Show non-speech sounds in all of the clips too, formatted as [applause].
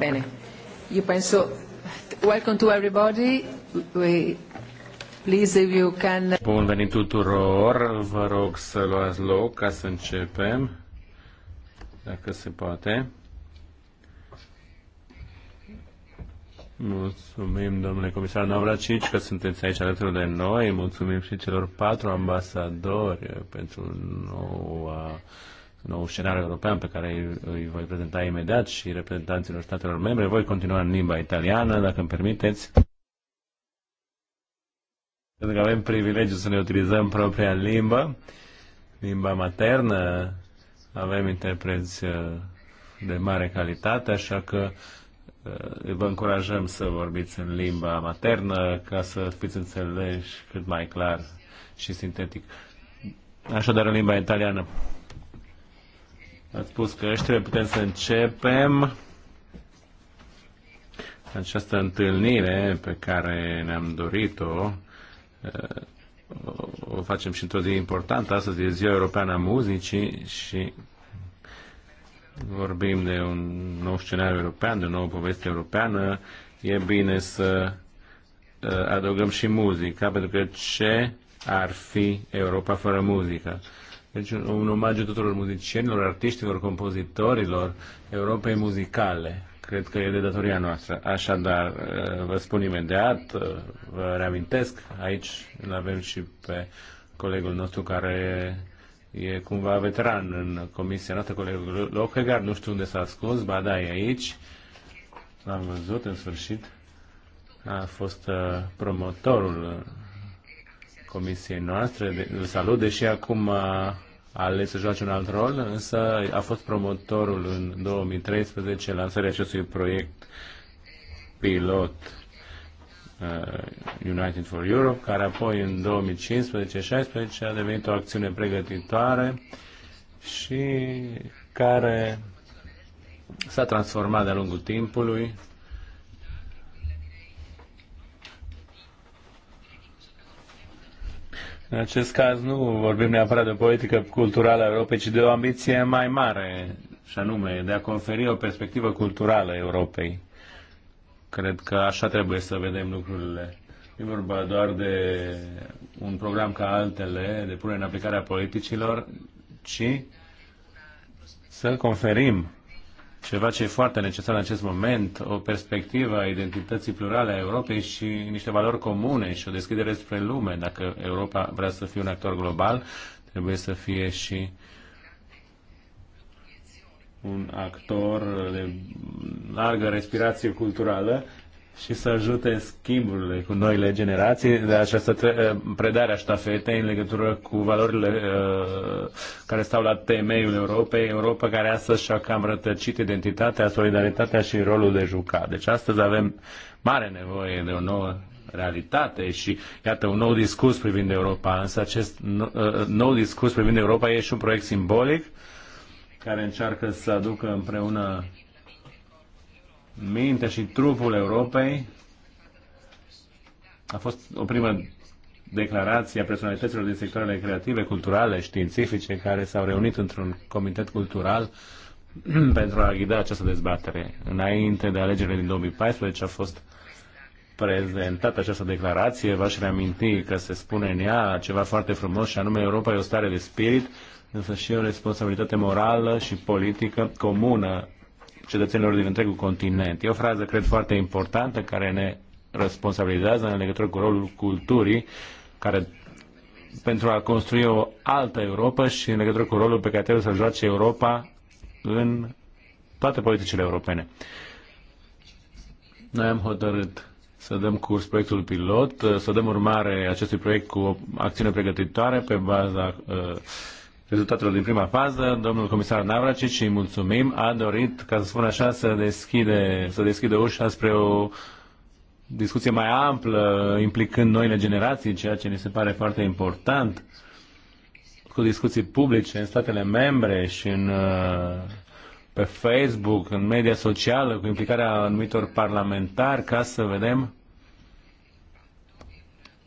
Bene, io penso... Welcome to everybody. We... Please, if you can... Bun venit tuturor, vă rog să luați loc ca să începem, dacă se poate. Mulțumim, domnule comisar Navracici, că sunteți aici alături de noi. Mulțumim și celor patru ambasadori pentru noua nou scenariu european pe care îi voi prezenta imediat și reprezentanților statelor membre. Voi continua în limba italiană, dacă îmi permiteți. Pentru că avem privilegiu să ne utilizăm propria limbă, limba maternă, avem interpreți uh, de mare calitate, așa că uh, vă încurajăm să vorbiți în limba maternă ca să fiți înțeleși cât mai clar și sintetic. Așadar, în limba italiană. Ați spus că ăștia putem să începem această întâlnire pe care ne-am dorit-o. O facem și într-o zi importantă. Astăzi e Ziua Europeană a Muzicii și vorbim de un nou scenariu european, de o nouă poveste europeană. E bine să uh, adăugăm și muzica, pentru că ce ar fi Europa fără muzică? Deci un, un omagiu tuturor muzicienilor, artiștilor, compozitorilor Europei muzicale. Cred că e de datoria noastră. Așadar, eh, vă spun imediat, eh, vă reamintesc, aici îl avem și pe colegul nostru care e cumva veteran în comisia noastră, colegul Lockegaard, nu știu unde s-a ascuns, ba da, e aici. L-am văzut în sfârșit. A fost eh, promotorul comisiei noastre. îl salut, deși acum a ales să joace un alt rol, însă a fost promotorul în 2013 lansării acestui proiect pilot uh, United for Europe, care apoi în 2015-16 a devenit o acțiune pregătitoare și care s-a transformat de-a lungul timpului În acest caz nu vorbim neapărat de o politică culturală a Europei, ci de o ambiție mai mare, și anume de a conferi o perspectivă culturală Europei. Cred că așa trebuie să vedem lucrurile. E vorba doar de un program ca altele de punere în aplicare a politicilor, ci să conferim ceva ce e foarte necesar în acest moment, o perspectivă a identității plurale a Europei și niște valori comune și o deschidere spre lume. Dacă Europa vrea să fie un actor global, trebuie să fie și un actor de largă respirație culturală și să ajute schimburile cu noile generații de această eh, predare a ștafetei în legătură cu valorile uh, care stau la temeiul Europei, Europa care astăzi și-a cam rătăcit identitatea, solidaritatea și rolul de jucat. Deci astăzi avem mare nevoie de o nouă realitate și, iată, un nou discurs privind Europa, însă acest nou eh, discurs privind Europa e și un proiect simbolic care încearcă să aducă împreună Minte și trupul Europei. A fost o primă declarație a personalităților din sectoarele creative, culturale, științifice, care s-au reunit într-un comitet cultural [clears throat] pentru a ghida această dezbatere. Înainte de alegerile din 2014 a fost prezentată această declarație, v-aș reaminti că se spune în ea ceva foarte frumos și anume Europa e o stare de spirit, însă și o responsabilitate morală și politică comună cetățenilor din întregul continent. E o frază, cred, foarte importantă care ne responsabilizează în legătură cu rolul culturii care pentru a construi o altă Europa și în legătură cu rolul pe care trebuie să-l joace Europa în toate politicile europene. Noi am hotărât să dăm curs proiectul pilot, să dăm urmare acestui proiect cu o acțiune pregătitoare pe baza uh, rezultatelor din prima fază. Domnul comisar Navracic, îi mulțumim, a dorit, ca să spun așa, să deschide, să deschide ușa spre o discuție mai amplă, implicând noile generații, ceea ce ne se pare foarte important, cu discuții publice în statele membre și în, uh, pe Facebook, în media socială, cu implicarea anumitor parlamentari, ca să vedem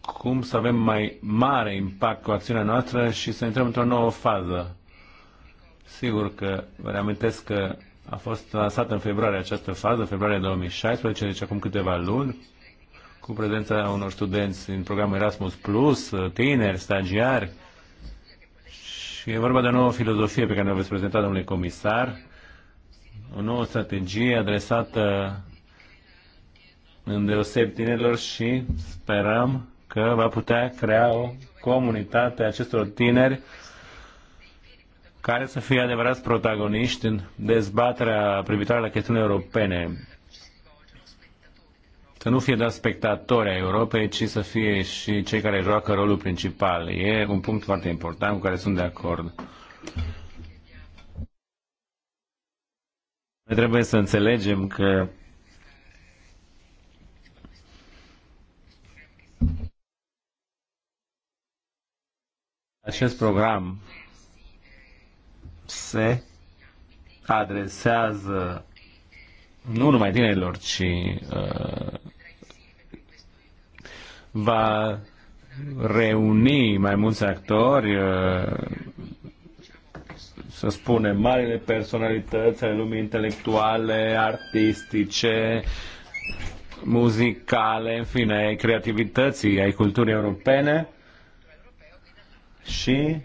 cum să avem mai mare impact cu acțiunea noastră și să intrăm într-o nouă fază. Sigur că vă reamintesc că a fost lansată în februarie această fază, februarie 2016, deci acum câteva luni, cu prezența unor studenți din programul Erasmus+, Plus, tineri, stagiari. Și e vorba de o nouă filozofie pe care ne-o veți prezenta, domnule comisar, o nouă strategie adresată îndeoseb tinerilor și sperăm că va putea crea o comunitate a acestor tineri care să fie adevărați protagoniști în dezbaterea privitoare la chestiuni europene. Să nu fie doar spectatori a Europei, ci să fie și cei care joacă rolul principal. E un punct foarte important cu care sunt de acord. Noi trebuie să înțelegem că Acest program se adresează nu numai tinerilor, ci uh, va reuni mai mulți actori, uh, să spunem, marile personalități ale lumii intelectuale, artistice, muzicale, în fine, ai creativității, ai culturii europene și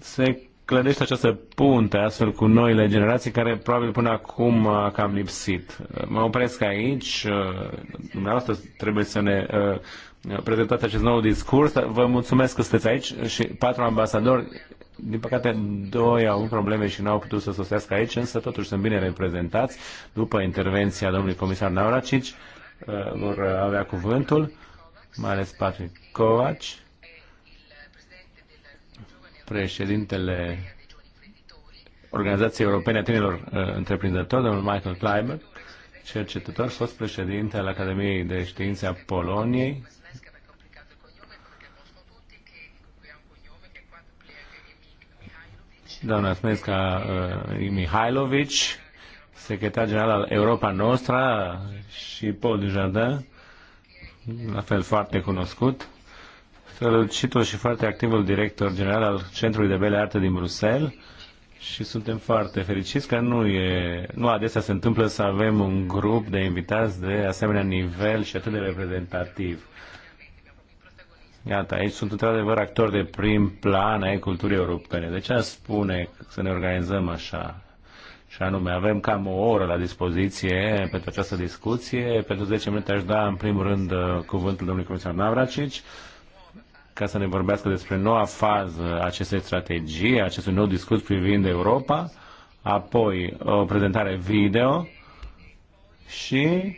se clădește această punte astfel cu noile generații care probabil până acum a cam lipsit. Mă opresc aici, dumneavoastră trebuie să ne uh, prezentați acest nou discurs. Vă mulțumesc că sunteți aici și patru ambasadori, din păcate doi au avut probleme și nu au putut să sosească aici, însă totuși sunt bine reprezentați după intervenția domnului comisar Nauracici, uh, Vor avea cuvântul, mai ales Patrick Covaci președintele Organizației Europene a Tinerilor uh, Întreprinzători, domnul Michael Kleiber, cercetător, fost președinte al Academiei de Științe a Poloniei, doamna Smesca uh, Mihailovic, secretar general al Europa Nostra și Paul Dujardin, la fel foarte cunoscut. Salut și foarte activul director general al Centrului de Bele Arte din Bruxelles și suntem foarte fericiți că nu e, nu adesea se întâmplă să avem un grup de invitați de asemenea nivel și atât de reprezentativ. Iată, aici sunt într-adevăr actori de prim plan ai culturii europene. De ce a spune să ne organizăm așa? Și anume, avem cam o oră la dispoziție pentru această discuție. Pentru 10 minute aș da, în primul rând, cuvântul domnului comisar Navracici ca să ne vorbească despre noua fază acestei strategii, acestui nou discurs privind Europa, apoi o prezentare video și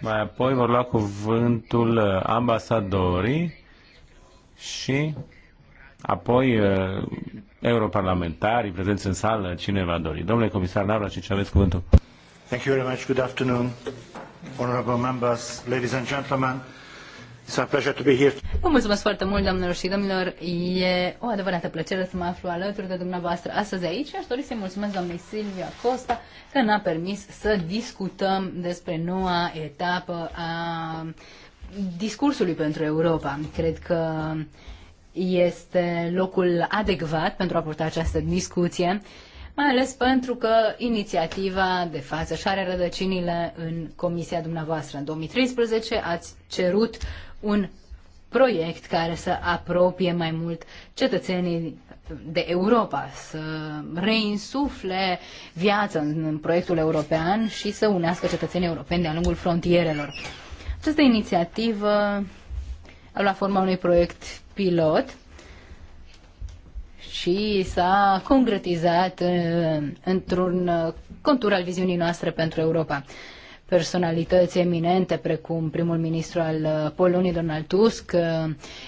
mai apoi vor lua cuvântul ambasadorii și apoi uh, europarlamentarii prezenți în sală, cine va dori. Domnule comisar ce aveți cuvântul. Thank you very much. Good afternoon, honorable members, ladies and gentlemen. Vă mulțumesc foarte mult, doamnelor și domnilor. E o adevărată plăcere să mă aflu alături de dumneavoastră astăzi aici. Aș dori să-i mulțumesc doamnei Silvia Costa că ne-a permis să discutăm despre noua etapă a discursului pentru Europa. Cred că este locul adecvat pentru a purta această discuție, mai ales pentru că inițiativa de față și are rădăcinile în comisia dumneavoastră. În 2013 ați cerut un proiect care să apropie mai mult cetățenii de Europa, să reinsufle viața în proiectul european și să unească cetățenii europeni de-a lungul frontierelor. Această inițiativă a luat forma unui proiect pilot și s-a concretizat uh, într-un uh, contur al viziunii noastre pentru Europa personalități eminente, precum primul ministru al uh, Poloniei, Donald Tusk, uh,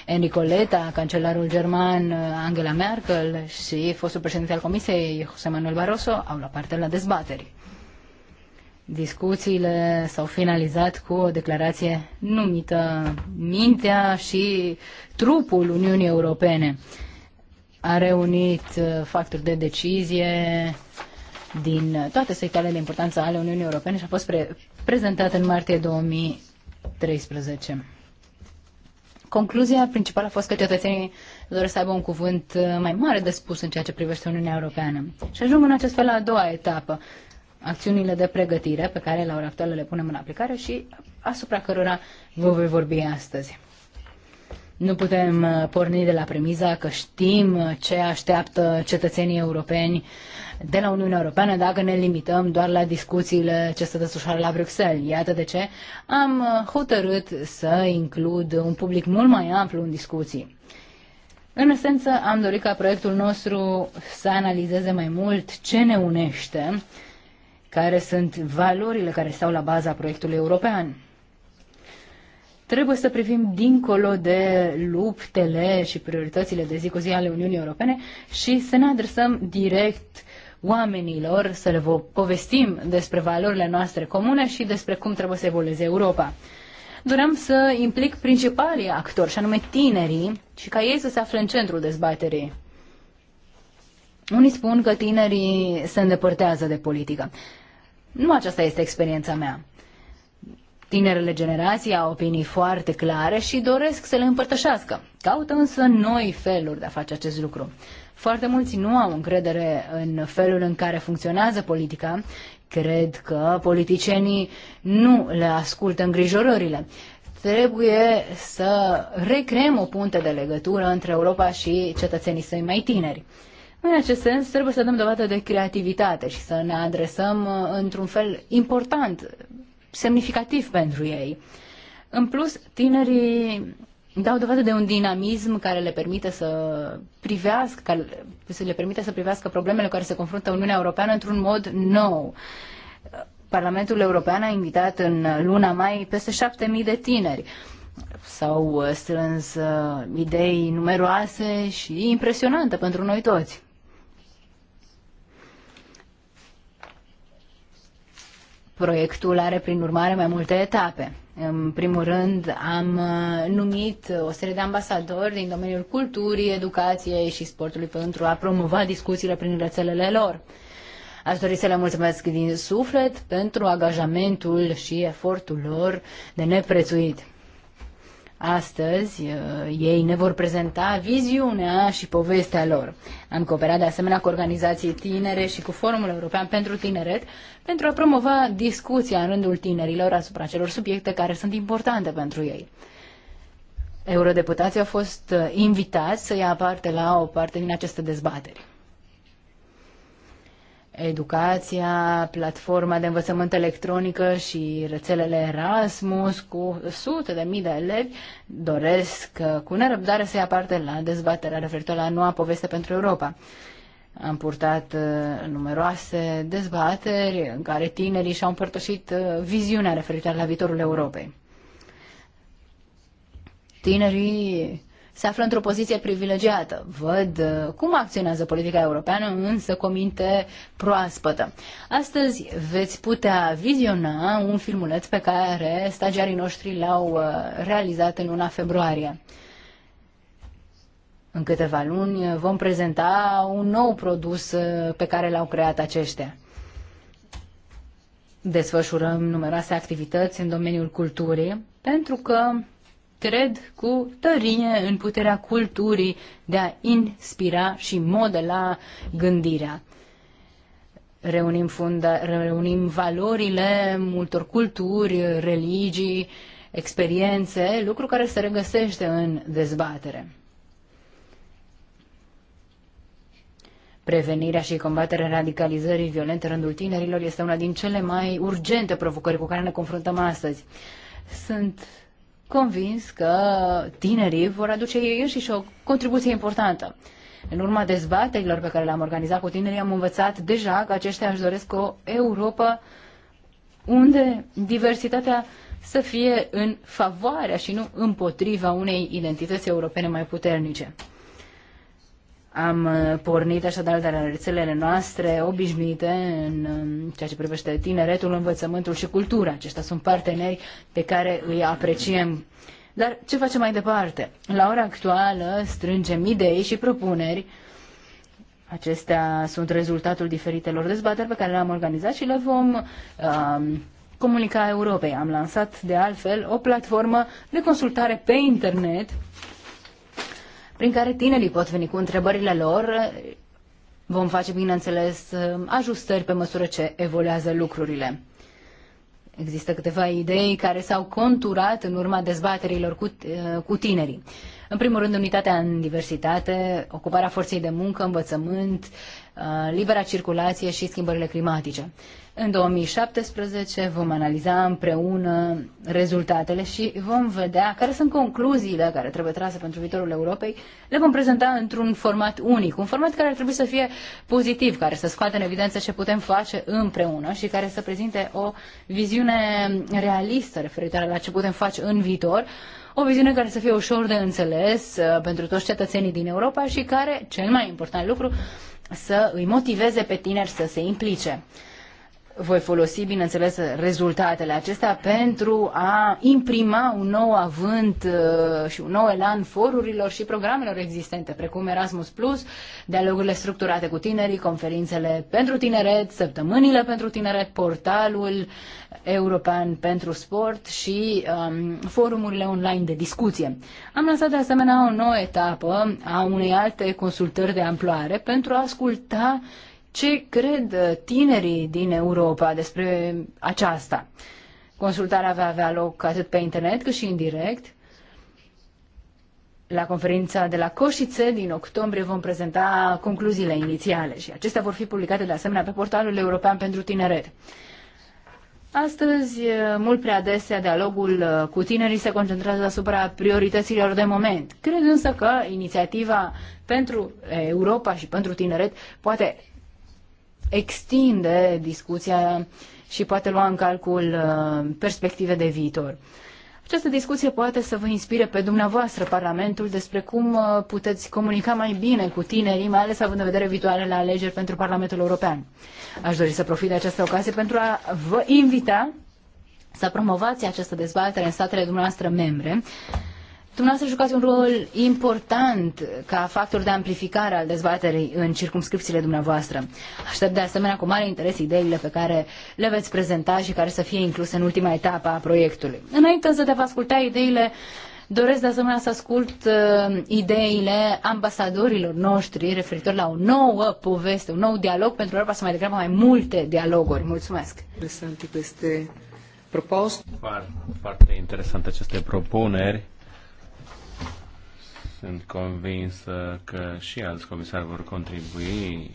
Enrico Leta, cancelarul german uh, Angela Merkel și fostul președinte al Comisiei, José Manuel Barroso, au luat parte la dezbateri. Discuțiile s-au finalizat cu o declarație numită Mintea și trupul Uniunii Europene. A reunit factori de decizie din toate sectoarele de importanță ale Uniunii Europene și a fost pre- prezentat în martie 2013. Concluzia principală a fost că cetățenii doresc să aibă un cuvânt uh, mai mare de spus în ceea ce privește Uniunea Europeană. Și ajung în acest fel la a doua etapă, acțiunile de pregătire pe care la ora actuală le punem în aplicare și asupra cărora vă voi vorbi astăzi. Nu putem uh, porni de la premiza că știm uh, ce așteaptă cetățenii europeni de la Uniunea Europeană dacă ne limităm doar la discuțiile ce se desfășoară la Bruxelles. Iată de ce am uh, hotărât să includ un public mult mai amplu în discuții. În esență, am dorit ca proiectul nostru să analizeze mai mult ce ne unește, care sunt valorile care stau la baza proiectului european. Trebuie să privim dincolo de luptele și prioritățile de zi cu zi ale Uniunii Europene și să ne adresăm direct oamenilor, să le povestim despre valorile noastre comune și despre cum trebuie să evolueze Europa doream să implic principalii actori, și anume tinerii, și ca ei să se afle în centrul dezbaterii. Unii spun că tinerii se îndepărtează de politică. Nu aceasta este experiența mea. Tinerele generații au opinii foarte clare și doresc să le împărtășească. Caută însă noi feluri de a face acest lucru. Foarte mulți nu au încredere în felul în care funcționează politica, cred că politicienii nu le ascultă îngrijorările. Trebuie să recreăm o punte de legătură între Europa și cetățenii săi mai tineri. În acest sens, trebuie să dăm dovadă de creativitate și să ne adresăm uh, într-un fel important semnificativ pentru ei. În plus, tinerii dau dovadă de un dinamism care le permite să privească, care le permite să privească problemele care se confruntă Uniunea Europeană într-un mod nou. Parlamentul European a invitat în luna mai peste șapte mii de tineri. S-au strâns uh, idei numeroase și impresionante pentru noi toți. Proiectul are, prin urmare, mai multe etape. În primul rând, am uh, numit o serie de ambasadori din domeniul culturii, educației și sportului pentru a promova discuțiile prin rețelele lor. Aș dori să le mulțumesc din suflet pentru angajamentul și efortul lor de neprețuit. Astăzi uh, ei ne vor prezenta viziunea și povestea lor. Am cooperat de asemenea cu organizații tinere și cu Forumul European pentru Tineret pentru a promova discuția în rândul tinerilor asupra celor subiecte care sunt importante pentru ei. Eurodeputații au fost uh, invitați să ia parte la o parte din aceste dezbateri educația, platforma de învățământ electronică și rețelele Erasmus cu sute de mii de elevi doresc uh, cu nerăbdare să ia parte la dezbaterea referitoare la noua poveste pentru Europa. Am purtat uh, numeroase dezbateri în care tinerii și-au împărtășit uh, viziunea referitoare la viitorul Europei. Tinerii se află într-o poziție privilegiată. Văd uh, cum acționează politica europeană, însă cu minte proaspătă. Astăzi veți putea viziona un filmuleț pe care stagiarii noștri l-au uh, realizat în luna februarie. În câteva luni vom prezenta un nou produs uh, pe care l-au creat aceștia. Desfășurăm numeroase activități în domeniul culturii, pentru că cred cu tărie în puterea culturii de a inspira și modela gândirea. Reunim, funda, reunim valorile multor culturi, religii, experiențe, lucru care se regăsește în dezbatere. Prevenirea și combaterea radicalizării violente în rândul tinerilor este una din cele mai urgente provocări cu care ne confruntăm astăzi. Sunt convins că tinerii vor aduce ei înșiși o contribuție importantă. În urma dezbaterilor pe care le-am organizat cu tinerii, am învățat deja că aceștia își doresc o Europa unde diversitatea să fie în favoarea și nu împotriva unei identități europene mai puternice. Am uh, pornit așadar de la rețelele noastre obișnuite în um, ceea ce privește tineretul, învățământul și cultura. Aceștia sunt parteneri pe care îi apreciem. Dar ce facem mai departe? La ora actuală strângem idei și propuneri. Acestea sunt rezultatul diferitelor dezbateri pe care le-am organizat și le vom um, comunica Europei. Am lansat de altfel o platformă de consultare pe internet prin care tinerii pot veni cu întrebările lor. Vom face, bineînțeles, ajustări pe măsură ce evoluează lucrurile. Există câteva idei care s-au conturat în urma dezbaterilor cu, cu tinerii. În primul rând, unitatea în diversitate, ocuparea forței de muncă, învățământ, Uh, libera circulație și schimbările climatice. În 2017 vom analiza împreună rezultatele și vom vedea care sunt concluziile care trebuie trase pentru viitorul Europei. Le vom prezenta într-un format unic, un format care ar trebui să fie pozitiv, care să scoată în evidență ce putem face împreună și care să prezinte o viziune realistă referitoare la ce putem face în viitor, o viziune care să fie ușor de înțeles uh, pentru toți cetățenii din Europa și care, cel mai important lucru, să îi motiveze pe tineri să se implice. Voi folosi, bineînțeles, rezultatele acestea pentru a imprima un nou avânt uh, și un nou elan forurilor și programelor existente, precum Erasmus+, Plus, dialogurile structurate cu tinerii, conferințele pentru tineret, săptămânile pentru tineret, portalul european pentru sport și um, forumurile online de discuție. Am lansat de asemenea o nouă etapă a unei alte consultări de amploare pentru a asculta ce cred uh, tinerii din Europa despre aceasta. Consultarea va avea loc atât pe internet cât și în direct. La conferința de la Coșițe din octombrie vom prezenta concluziile inițiale și acestea vor fi publicate de asemenea pe portalul european pentru tineret. Astăzi, uh, mult prea adesea, dialogul uh, cu tinerii se concentrează asupra priorităților de moment. Cred însă că inițiativa pentru Europa și pentru tineret poate extinde discuția și poate lua în calcul uh, perspective de viitor. Această discuție poate să vă inspire pe dumneavoastră Parlamentul despre cum uh, puteți comunica mai bine cu tinerii, mai ales având în vedere viitoarele alegeri pentru Parlamentul European. Aș dori să profit de această ocazie pentru a vă invita să promovați această dezbatere în statele dumneavoastră membre, Dumneavoastră jucați un rol important ca factor de amplificare al dezbaterii în circumscripțiile dumneavoastră. Aștept de asemenea cu mare interes ideile pe care le veți prezenta și care să fie incluse în ultima etapă a proiectului. Înainte să te vă asculta ideile, doresc de asemenea să ascult uh, ideile ambasadorilor noștri referitor la o nouă poveste, un nou dialog pentru Europa, să mai degrabă mai multe dialoguri. Mulțumesc! Interesante peste propost. Foarte, foarte interesant aceste propuneri sunt convins că și alți comisari vor contribui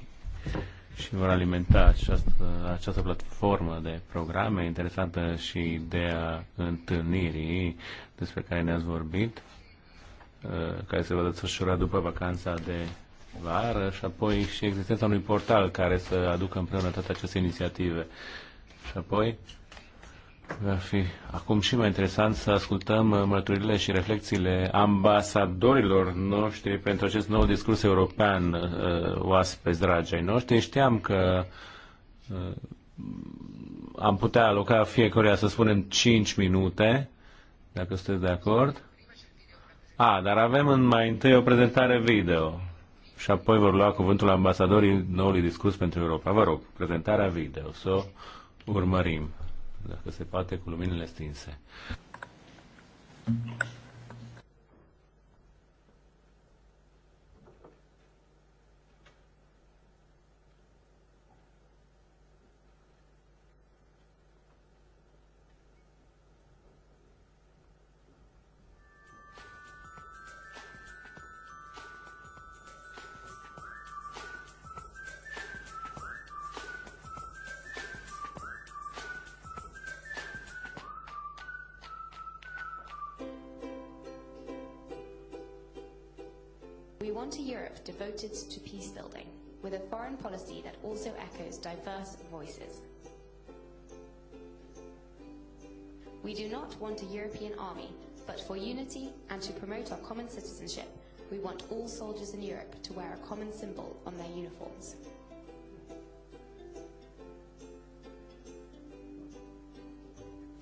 și vor alimenta această, această platformă de programe interesantă și ideea întâlnirii despre care ne-ați vorbit, uh, care se va desfășura după vacanța de vară și apoi și existența unui portal care să aducă împreună toate aceste inițiative. Și apoi Va fi acum și mai interesant să ascultăm mărturile și reflexiile ambasadorilor noștri pentru acest nou discurs european uh, oaspeți dragi ai noștri. Știam că uh, am putea aloca fiecare să spunem, 5 minute, dacă sunteți de acord. A, dar avem în mai întâi o prezentare video și apoi vor lua cuvântul ambasadorii noului discurs pentru Europa. Vă rog, prezentarea video, să o urmărim dacă se poate, cu luminile stinse. Mm-hmm. on to Europe devoted to peace building, with a foreign policy that also echoes diverse voices. We do not want a European army, but for unity and to promote our common citizenship, we want all soldiers in Europe to wear a common symbol on their uniforms.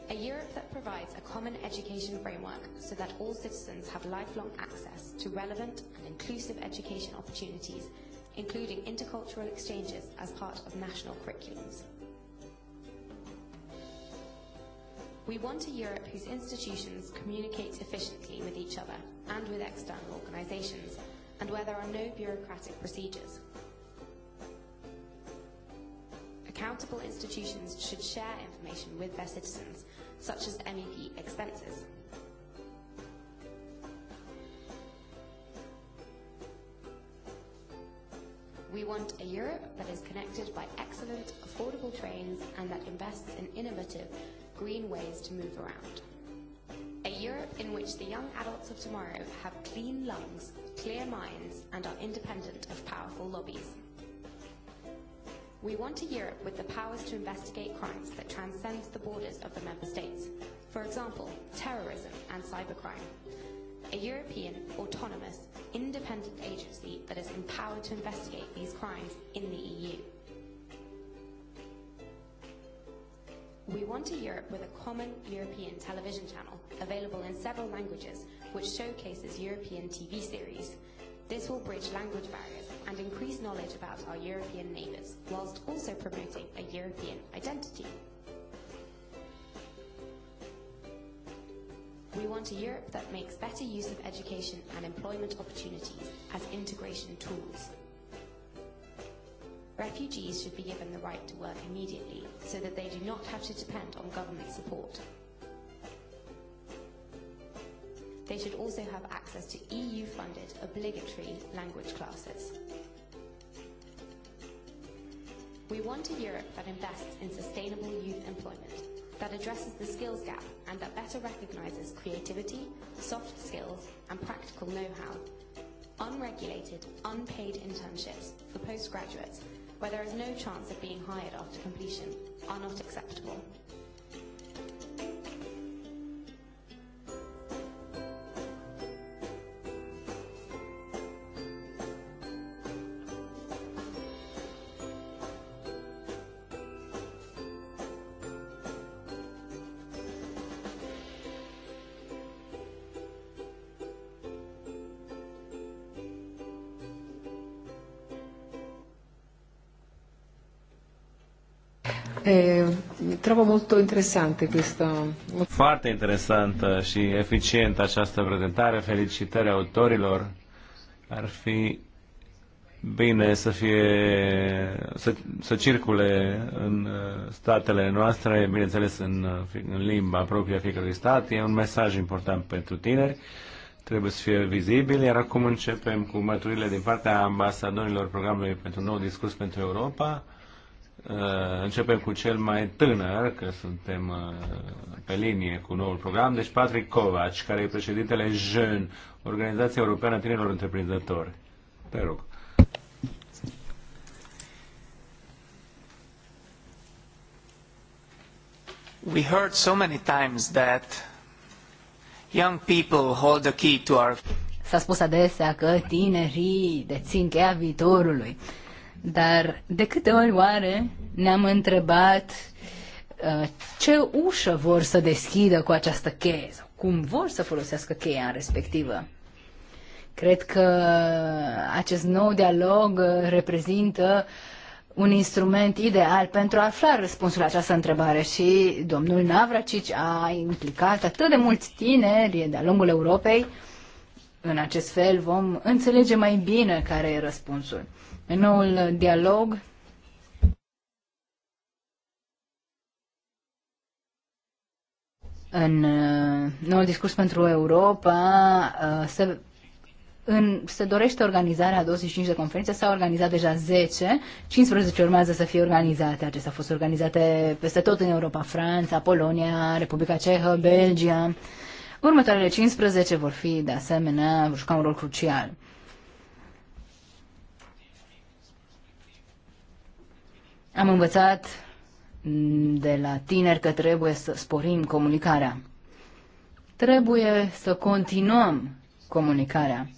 A Europe that provides a common education framework so that all citizens have lifelong access to relevant and inclusive education opportunities, including intercultural exchanges as part of national curriculums. We want a Europe whose institutions communicate efficiently with each other and with external organisations, and where there are no bureaucratic procedures. Accountable institutions should share information with their citizens such as MEP expenses. We want a Europe that is connected by excellent, affordable trains and that invests in innovative, green ways to move around. A Europe in which the young adults of tomorrow have clean lungs, clear minds and are independent of powerful lobbies. We want a Europe with the powers to investigate crimes that transcend the borders of the member states. For example, terrorism and cybercrime. A European, autonomous, independent agency that is empowered to investigate these crimes in the EU. We want a Europe with a common European television channel, available in several languages, which showcases European TV series. This will bridge language barriers and increase knowledge about our European neighbours, whilst also promoting a European identity. We want a Europe that makes better use of education and employment opportunities as integration tools. Refugees should be given the right to work immediately so that they do not have to depend on government support. They should also have access to EU-funded obligatory language classes. We want a Europe that invests in sustainable youth employment, that addresses the skills gap and that better recognises creativity, soft skills and practical know-how. Unregulated, unpaid internships for postgraduates where there is no chance of being hired after completion are not acceptable. Eh, mult interesantă, questa... Foarte interesantă și eficientă această prezentare. Felicitări autorilor. Ar fi bine să fie să, să circule în uh, statele noastre, bineînțeles în, uh, în limba proprie a fiecărui stat. E un mesaj important pentru tineri. Trebuie să fie vizibil, iar acum începem cu măturile din partea ambasadorilor programului pentru nou discurs pentru Europa. Uh, începem cu cel mai tânăr, că suntem uh, pe linie cu noul program, deci Patrick Kovac, care e președintele JEUN, Organizația Europeană a Tinerilor Întreprinzători. Te rog. We heard so many times that young people hold the key to our S-a spus adesea că tinerii dețin cheia viitorului. Uh, dar de câte ori oare ne-am întrebat uh, ce ușă vor să deschidă cu această cheie sau cum vor să folosească cheia respectivă? Cred că acest nou dialog uh, reprezintă un instrument ideal pentru a afla răspunsul la această întrebare și domnul Navracici a implicat atât de mulți tineri de-a lungul Europei. În acest fel vom înțelege mai bine care e răspunsul noul uh, dialog în uh, noul discurs pentru Europa uh, se, în, se dorește organizarea a 25 de conferințe, s-au organizat deja 10, 15 urmează să fie organizate. Acestea au fost organizate peste tot în Europa, Franța, Polonia, Republica Cehă, Belgia. Următoarele 15 vor fi, de asemenea, vor juca un rol crucial. Am învățat de la tineri că trebuie să sporim comunicarea. Trebuie să continuăm comunicarea.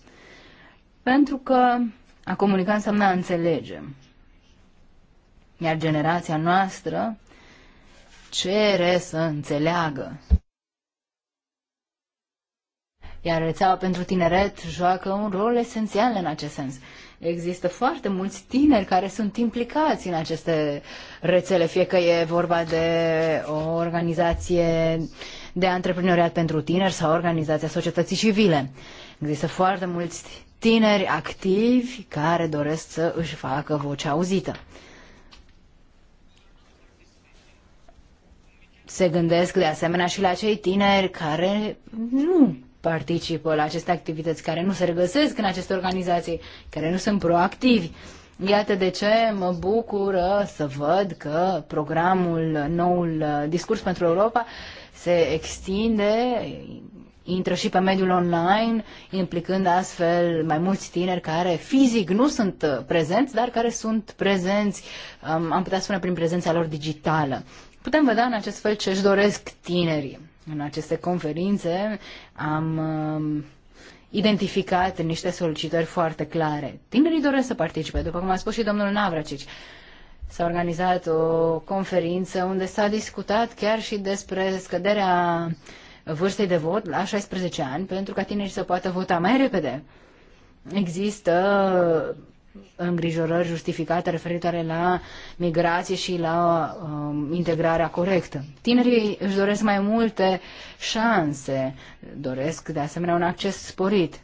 Pentru că a comunica înseamnă a înțelege. Iar generația noastră cere să înțeleagă. Iar rețeaua pentru tineret joacă un rol esențial în acest sens. Există foarte mulți tineri care sunt implicați în aceste rețele, fie că e vorba de o organizație de antreprenoriat pentru tineri sau organizația societății civile. Există foarte mulți tineri activi care doresc să își facă vocea auzită. Se gândesc de asemenea și la cei tineri care nu participă la aceste activități, care nu se regăsesc în aceste organizații, care nu sunt proactivi. Iată de ce mă bucură să văd că programul Noul uh, Discurs pentru Europa se extinde, intră și pe mediul online, implicând astfel mai mulți tineri care fizic nu sunt uh, prezenți, dar care sunt prezenți, um, am putea spune, prin prezența lor digitală. Putem vedea în acest fel ce își doresc tinerii. În aceste conferințe am um, identificat niște solicitări foarte clare. Tinerii doresc să participe, după cum a spus și domnul Navracici. S-a organizat o conferință unde s-a discutat chiar și despre scăderea vârstei de vot la 16 ani pentru ca tinerii să poată vota mai repede. Există îngrijorări justificate referitoare la migrație și la um, integrarea corectă. Tinerii își doresc mai multe șanse, doresc de asemenea un acces sporit.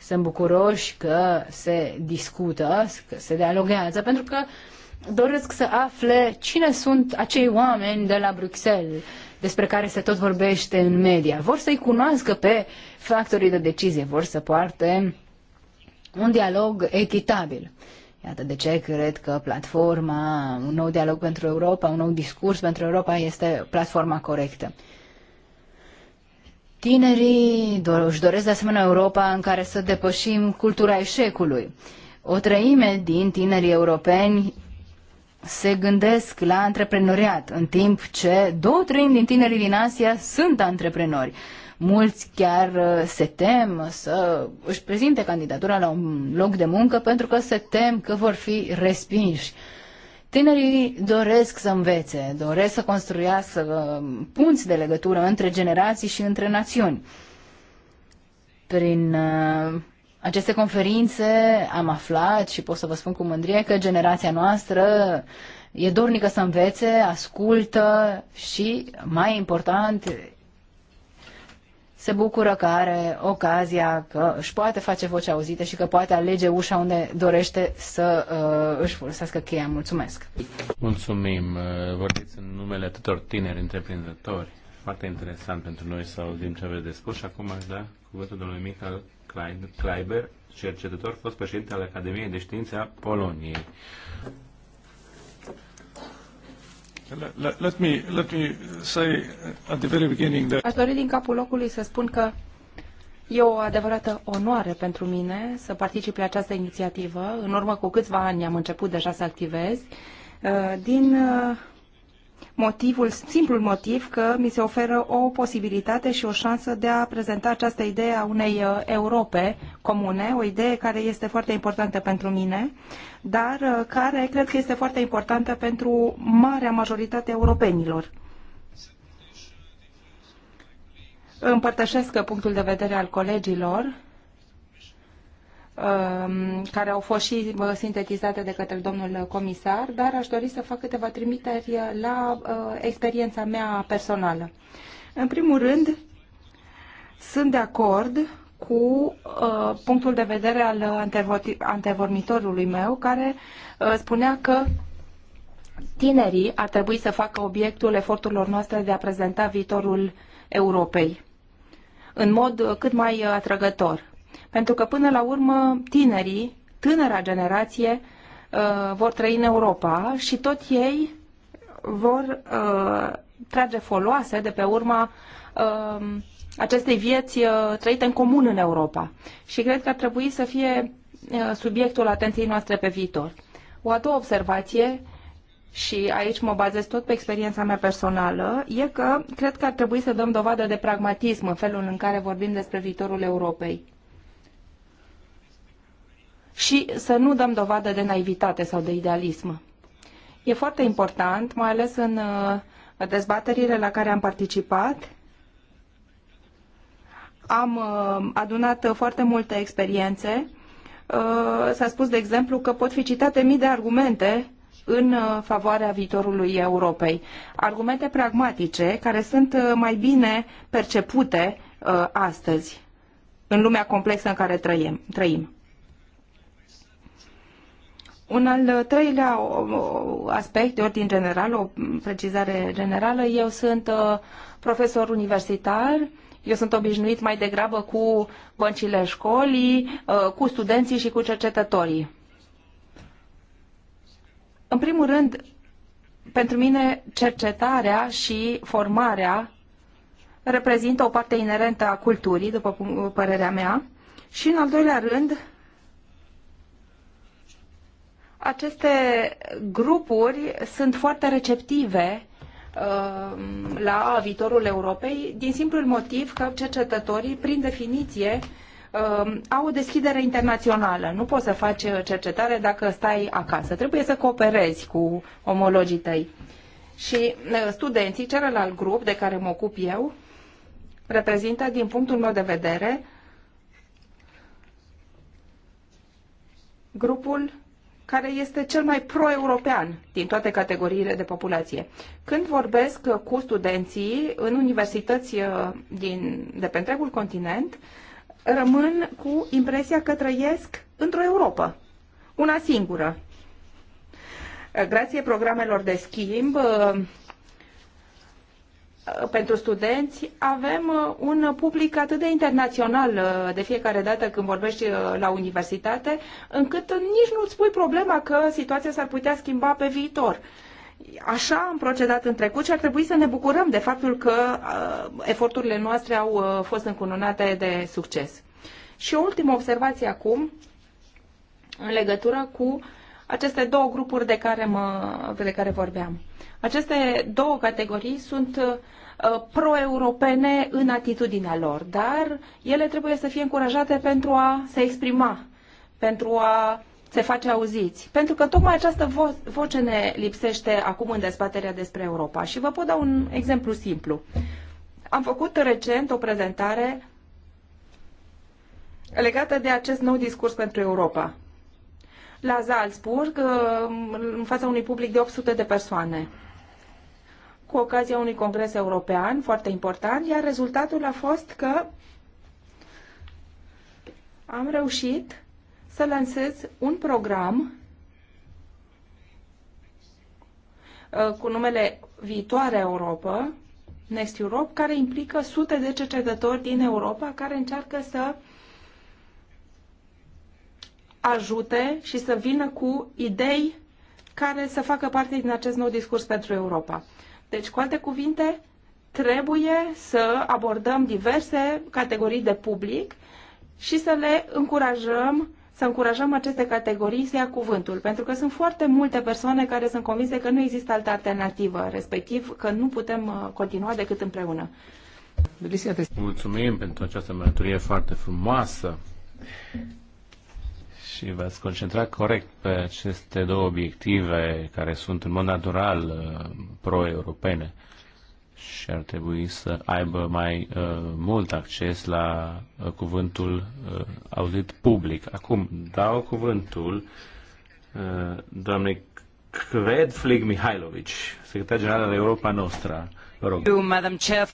Sunt bucuroși că se discută, că se dialoguează, pentru că doresc să afle cine sunt acei oameni de la Bruxelles despre care se tot vorbește în media. Vor să-i cunoască pe factorii de decizie, vor să poarte un dialog echitabil. Iată de ce cred că platforma, un nou dialog pentru Europa, un nou discurs pentru Europa este platforma corectă. Tinerii își doresc de asemenea Europa în care să depășim cultura eșecului. O treime din tinerii europeni se gândesc la antreprenoriat, în timp ce două treimi din tinerii din Asia sunt antreprenori. Mulți chiar uh, se tem să își prezinte candidatura la un loc de muncă pentru că se tem că vor fi respinși. Tinerii doresc să învețe, doresc să construiască uh, punți de legătură între generații și între națiuni. Prin uh, aceste conferințe am aflat și pot să vă spun cu mândrie că generația noastră e dornică să învețe, ascultă și, mai important, se bucură că are ocazia, că își poate face voce auzită și că poate alege ușa unde dorește să uh, își folosească cheia. Mulțumesc! Mulțumim! Uh, vorbiți în numele tuturor tineri întreprinzători. Foarte interesant pentru noi să auzim ce aveți de spus și acum aș da cuvântul domnului Michael Kleiber, cercetător, fost președinte al Academiei de Științe a Poloniei. Let me, let me say at the very beginning that... Aș dori din capul locului să spun că e o adevărată onoare pentru mine să particip la această inițiativă. În urmă cu câțiva ani am început deja să activez. Uh, din uh, motivul, simplul motiv că mi se oferă o posibilitate și o șansă de a prezenta această idee a unei uh, Europe comune, o idee care este foarte importantă pentru mine, dar uh, care cred că este foarte importantă pentru marea majoritate a europenilor. Împărtășesc uh, punctul de vedere al colegilor Um, care au fost și uh, sintetizate de către domnul comisar, dar aș dori să fac câteva trimiteri la uh, experiența mea personală. În primul rând, sunt de acord cu uh, punctul de vedere al antevormitorului meu, care uh, spunea că tinerii ar trebui să facă obiectul eforturilor noastre de a prezenta viitorul Europei în mod uh, cât mai atrăgător. Pentru că, până la urmă, tinerii, tânăra generație, uh, vor trăi în Europa și tot ei vor uh, trage foloase de pe urma uh, acestei vieți trăite în comun în Europa. Și cred că ar trebui să fie subiectul atenției noastre pe viitor. O a doua observație, și aici mă bazez tot pe experiența mea personală, e că cred că ar trebui să dăm dovadă de pragmatism în felul în care vorbim despre viitorul Europei și să nu dăm dovadă de naivitate sau de idealism. E foarte important, mai ales în uh, dezbaterile la care am participat, am uh, adunat uh, foarte multe experiențe. S-a spus, de exemplu, că pot fi citate mii de argumente în favoarea viitorului Europei. Argumente pragmatice care sunt mai bine percepute astăzi în lumea complexă în care trăim. trăim. Un al treilea aspect, de ordin general, o precizare generală, eu sunt uh, profesor universitar, eu sunt obișnuit mai degrabă cu băncile școlii, uh, cu studenții și cu cercetătorii. În primul rând, pentru mine cercetarea și formarea reprezintă o parte inerentă a culturii, după părerea mea, și în al doilea rând, aceste grupuri sunt foarte receptive uh, la viitorul Europei din simplul motiv că cercetătorii, prin definiție, uh, au o deschidere internațională. Nu poți să faci cercetare dacă stai acasă. Trebuie să cooperezi cu omologii tăi. Și uh, studenții, celălalt grup de care mă ocup eu, reprezintă, din punctul meu de vedere, grupul care este cel mai pro-european din toate categoriile de populație. Când vorbesc cu studenții în universități uh, din, de pe întregul continent, rămân cu impresia că trăiesc într-o Europa, una singură. Grație programelor de schimb, uh, Uh, pentru studenți avem uh, un public atât de internațional uh, de fiecare dată când vorbești la universitate, încât nici nu-ți pui problema că situația s-ar putea schimba pe viitor. Așa am procedat în trecut și ar trebui să ne bucurăm de faptul că eforturile noastre au fost încununate de succes. Și o ultimă observație acum, în legătură cu uh, aceste două grupuri de care, mă, de care vorbeam. Aceste două categorii sunt uh, pro-europene în atitudinea lor, dar ele trebuie să fie încurajate pentru a se exprima, pentru a se face auziți. Pentru că tocmai această vo- voce ne lipsește acum în dezbaterea despre Europa. Și vă pot da un exemplu simplu. Am făcut recent o prezentare legată de acest nou discurs pentru Europa la Salzburg, uh, în fața unui public de 800 de persoane cu ocazia unui congres european foarte important, iar rezultatul a fost că am reușit să lansez un program uh, cu numele Viitoare Europa, Next Europe, care implică sute de cercetători din Europa care încearcă să ajute și să vină cu idei care să facă parte din acest nou discurs pentru Europa. Deci, cu alte cuvinte, trebuie să abordăm diverse categorii de public și să le încurajăm să încurajăm aceste categorii să ia cuvântul, pentru că sunt foarte multe persoane care sunt convinse că nu există altă alternativă, respectiv că nu putem uh, continua decât împreună. Mulțumim pentru această mărturie foarte frumoasă și v-ați concentrat corect pe aceste două obiective care sunt în mod natural uh, pro-europene și ar trebui să aibă mai uh, mult acces la uh, cuvântul uh, auzit public. Acum dau cuvântul uh, doamnei Cred Flig Mihailovic, secretar general al Europa Nostra. Vă rog.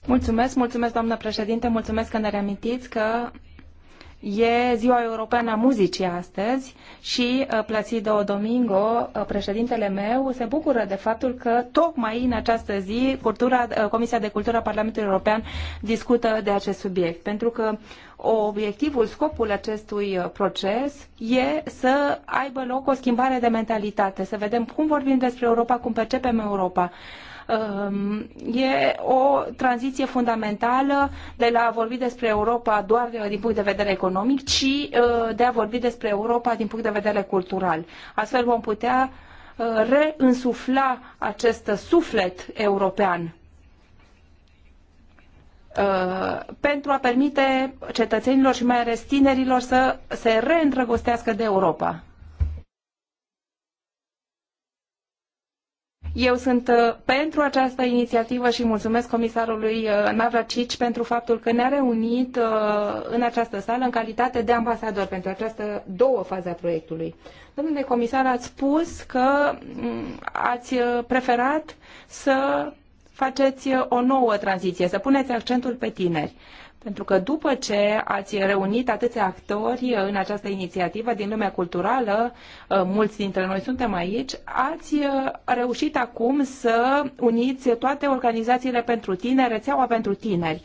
Mulțumesc, mulțumesc, doamnă președinte, mulțumesc că ne reamintiți că E ziua europeană a muzicii astăzi și uh, Placido Domingo, uh, președintele meu, se bucură de faptul că tocmai în această zi cultura, uh, Comisia de Cultură a Parlamentului European discută de acest subiect. Pentru că obiectivul, scopul acestui proces e să aibă loc o schimbare de mentalitate, să vedem cum vorbim despre Europa, cum percepem Europa, Um, e o tranziție fundamentală de la a vorbi despre Europa doar uh, din punct de vedere economic, ci uh, de a vorbi despre Europa din punct de vedere cultural. Astfel vom putea uh, reînsufla acest suflet european pentru a permite cetățenilor și mai ales tinerilor să se reîndrăgostească de Europa. Eu sunt uh, pentru această inițiativă și mulțumesc comisarului uh, Navracici pentru faptul că ne-a reunit uh, în această sală în calitate de ambasador pentru această două faze a proiectului. Domnule comisar, ați spus că mm, ați preferat să faceți o nouă tranziție, să puneți accentul pe tineri pentru că după ce ați reunit atâția actori în această inițiativă din lumea culturală, uh, mulți dintre noi suntem aici, ați uh, reușit acum să uniți toate organizațiile pentru tineri, rețeaua pentru tineri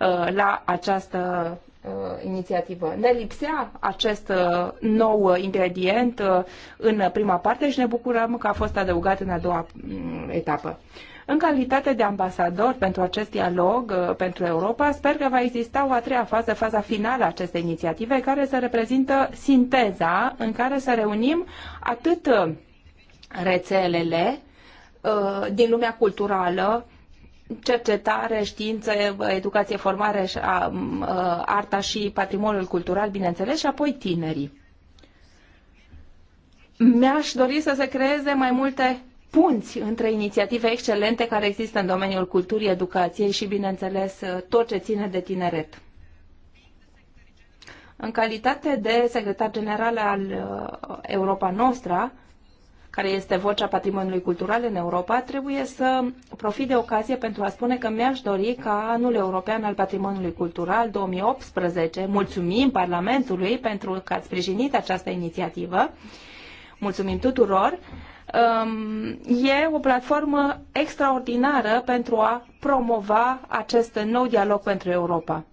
uh, la această inițiativă. Ne lipsea acest nou ingredient în prima parte și ne bucurăm că a fost adăugat în a doua mm, etapă. În calitate de ambasador pentru acest dialog uh, pentru Europa, sper că va exista o a treia fază, faza finală a acestei inițiative, care să reprezintă sinteza în care să reunim atât uh, rețelele uh, din lumea culturală, cercetare, știință, educație, formare, arta și patrimoniul cultural, bineînțeles, și apoi tinerii. Mi-aș dori să se creeze mai multe punți între inițiative excelente care există în domeniul culturii, educației și, bineînțeles, tot ce ține de tineret. În calitate de secretar general al uh, Europa Nostra, care este vocea patrimoniului cultural în Europa, trebuie să profit de ocazie pentru a spune că mi-aș dori ca anul european al patrimoniului cultural 2018, mulțumim Parlamentului pentru că ați sprijinit această inițiativă, mulțumim tuturor, Um, e o platformă extraordinară pentru a promova acest nou dialog pentru Europa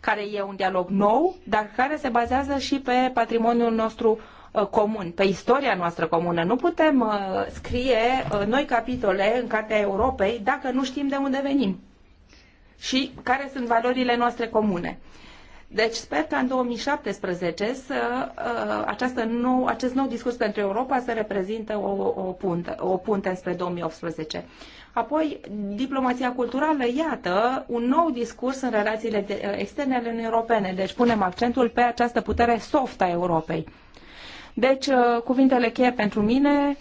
care e un dialog nou, dar care se bazează și pe patrimoniul nostru uh, comun, pe istoria noastră comună. Nu putem uh, scrie uh, noi capitole în Cartea Europei dacă nu știm de unde venim și care sunt valorile noastre comune. Deci sper că în 2017 să, uh, această nou, acest nou discurs pentru Europa să reprezintă o, o, punte, o punte spre 2018. Apoi, diplomația culturală, iată, un nou discurs în relațiile de, uh, externe ale Uniunii Europene. Deci punem accentul pe această putere soft a Europei. Deci, uh, cuvintele cheie pentru mine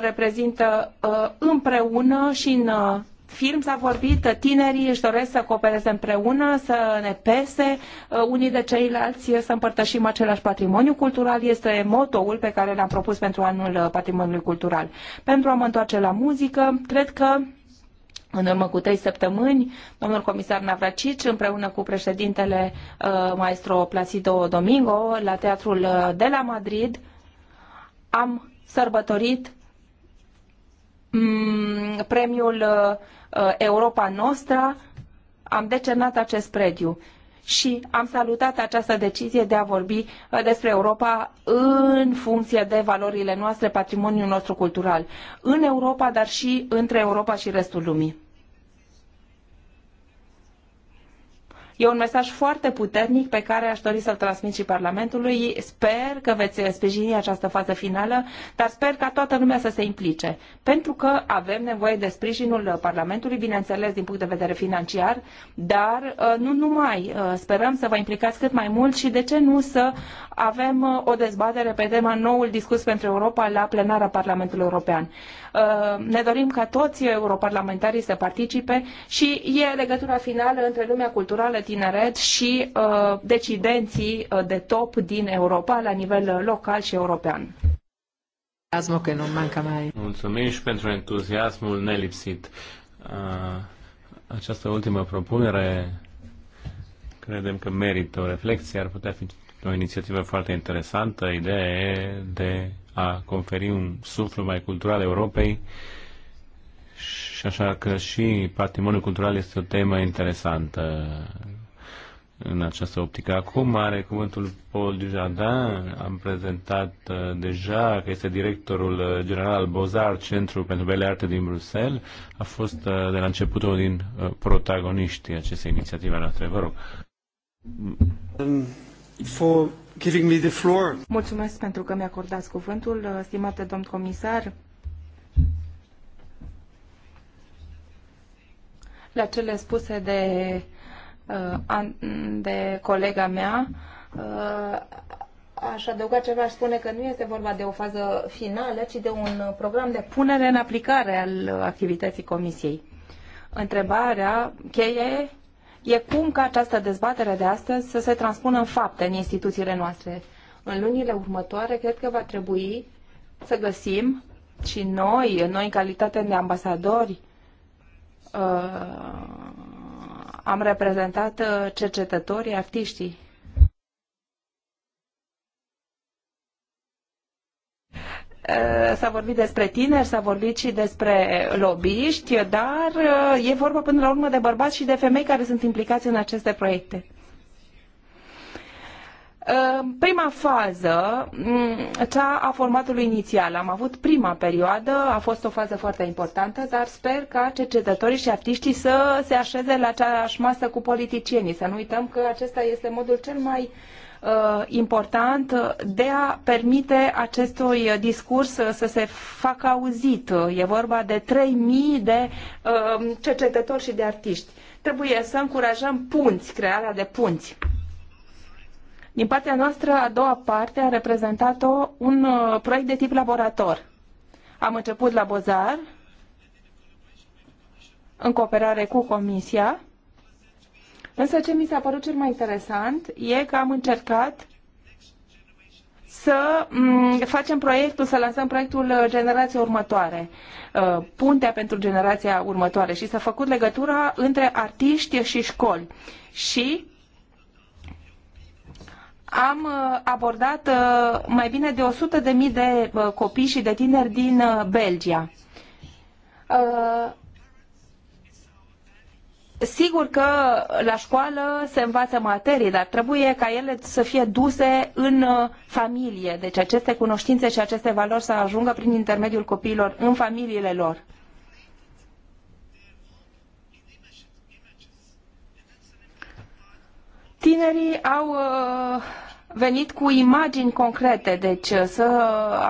reprezintă împreună și în film s-a vorbit, tinerii își doresc să coopereze împreună, să ne pese uh, unii de ceilalți, să împărtășim același patrimoniu cultural. Este motoul pe care l-am propus pentru anul uh, patrimoniului cultural. Pentru a mă întoarce la muzică, cred că în urmă cu trei săptămâni, domnul comisar Navracici, împreună cu președintele uh, maestro Placido Domingo, la Teatrul de la Madrid, am sărbătorit mm, premiul uh, Uh, Europa Nostra, am decernat acest prediu și am salutat această decizie de a vorbi uh, despre Europa în funcție de valorile noastre, patrimoniul nostru cultural, în Europa, dar și între Europa și restul lumii. E un mesaj foarte puternic pe care aș dori să-l transmit și Parlamentului. Sper că veți sprijini această fază finală, dar sper ca toată lumea să se implice, pentru că avem nevoie de sprijinul Parlamentului, bineînțeles, din punct de vedere financiar, dar uh, nu numai. Uh, sperăm să vă implicați cât mai mult și de ce nu să avem uh, o dezbatere pe tema noul discurs pentru Europa la plenara Parlamentului European. Uh, ne dorim ca toți europarlamentarii să participe și e legătura finală între lumea culturală tineret și uh, decidenții uh, de top din Europa la nivel local și european. Entuziasmul că nu manca mai. Mulțumim și pentru entuziasmul nelipsit. Această ultimă propunere credem că merită o reflexie, ar putea fi o inițiativă foarte interesantă, idee de a conferi un suflu mai cultural Europei și așa că și patrimoniul cultural este o temă interesantă în această optică. Acum are cuvântul Paul Dujardin, am prezentat uh, deja că este directorul uh, general al Bozar, Centru pentru Bele Arte din Bruxelles. A fost uh, de la început unul din protagoniștii acestei inițiative noastre. Vă rog. Um, For giving me the floor. Mulțumesc pentru că mi-a acordat cuvântul, uh, stimate domn comisar. La cele spuse de, uh, de colega mea, uh, aș adăuga ceva, aș spune că nu este vorba de o fază finală, ci de un program de punere în aplicare al activității comisiei. Întrebarea cheie e cum ca această dezbatere de astăzi să se transpună în fapte în instituțiile noastre. În lunile următoare, cred că va trebui să găsim și noi, noi în calitate de ambasadori, uh, am reprezentat uh, cercetătorii, artiștii Eh, s-a vorbit despre tineri, s-a vorbit și despre lobbyiști, dar eh, e vorba până la urmă de bărbați și de femei care sunt implicați în aceste proiecte. Eh, prima fază, mm, cea a formatului inițial, am avut prima perioadă, a fost o fază foarte importantă, dar sper ca cercetătorii și artiștii să se așeze la aceeași masă cu politicienii. Să nu uităm că acesta este modul cel mai uh, Uh, important de a permite acestui discurs să se facă auzit. E vorba de 3.000 de uh, cercetători și de artiști. Trebuie să încurajăm punți, crearea de punți. Din partea noastră, a doua parte a reprezentat-o un uh, proiect de tip laborator. Am început la Bozar, în cooperare cu Comisia, Însă ce mi s-a părut cel mai interesant e că am încercat să mm, facem proiectul, să lansăm proiectul uh, generației următoare, uh, puntea pentru generația următoare și să făcut legătura între artiști și școli. Și am uh, abordat mai bine de 100.000 de copii și de tineri din Belgia Sigur că la școală se învață materii, dar trebuie ca ele să fie duse în uh, familie. Deci aceste cunoștințe și aceste valori să ajungă prin intermediul copiilor în familiile lor. Tinerii au uh, venit cu imagini concrete, deci uh, să,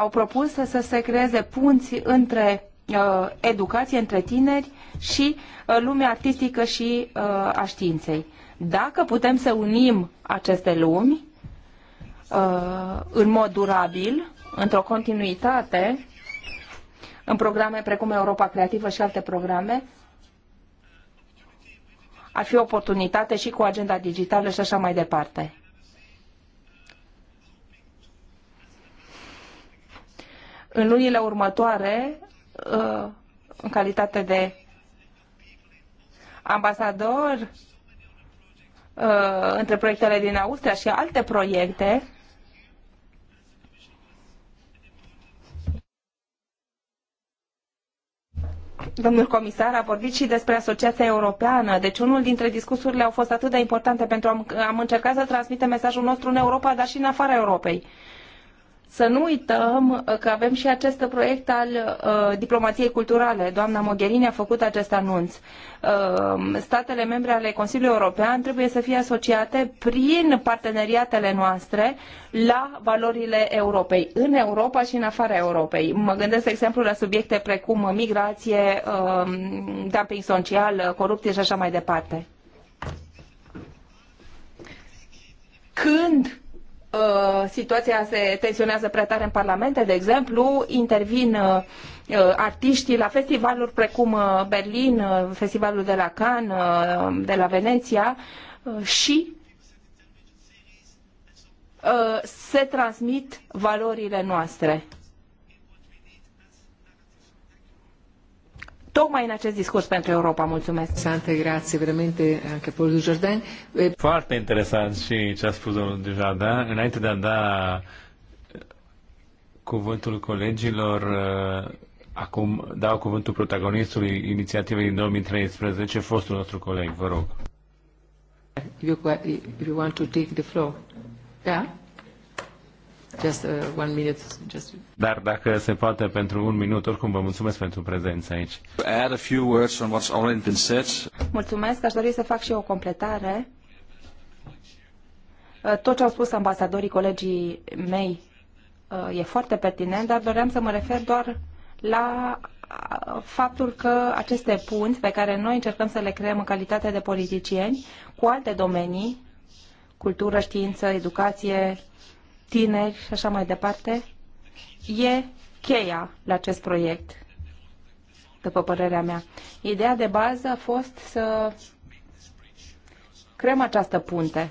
au propus să se creeze punți între uh, educație între tineri și uh, lumea artistică și uh, a științei. Dacă putem să unim aceste lumi uh, în mod durabil, într-o continuitate, în programe precum Europa Creativă și alte programe, ar fi oportunitate și cu agenda digitală și așa mai departe. În lunile următoare Uh, în calitate de ambasador uh, între proiectele din Austria și alte proiecte. Domnul comisar a vorbit și despre Asociația Europeană, deci unul dintre discursurile au fost atât de importante pentru că am încercat să transmitem mesajul nostru în Europa, dar și în afara Europei. Să nu uităm uh, că avem și acest proiect al uh, diplomației culturale. Doamna Mogherini a făcut acest anunț. Uh, statele membre ale Consiliului European trebuie să fie asociate prin parteneriatele noastre la valorile Europei, în Europa și în afara Europei. Mă gândesc, de exemplu, la subiecte precum migrație, uh, dumping social, uh, corupție și așa mai departe. Când Uh, situația se tensionează prea tare în parlamente, de exemplu, intervin uh, uh, artiștii la festivaluri precum Berlin, festivalul de la Cannes, de la Veneția și se transmit valorile noastre. tocmai în acest discurs pentru Europa. Mulțumesc! Sante, grație, veramente, anche Paul Jordan. Foarte interesant și ce a spus domnul Jordan. Înainte de a da uh, cuvântul colegilor, uh, acum dau cuvântul protagonistului inițiativei din 2013, fostul nostru coleg, vă rog. You, you want to take the floor? Da? Yeah? Just uh, one minute. Just... Dar dacă se poate pentru un minut, oricum vă mulțumesc pentru prezența aici. Add a few words on what's already been said. Mulțumesc, aș dori să fac și eu o completare. Uh, tot ce au spus ambasadorii, colegii mei, uh, e foarte pertinent, dar doream să mă refer doar la uh, faptul că aceste punți pe care noi încercăm să le creăm în calitate de politicieni cu alte domenii, cultură, știință, educație, tineri și așa mai departe, e cheia la acest proiect, după părerea mea. Ideea de bază a fost să creăm această punte.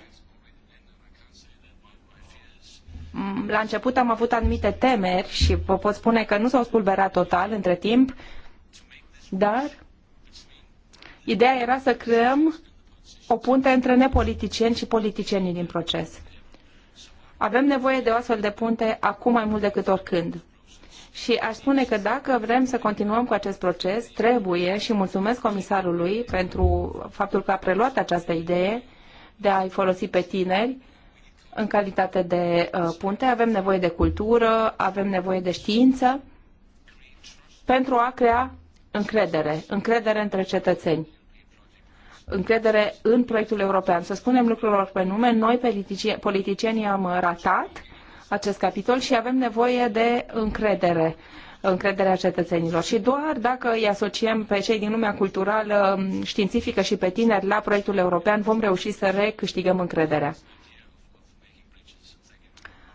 Mm, la început am avut anumite temeri și vă pot spune că nu s-au spulberat total între timp, dar ideea era să creăm o punte între nepoliticieni și politicienii din proces. Avem nevoie de o astfel de punte acum mai mult decât oricând. Și aș spune că dacă vrem să continuăm cu acest proces, trebuie și mulțumesc comisarului pentru faptul că a preluat această idee de a-i folosi pe tineri în calitate de uh, punte. Avem nevoie de cultură, avem nevoie de știință pentru a crea încredere, încredere între cetățeni încredere în proiectul european. Să spunem lucrurilor pe nume, noi politici politicienii am ratat acest capitol și avem nevoie de încredere încrederea cetățenilor. Și doar dacă îi asociem pe cei din lumea culturală, um, științifică și pe tineri la proiectul european, vom reuși să recâștigăm încrederea.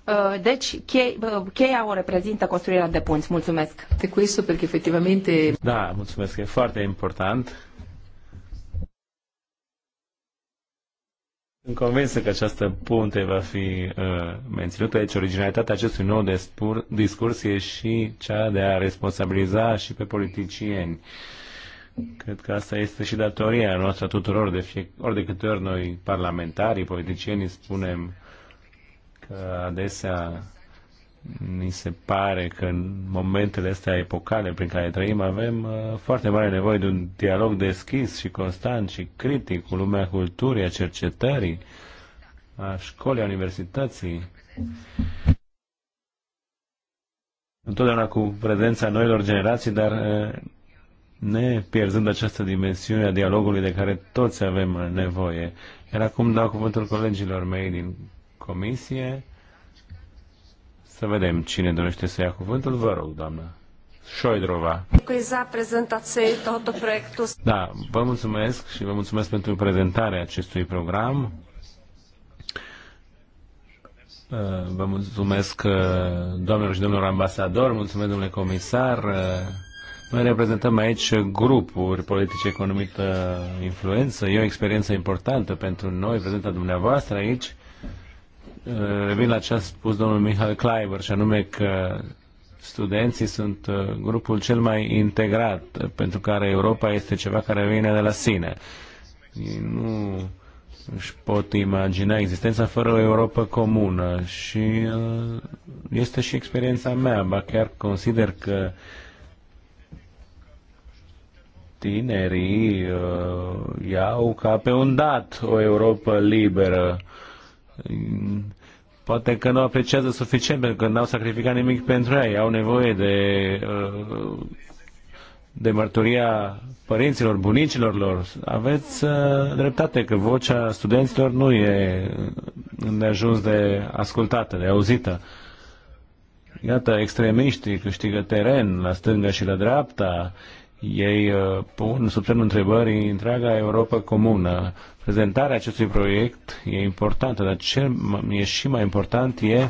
Uh, deci, uh, cheia o reprezintă construirea de punți. Mulțumesc! De pentru că effettivamente... Da, mulțumesc, e foarte important Sunt convins că această punte va fi uh, menținută, deci originalitatea acestui nou despur, discurs e și cea de a responsabiliza și pe politicieni. Cred că asta este și datoria noastră tuturor, de fie, ori de câte ori noi, parlamentarii, politicienii, spunem că adesea ni se pare că în momentele astea epocale prin care trăim avem uh, foarte mare nevoie de un dialog deschis și constant și critic cu lumea culturii, a cercetării, a școlii, a universității. Întotdeauna cu prezența noilor generații, dar uh, ne pierzând această dimensiune a dialogului de care toți avem nevoie. Iar acum dau cuvântul colegilor mei din comisie să vedem cine dorește să ia cuvântul. Vă rog, doamnă. Șoidrova. Da, vă mulțumesc și vă mulțumesc pentru prezentarea acestui program. Uh, vă mulțumesc, uh, doamnelor și domnilor ambasador, mulțumesc, domnule comisar. Uh, noi reprezentăm aici grupuri politice economită influență. E o experiență importantă pentru noi, prezenta dumneavoastră aici revin eh, la ce a spus domnul Mihal Kleiber, și anume că studenții sunt eh, grupul cel mai integrat, eh, pentru care Europa este ceva care vine de la sine. Ei nu își pot imagina existența fără o Europa comună și este și experiența mea, ba chiar consider că tinerii iau ca pe un dat o Europa liberă poate că nu apreciază suficient pentru că n-au sacrificat nimic pentru ei, au nevoie de, uh, de mărturia părinților, bunicilor lor. Aveți uh, dreptate că vocea studenților nu e neajuns de ascultată, de auzită. Iată, extremiștii câștigă teren la stânga și la dreapta, ei uh, pun sub semnul întrebării întreaga Europa comună. Prezentarea acestui proiect e importantă, dar ce e și mai important e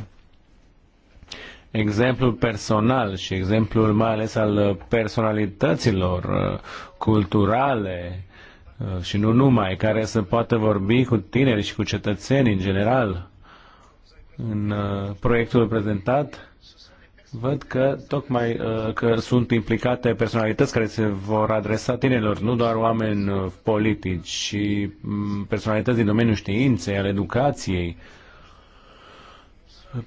exemplul personal și exemplul mai ales al uh, personalităților uh, culturale și nu numai, care să poată vorbi cu tineri și cu cetățenii în general. În proiectul prezentat, văd că tocmai uh, că sunt implicate personalități care se vor adresa tinerilor, nu doar oameni uh, politici, și mm, personalități din domeniul științei, al educației,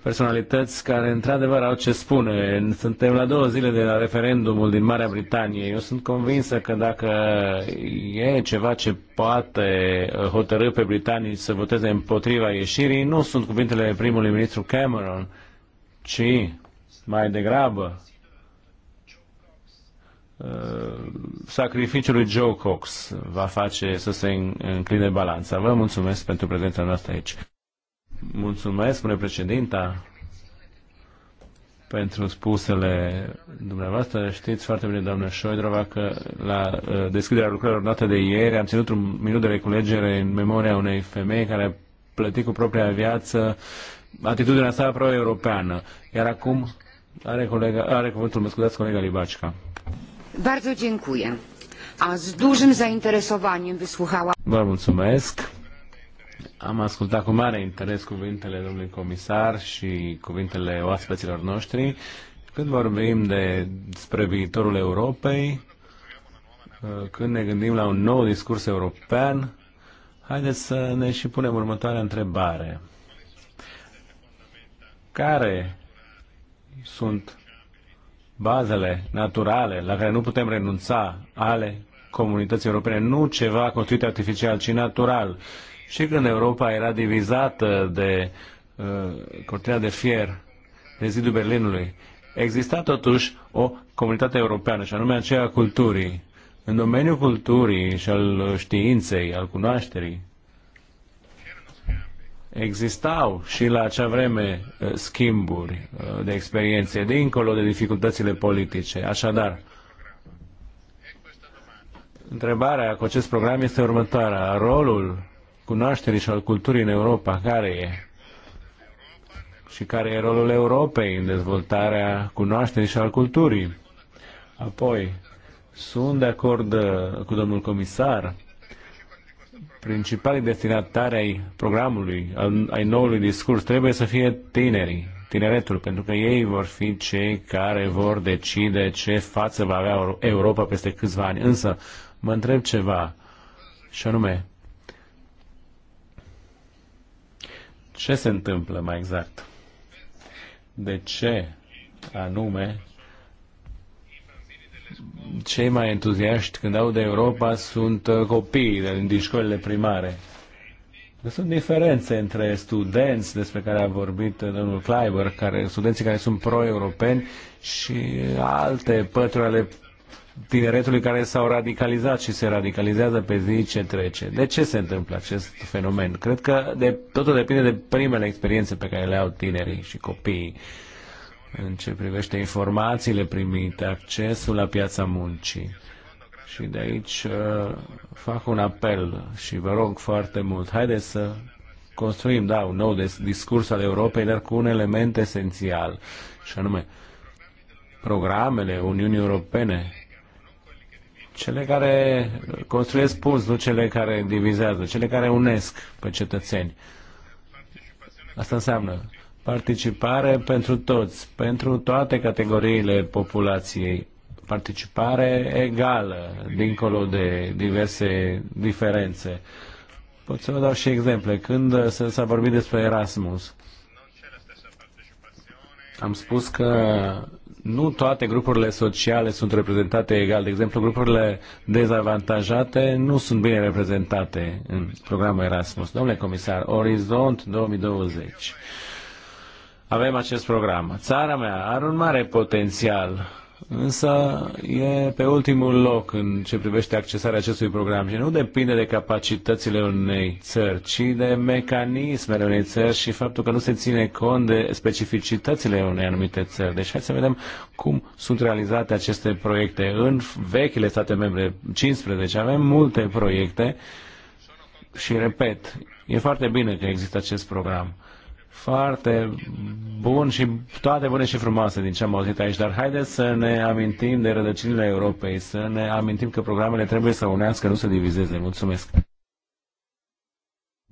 personalități care într-adevăr au ce spune. Suntem la două zile de la referendumul din Marea Britanie. Eu sunt convinsă că dacă e ceva ce poate uh, hotărâ pe britanii să voteze împotriva ieșirii, nu sunt cuvintele primului ministru Cameron, ci mai degrabă uh, sacrificiul lui Joe Cox va face să se încline balanța. Vă mulțumesc pentru prezența noastră aici. Mulțumesc, spune președinta, pentru spusele dumneavoastră. Știți foarte bine, doamnă Șoidrova, că la uh, deschiderea lucrărilor dată de ieri am ținut un minut de reculegere în memoria unei femei care a plătit cu propria viață atitudinea sa pro-europeană. Iar acum are, colega, are cuvântul, mă scuzați, colega Libacica. Bardzo dziękuję. A z dużym zainteresowaniem wysłuchałam... Vă mulțumesc. Am ascultat cu mare interes cuvintele domnului comisar și cuvintele oaspeților noștri. Când vorbim de, despre viitorul Europei, când ne gândim la un nou discurs european, haideți să ne și punem următoarea întrebare. Care sunt bazele naturale la care nu putem renunța ale comunității europene, nu ceva construit artificial, ci natural. Și când Europa era divizată de uh, cortina de fier, de zidul Berlinului, exista totuși o comunitate europeană, și anume aceea a culturii. În domeniul culturii și al științei, al cunoașterii, existau și la acea vreme uh, schimburi uh, de experiențe dincolo de dificultățile politice. Așadar, întrebarea cu acest program este următoarea. Rolul cunoașterii și al culturii în Europa, care e? Și care e rolul Europei în dezvoltarea cunoașterii și al culturii? Apoi, sunt de acord uh, cu domnul comisar principalii destinatari ai programului, ai noului discurs, trebuie să fie tinerii, tineretul, pentru că ei vor fi cei care vor decide ce față va avea Europa peste câțiva ani. Însă, mă întreb ceva, și anume, ce se întâmplă mai exact? De ce anume cei mai entuziaști când aud de Europa sunt uh, copiii din școlile primare. Sunt diferențe între studenți despre care a vorbit uh, domnul Kleiber, care, studenții care sunt pro-europeni și alte pături ale tineretului care s-au radicalizat și se radicalizează pe zi ce trece. De ce se întâmplă acest fenomen? Cred că de, totul depinde de primele experiențe pe care le au tinerii și copiii. Uh, în ce privește informațiile primite, accesul la piața muncii. Și de aici uh, fac un apel și vă rog foarte mult, haideți să construim, da, un nou discurs al Europei, dar cu un element esențial, și anume programele Uniunii Europene, cele care construiesc punți, nu cele care divizează, cele care unesc pe cetățeni. Asta înseamnă Participare pentru toți, pentru toate categoriile populației. Participare egală, dincolo de diverse diferențe. Pot să vă dau și exemple. Când s-a vorbit despre Erasmus, am spus că nu toate grupurile sociale sunt reprezentate egal. De exemplu, grupurile dezavantajate nu sunt bine reprezentate în programul Erasmus. Domnule comisar, Orizont 2020 avem acest program. Țara mea are un mare potențial, însă e pe ultimul loc în ce privește accesarea acestui program și nu depinde de capacitățile unei țări, ci de mecanismele unei țări și faptul că nu se ține cont de specificitățile unei anumite țări. Deci hai să vedem cum sunt realizate aceste proiecte. În vechile state membre, 15, avem multe proiecte și, repet, e foarte bine că există acest program foarte bun și toate bune și frumoase din ce am auzit aici, dar haideți să ne amintim de rădăcinile Europei, să ne amintim că programele trebuie să unească, nu să divizeze. Mulțumesc!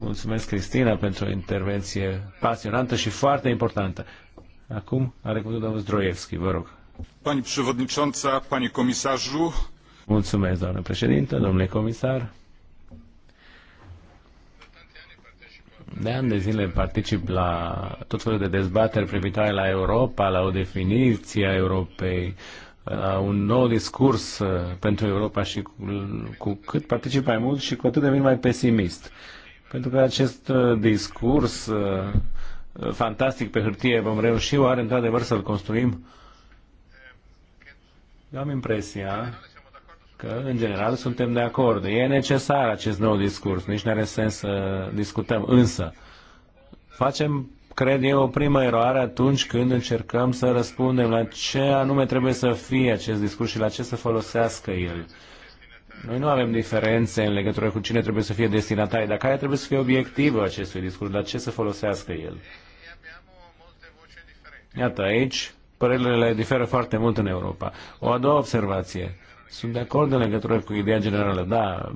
Mulțumesc, Cristina, pentru o intervenție pasionantă și foarte importantă. Acum are cuvântul domnul Zdroievski, vă rog. Pani przewodnicząca, pani komisarzu. Mulțumesc, doamnă președintă, domnule comisar. de ani de zile particip la tot felul de dezbateri privitoare la Europa, la o definiție a Europei, la un nou discurs uh, pentru Europa și cu, cu cât particip mai mult și cu atât devin mai pesimist. Pentru că acest uh, discurs uh, fantastic pe hârtie vom reuși oare într-adevăr să-l construim? Eu am impresia că, în general, suntem de acord. E necesar acest nou discurs, nici nu are sens să discutăm. Însă, facem, cred eu, o primă eroare atunci când încercăm să răspundem la ce anume trebuie să fie acest discurs și la ce să folosească el. Noi nu avem diferențe în legătură cu cine trebuie să fie destinatari, dar care trebuie să fie obiectivul acestui discurs, la ce să folosească el. Iată, aici părerile diferă foarte mult în Europa. O a doua observație sunt de acord în legătură cu ideea generală, da,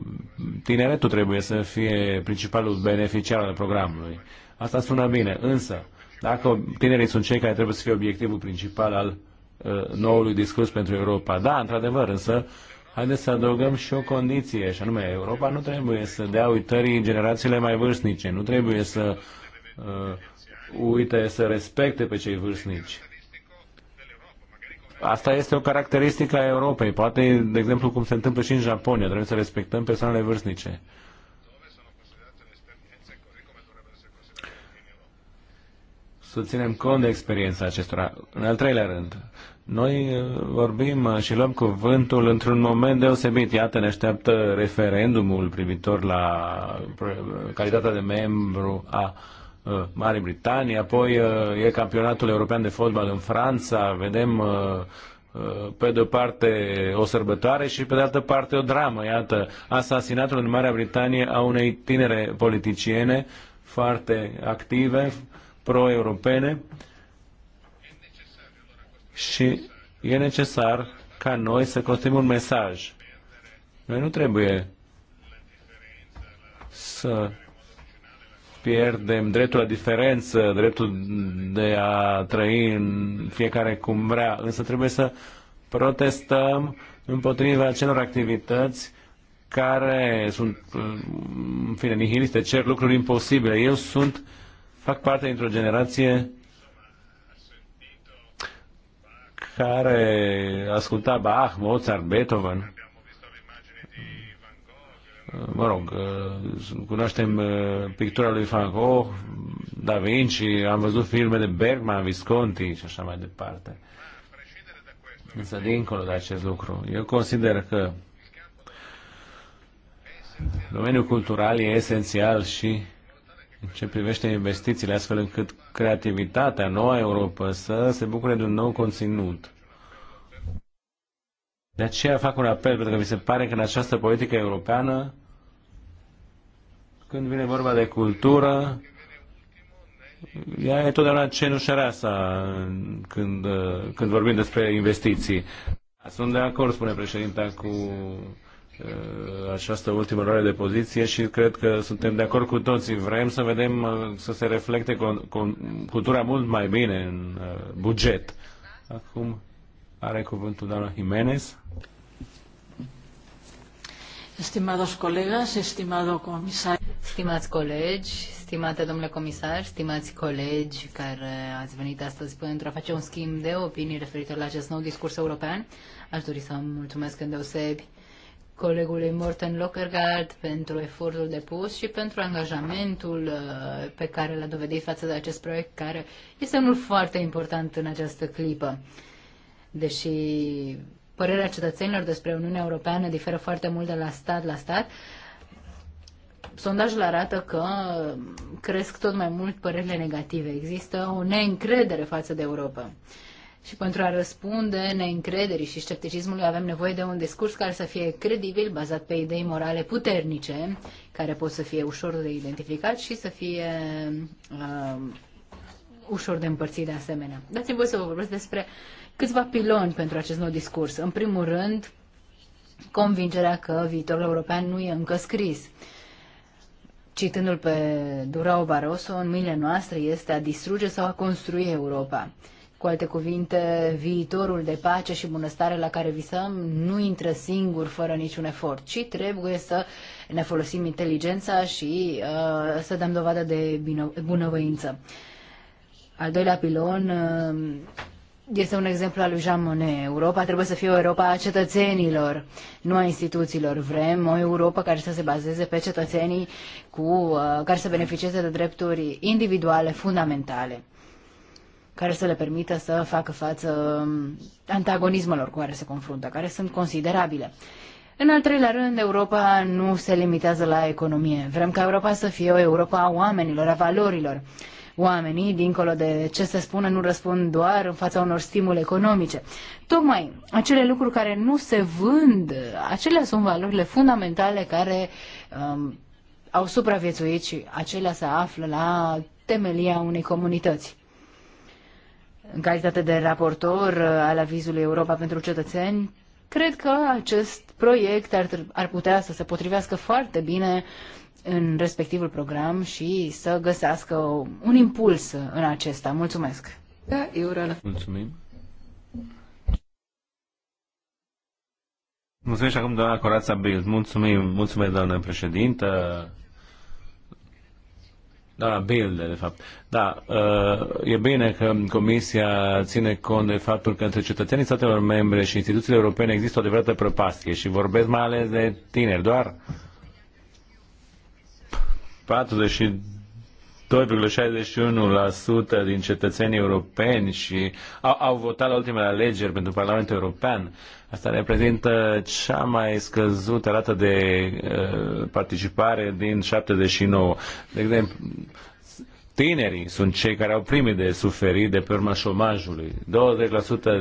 tineretul trebuie să fie principalul beneficiar al programului. Asta sună bine, însă, dacă tinerii sunt cei care trebuie să fie obiectivul principal al uh, noului discurs pentru Europa, da, într-adevăr, însă, haideți să adăugăm și o condiție, și anume, Europa nu trebuie să dea uitării generațiile mai vârstnice, nu trebuie să uh, uite să respecte pe cei vârstnici Asta este o caracteristică a Europei. Poate, de exemplu, cum se întâmplă și în Japonia, trebuie să respectăm persoanele vârstnice. Să ținem cont de experiența acestora. În al treilea rând, noi uh, vorbim și luăm cuvântul într-un moment deosebit. Iată, ne așteaptă referendumul privitor la calitatea de membru a Uh, Marii Britanii, apoi uh, e campionatul european de fotbal în Franța, vedem uh, pe de o parte o sărbătoare și pe de altă parte o dramă, iată, asasinatul în Marea Britanie a unei tinere politiciene foarte active, pro-europene și e necesar ca noi să construim un mesaj. Noi nu trebuie să pierdem dreptul la diferență, dreptul de a trăi în fiecare cum vrea, însă trebuie să protestăm împotriva acelor activități care sunt, în fine, nihiliste, cer lucruri imposibile. Eu sunt, fac parte dintr-o generație care asculta Bach, Mozart, Beethoven mă rog, uh, cunoaștem uh, pictura lui Van Gogh, Da Vinci, am văzut filme de Bergman, Visconti și așa mai departe. Însă, dincolo de acest lucru, eu consider că domeniul cultural e esențial și în ce privește investițiile, astfel încât creativitatea, noua Europa, să se bucure de un nou conținut. De aceea fac un apel, pentru că mi se pare că în această politică europeană când vine vorba de cultură, ea e totdeauna cenușăreasa când, când vorbim despre investiții. Sunt de acord, spune președinta, cu uh, această ultimă luare de poziție și cred că suntem de acord cu toții. Vrem să vedem uh, să se reflecte con, con, cultura mult mai bine în uh, buget. Acum are cuvântul doamna Jimenez. Stimados colegas, estimado comisar. Stimați colegi, stimate domnule comisar, stimați colegi care ați venit astăzi pentru a face un schimb de opinii referitor la acest nou discurs european, aș dori să mulțumesc îndeosebi colegului Morten Lockergaard pentru efortul depus și pentru angajamentul uh, pe care l-a dovedit față de acest proiect, care este unul foarte important în această clipă. Deși părerea cetățenilor despre Uniunea Europeană diferă foarte mult de la stat la stat. Sondajul arată că cresc tot mai mult părerile negative. Există o neîncredere față de Europa. Și pentru a răspunde neîncrederii și scepticismului avem nevoie de un discurs care să fie credibil, bazat pe idei morale puternice, care pot să fie ușor de identificat și să fie uh, ușor de împărțit de asemenea. Dați-mi voi să vă vorbesc despre uh, câțiva piloni pentru acest nou discurs. În primul rând, convingerea că viitorul european nu e încă scris. Citându-l pe Durao Barroso, în mâinile noastre este a distruge sau a construi Europa. Cu alte cuvinte, viitorul de pace și bunăstare la care visăm nu intră singur fără niciun efort, ci trebuie să ne folosim inteligența și uh, să dăm dovadă de bunăvoință. Al doilea pilon uh, este un exemplu al lui Jean Monnet. Europa trebuie să fie o Europa a cetățenilor, nu a instituțiilor. Vrem o Europa care să se bazeze pe cetățenii cu, uh, care să beneficieze de drepturi individuale fundamentale, care să le permită să facă față um, antagonismelor cu care se confruntă, care sunt considerabile. În al treilea rând, Europa nu se limitează la economie. Vrem ca Europa să fie o Europa a oamenilor, a valorilor oamenii, dincolo de ce se spune, nu răspund doar în fața unor stimule economice. Tocmai acele lucruri care nu se vând, acelea sunt valorile fundamentale care um, au supraviețuit și acelea se află la temelia unei comunități. În calitate de raportor uh, al avizului Europa pentru cetățeni, cred că acest proiect ar, ar putea să se potrivească foarte bine uh, în respectivul program și să găsească un impuls în acesta. Mulțumesc! Da, Iurel. Mulțumim! Mulțumim și acum doamna Corața Bild. Mulțumim, mulțumesc doamna președintă. Da, bilde, de fapt. Da, uh, e bine că Comisia ține cont de faptul că între cetățenii statelor membre și instituțiile europene există o adevărată prăpastie și vorbesc mai ales de tineri. Doar 42,61% din cetățenii europeni și au, au votat la ultimele alegeri pentru Parlamentul European. Asta reprezintă cea mai scăzută rată de uh, participare din 79. De exemplu, tinerii sunt cei care au primit de suferit de pe urma șomajului. 20%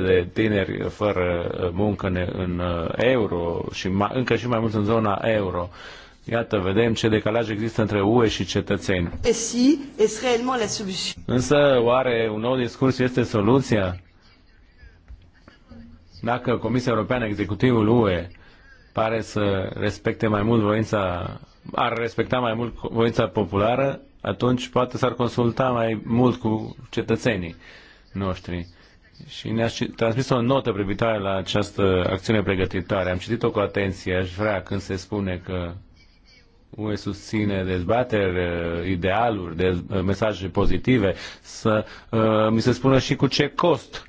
de tineri fără muncă în uh, euro și încă și mai mult în zona euro. Uh, Iată, vedem ce decalaj există între UE și cetățeni. Însă, oare un nou discurs este soluția? Dacă Comisia Europeană, Executivul UE, pare să respecte mai mult voința, ar respecta mai mult voința populară, atunci poate s-ar consulta mai mult cu cetățenii noștri. Și ne-a transmis o notă privitoare la această acțiune pregătitoare. Am citit-o cu atenție. Aș vrea când se spune că UE susține dezbateri, uh, idealuri, de, uh, mesaje pozitive, să uh, mi se spună și cu ce cost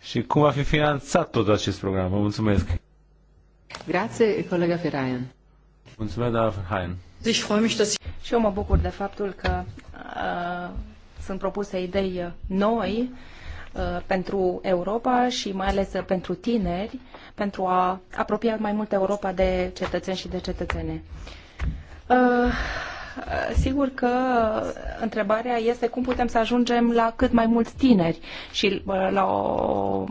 și cum va fi finanțat tot acest program. Vă mulțumesc! Grație, colega Ferayan. Mulțumesc, doamna Ferraian! Deci, și eu mă bucur de faptul că uh, sunt propuse idei uh, noi uh, pentru Europa și mai ales pentru tineri, pentru a apropia mai mult Europa de cetățeni și de cetățene. Uh, sigur că întrebarea este cum putem să ajungem la cât mai mulți tineri și uh, la, o,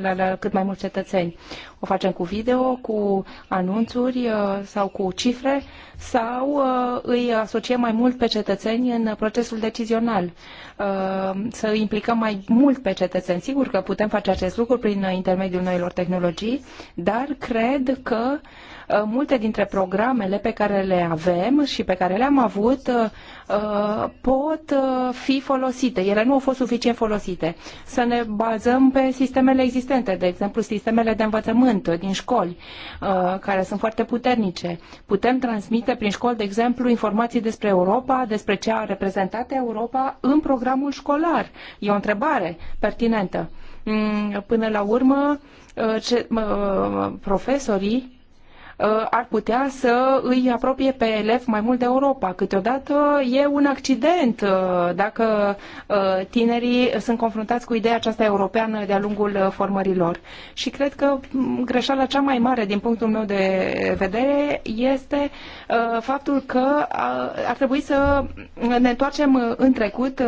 la, la cât mai mulți cetățeni. O facem cu video, cu anunțuri uh, sau cu cifre sau îi asociem mai mult pe cetățeni în procesul decizional. Să îi implicăm mai mult pe cetățeni. Sigur că putem face acest lucru prin intermediul noilor tehnologii, dar cred că Uh, multe dintre programele pe care le avem și pe care le-am avut uh, pot uh, fi folosite. Ele nu au fost suficient folosite. Să ne bazăm pe sistemele existente, de exemplu sistemele de învățământ din școli, care sunt foarte puternice. Putem transmite prin școli, de exemplu, informații despre Europa, despre ce a reprezentat Europa în programul școlar. E o întrebare pertinentă. Mm, până la urmă, ce, profesorii Uh, ar putea să îi apropie pe elev mai mult de Europa. Câteodată e un accident uh, dacă uh, tinerii sunt confruntați cu ideea aceasta europeană de-a lungul formărilor. Și cred că mm, greșeala cea mai mare din punctul meu de vedere este faptul că ar trebui să ne întoarcem în trecut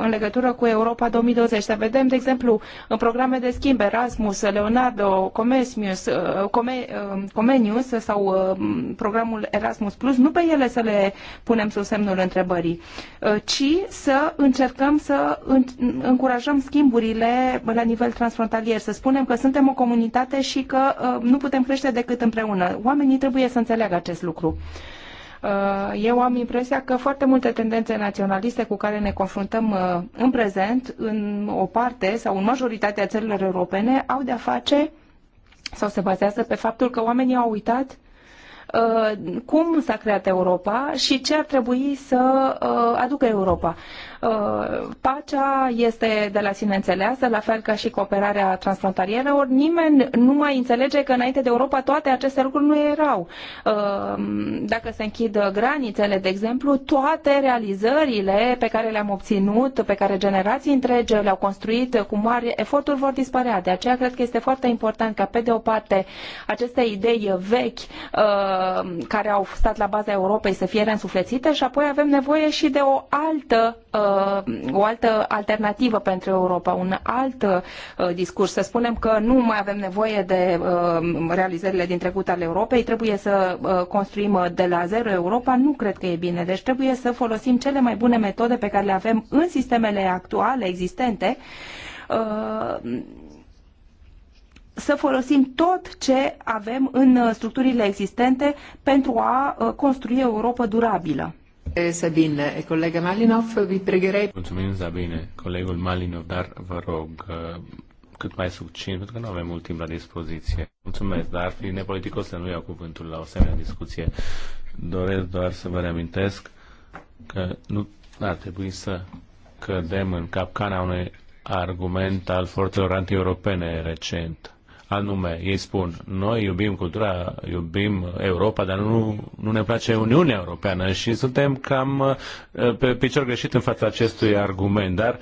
în legătură cu Europa 2020. Să vedem, de exemplu, în programe de schimb Erasmus, Leonardo, Come, Comenius sau uh, programul Erasmus Plus, nu pe ele să le punem sub semnul întrebării, uh, ci să încercăm să încurajăm schimburile la nivel transfrontalier, să spunem că suntem o comunitate și că uh, nu putem crește decât împreună. Oamenii trebuie să înțeleagă acest lucru. Eu am impresia că foarte multe tendențe naționaliste cu care ne confruntăm în prezent, în o parte sau în majoritatea țărilor europene, au de-a face sau se bazează pe faptul că oamenii au uitat uh, cum s-a creat Europa și ce ar trebui să uh, aducă Europa. Uh, pacea este de la sine înțeleasă, la fel ca și cooperarea transfrontalieră, ori nimeni nu mai înțelege că înainte de Europa toate aceste lucruri nu erau. Uh, dacă se închid granițele, de exemplu, toate realizările pe care le-am obținut, pe care generații întregi le-au construit cu mari eforturi, vor dispărea. De aceea cred că este foarte important ca, pe de o parte, aceste idei vechi uh, care au stat la baza Europei să fie reînsuflețite și apoi avem nevoie și de o altă Uh, o altă alternativă pentru Europa, un alt uh, discurs. Să spunem că nu mai avem nevoie de uh, realizările din trecut ale Europei, trebuie să construim de la zero Europa, nu cred că e bine. Deci trebuie să folosim cele mai bune metode pe care le avem în sistemele actuale, existente, să folosim tot ce avem în structurile existente pentru a construi o Europa durabilă. Eh, Sabine, eh, colega Malinov, vi pregherei... Mulțumim, Sabine, colegul Malinov, dar vă rog eh, cât mai succint, pentru că nu avem mult timp la dispoziție. Mulțumesc, dar ar fi nepoliticos să nu iau cuvântul la o asemenea discuție. Doresc doar să vă reamintesc că nu ar trebui să cădem în capcana unui argument al forțelor anti-europene recent Anume, ei spun, noi iubim cultura, iubim Europa, dar nu, nu ne place Uniunea Europeană și suntem cam uh, pe picior greșit în fața acestui argument, dar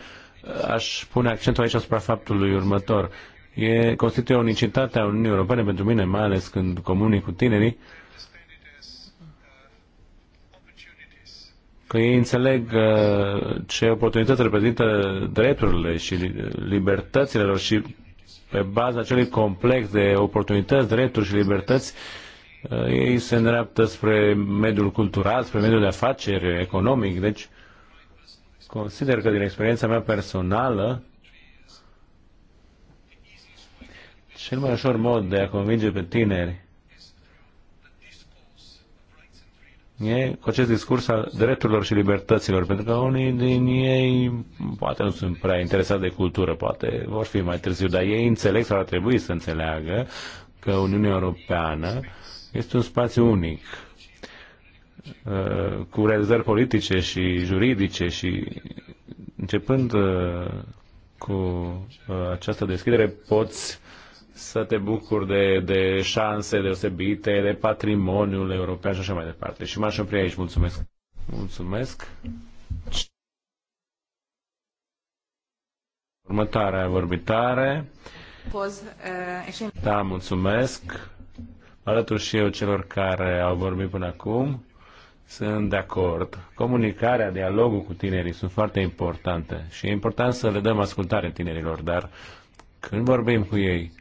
uh, aș pune accentul aici asupra faptului următor. E, constituie o a Uniunii Europene pentru mine, mai ales când comunic cu tinerii, că ei înțeleg uh, ce oportunități reprezintă drepturile și libertățile lor și pe baza acelui complex de oportunități, drepturi și libertăți, uh, ei se îndreaptă spre mediul cultural, spre mediul de afaceri, economic. Deci, consider că din experiența mea personală, cel mai ușor mod de a convinge pe tineri e cu acest discurs al drepturilor și libertăților, pentru că unii din ei poate nu sunt prea interesați de cultură, poate vor fi mai târziu, dar ei înțeleg sau ar trebui să înțeleagă că Uniunea Europeană este un spațiu unic uh, cu realizări politice și juridice și începând uh, cu uh, această deschidere poți să te bucuri de, de șanse deosebite, de patrimoniul european și așa mai departe. Și m-aș opri aici. Mulțumesc. Mulțumesc. Următoarea vorbitare. Da, mulțumesc. Alături și eu celor care au vorbit până acum. Sunt de acord. Comunicarea, dialogul cu tinerii sunt foarte importante și e important să le dăm ascultare tinerilor, dar când vorbim cu ei,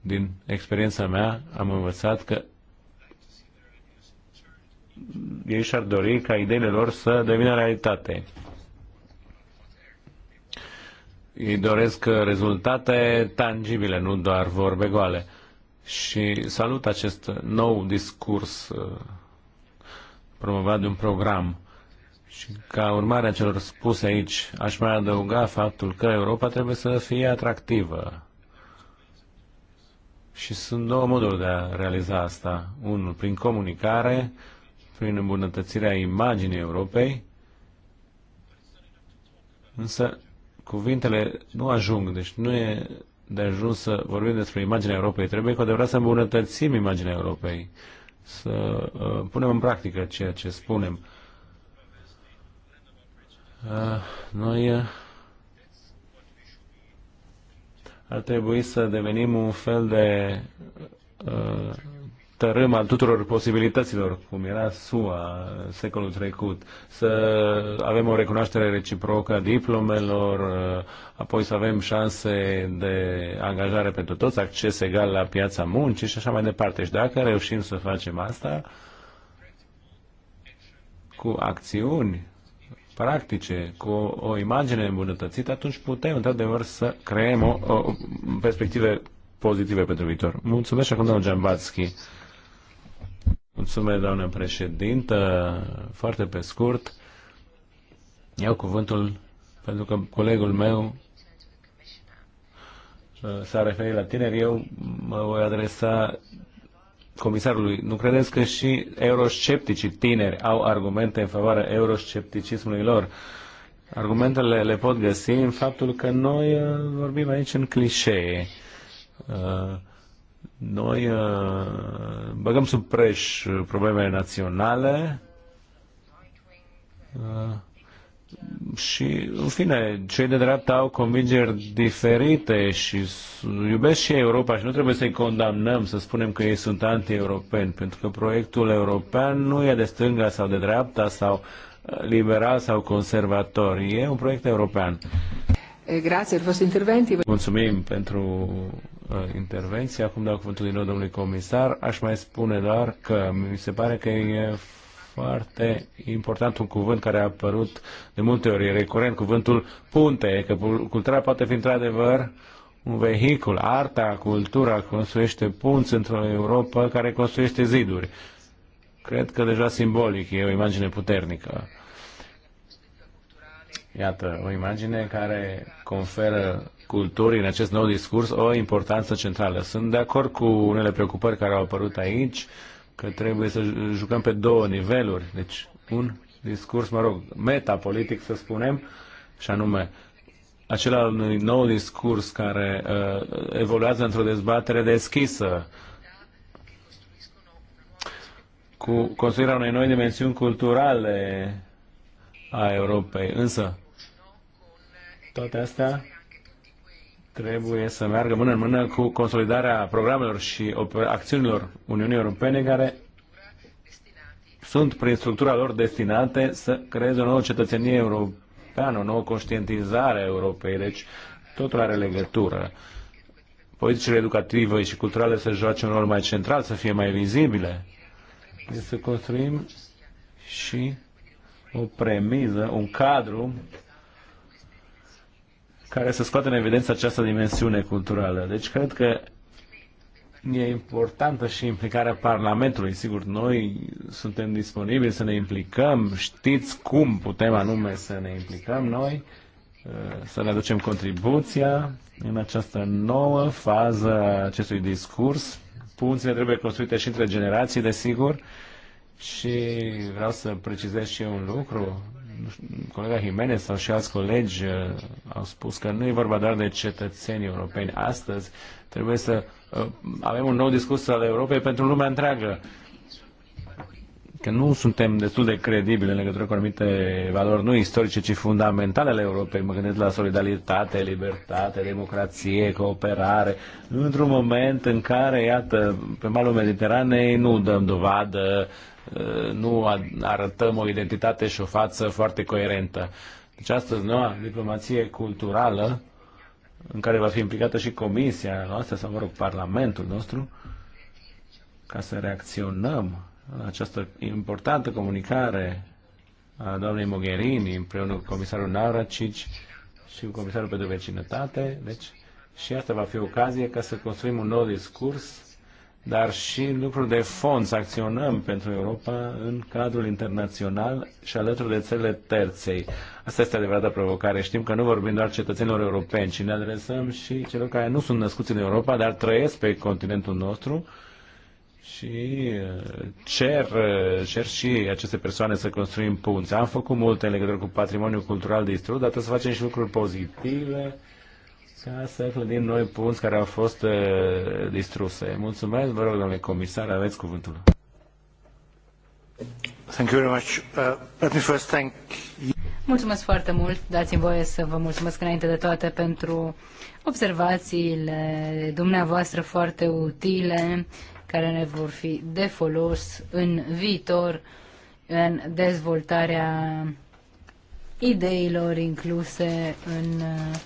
din experiența mea am învățat că ei și-ar dori ca ideile lor să devină realitate. Ei doresc rezultate tangibile, nu doar vorbe goale. Și salut acest nou discurs uh, promovat de un program. Și ca urmare a celor spuse aici, aș mai adăuga faptul că Europa trebuie să fie atractivă și sunt două moduri de a realiza asta. Unul prin comunicare, prin îmbunătățirea imaginii Europei, însă cuvintele nu ajung, deci nu e de ajuns să vorbim despre imaginea Europei. Trebuie cu adevărat să îmbunătățim imaginea Europei, să uh, punem în practică ceea ce spunem. Uh, noi uh, ar trebui să devenim un fel de uh, tărâm al tuturor posibilităților, cum era SUA în secolul trecut, să avem o recunoaștere reciprocă a diplomelor, uh, apoi să avem șanse de angajare pentru toți, acces egal la piața muncii și așa mai departe. Și dacă reușim să facem asta cu acțiuni practice, cu o, imagine îmbunătățită, atunci putem, într-adevăr, să creăm o, o perspective pozitive pentru viitor. Mulțumesc și acum, domnul Giambatski. Mulțumesc, doamnă președintă. Foarte pe scurt, iau cuvântul pentru că colegul meu uh, s-a referit la tineri. Eu mă voi adresa comisarului, nu credeți că și euroscepticii tineri au argumente în favoarea euroscepticismului lor? Argumentele le pot găsi în faptul că noi uh, vorbim aici în clișee. Uh, noi uh, băgăm sub preș problemele naționale, și, în fine, cei de dreapta au convingeri diferite și iubesc și Europa și nu trebuie să-i condamnăm, să spunem că ei sunt anti-europeni, pentru că proiectul european nu e de stânga sau de dreapta sau uh, liberal sau conservator. E un proiect european. Eh, grazie interventi. Mulțumim pentru uh, intervenție. Acum dau cuvântul din nou domnului comisar. Aș mai spune doar că mi se pare că e foarte important un cuvânt care a apărut de multe ori, recurent, cuvântul punte, că cultura poate fi într-adevăr un vehicul, arta, cultura construiește punți într-o Europa care construiește ziduri. Cred că deja simbolic e o imagine puternică. Iată, o imagine care conferă culturii în acest nou discurs o importanță centrală. Sunt de acord cu unele preocupări care au apărut aici că trebuie să jucăm pe două niveluri. Deci un discurs, mă rog, metapolitic să spunem, și anume acela nou discurs care uh, evoluează într-o dezbatere deschisă cu construirea unei noi dimensiuni culturale a Europei. Însă, toate astea trebuie să meargă mână în mână cu consolidarea programelor și acțiunilor Uniunii Europene care sunt prin structura lor destinate să creeze o nouă cetățenie europeană, o nouă conștientizare a Europei. Deci totul are legătură. Politicile educative și culturale să joace un rol mai central, să fie mai vizibile. Deci, să construim și o premiză, un cadru care să scoată în evidență această dimensiune culturală. Deci cred că e importantă și implicarea Parlamentului. Sigur, noi suntem disponibili să ne implicăm, știți cum putem anume să ne implicăm noi, uh, să ne aducem contribuția în această nouă fază a acestui discurs. Punțile trebuie construite și între generații, desigur, și vreau să precizez și eu un lucru colega Jimenez sau și alți colegi uh, au spus că nu e vorba doar de cetățenii europeni. Astăzi trebuie să uh, avem un nou discurs al Europei pentru lumea întreagă. Că nu suntem destul de credibili în legătură cu anumite valori nu istorice, ci fundamentale ale Europei. Mă gândesc la solidaritate, libertate, democrație, cooperare. Într-un moment în care, iată, pe malul Mediteranei nu dăm dovadă uh, Uh, nu arătăm o identitate și o față foarte coerentă. Deci astăzi noua diplomație culturală, în care va fi implicată și comisia noastră, sau mă rog, parlamentul nostru, ca să reacționăm la această importantă comunicare a doamnei Mogherini împreună cu comisarul Navracici și cu comisarul pentru vecinătate. Deci și asta va fi ocazie ca să construim un nou discurs dar și lucruri de fond, să acționăm pentru Europa în cadrul internațional și alături de țările terței. Asta este adevărată provocare. Știm că nu vorbim doar cetățenilor europeni, ci ne adresăm și celor care nu sunt născuți în Europa, dar trăiesc pe continentul nostru și uh, cer, uh, cer și aceste persoane să construim punți. Am făcut multe în legătură cu patrimoniul cultural distrus, dar trebuie să facem și lucruri pozitive ca să din noi punți care au fost uh, distruse. Mulțumesc, vă rog, domnule comisar, aveți cuvântul. Thank you very much. Uh, let me first thank you. Mulțumesc foarte mult. Dați-mi voie să vă mulțumesc înainte de toate pentru observațiile dumneavoastră foarte utile care ne vor fi de folos în viitor în dezvoltarea ideilor incluse în uh,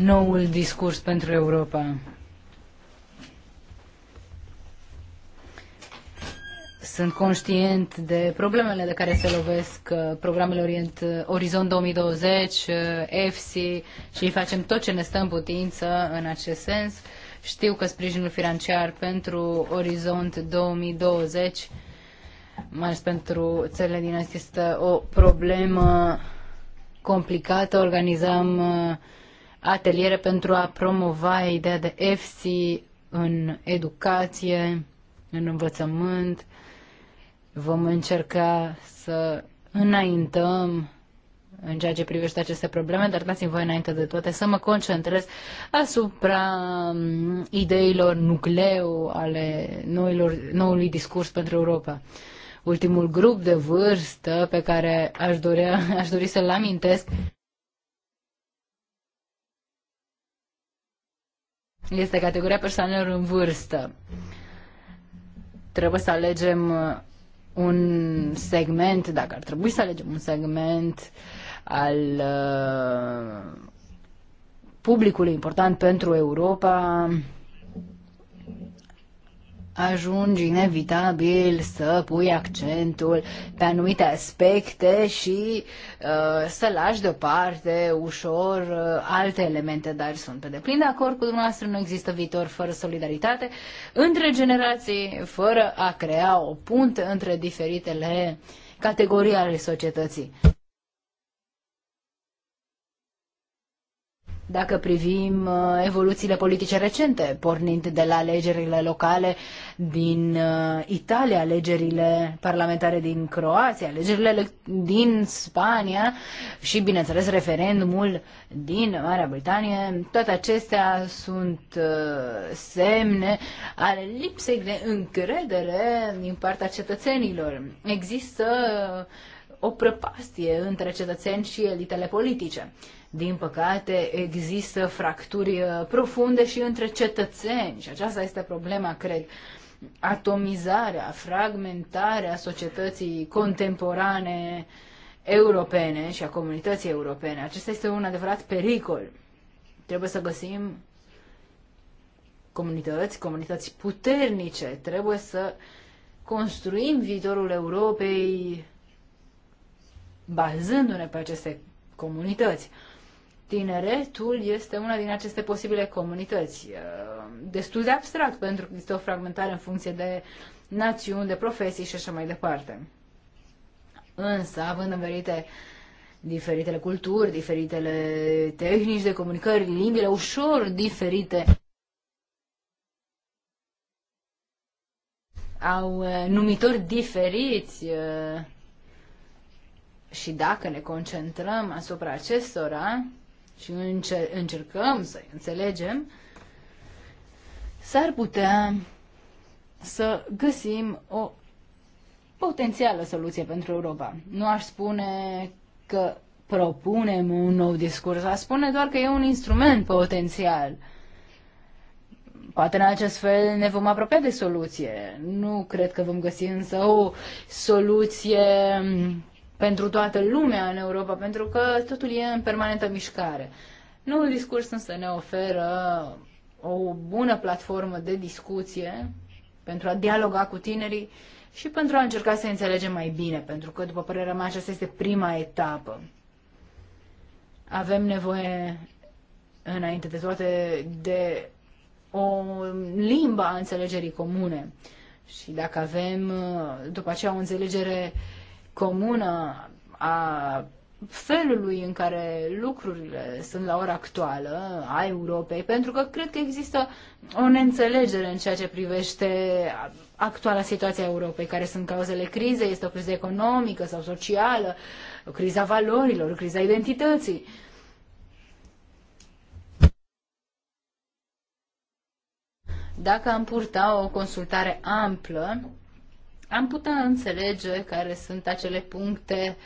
noul discurs pentru Europa. Sunt conștient de problemele de care se lovesc uh, programele Orient, uh, Orizont 2020, EFSI uh, și facem tot ce ne stă în putință în acest sens. Știu că sprijinul financiar pentru Orizont 2020, mai ales pentru țările din Est, este o problemă complicată. Organizăm uh, ateliere pentru a promova ideea de EFSI în educație, în învățământ. Vom încerca să înaintăm în ceea ce privește aceste probleme, dar dați-mi voi înainte de toate să mă concentrez asupra mm, ideilor nucleu ale noilor, noului discurs pentru Europa. Ultimul grup de vârstă pe care aș, dorea, aș dori să-l amintesc este categoria persoanelor în vârstă. Trebuie să alegem uh, un segment, dacă ar trebui să alegem un segment al uh, publicului important pentru Europa, ajungi inevitabil să pui accentul pe anumite aspecte și uh, să lași deoparte ușor uh, alte elemente, dar sunt pe deplin de acord cu dumneavoastră, nu există viitor fără solidaritate între generații, fără a crea o punte între diferitele categorii ale societății. Dacă privim uh, evoluțiile politice recente, pornind de la alegerile locale din uh, Italia, alegerile parlamentare din Croația, alegerile din Spania și, bineînțeles, referendumul din Marea Britanie, toate acestea sunt uh, semne ale lipsei de încredere din partea cetățenilor. Există o prăpastie între cetățeni și elitele politice. Din păcate, există fracturi uh, profunde și între cetățeni și aceasta este problema, cred. Atomizarea, fragmentarea societății contemporane europene și a comunității europene. Acesta este un adevărat pericol. Trebuie să găsim comunități, comunități puternice. Trebuie să construim viitorul Europei bazându-ne pe aceste comunități. Tineretul este una din aceste posibile comunități. Uh, destul de abstract, pentru că este o fragmentare în funcție de națiuni, de profesii și așa mai departe. Însă, având verite diferitele culturi, diferitele tehnici de comunicări, limbile ușor diferite, au uh, numitori diferiți uh, și dacă ne concentrăm asupra acestora, și încer- încercăm să înțelegem, s-ar putea să găsim o potențială soluție pentru Europa. Nu aș spune că propunem un nou discurs, aș spune doar că e un instrument potențial. Poate în acest fel ne vom apropia de soluție. Nu cred că vom găsi însă o soluție pentru toată lumea în Europa, pentru că totul e în permanentă mișcare. Noul discurs însă ne oferă o bună platformă de discuție pentru a dialoga cu tinerii și pentru a încerca să înțelegem mai bine, pentru că, după părerea mea, aceasta este prima etapă. Avem nevoie, înainte de toate, de o limbă a înțelegerii comune. Și dacă avem, după aceea, o înțelegere uh, comună a felului în care lucrurile sunt la ora actuală a Europei, pentru că cred că există o neînțelegere în ceea ce privește actuala situație a Europei, care sunt cauzele crizei, este o criză economică sau socială, o criza valorilor, o criza identității. Dacă am purta o consultare amplă, am putea înțelege care sunt acele puncte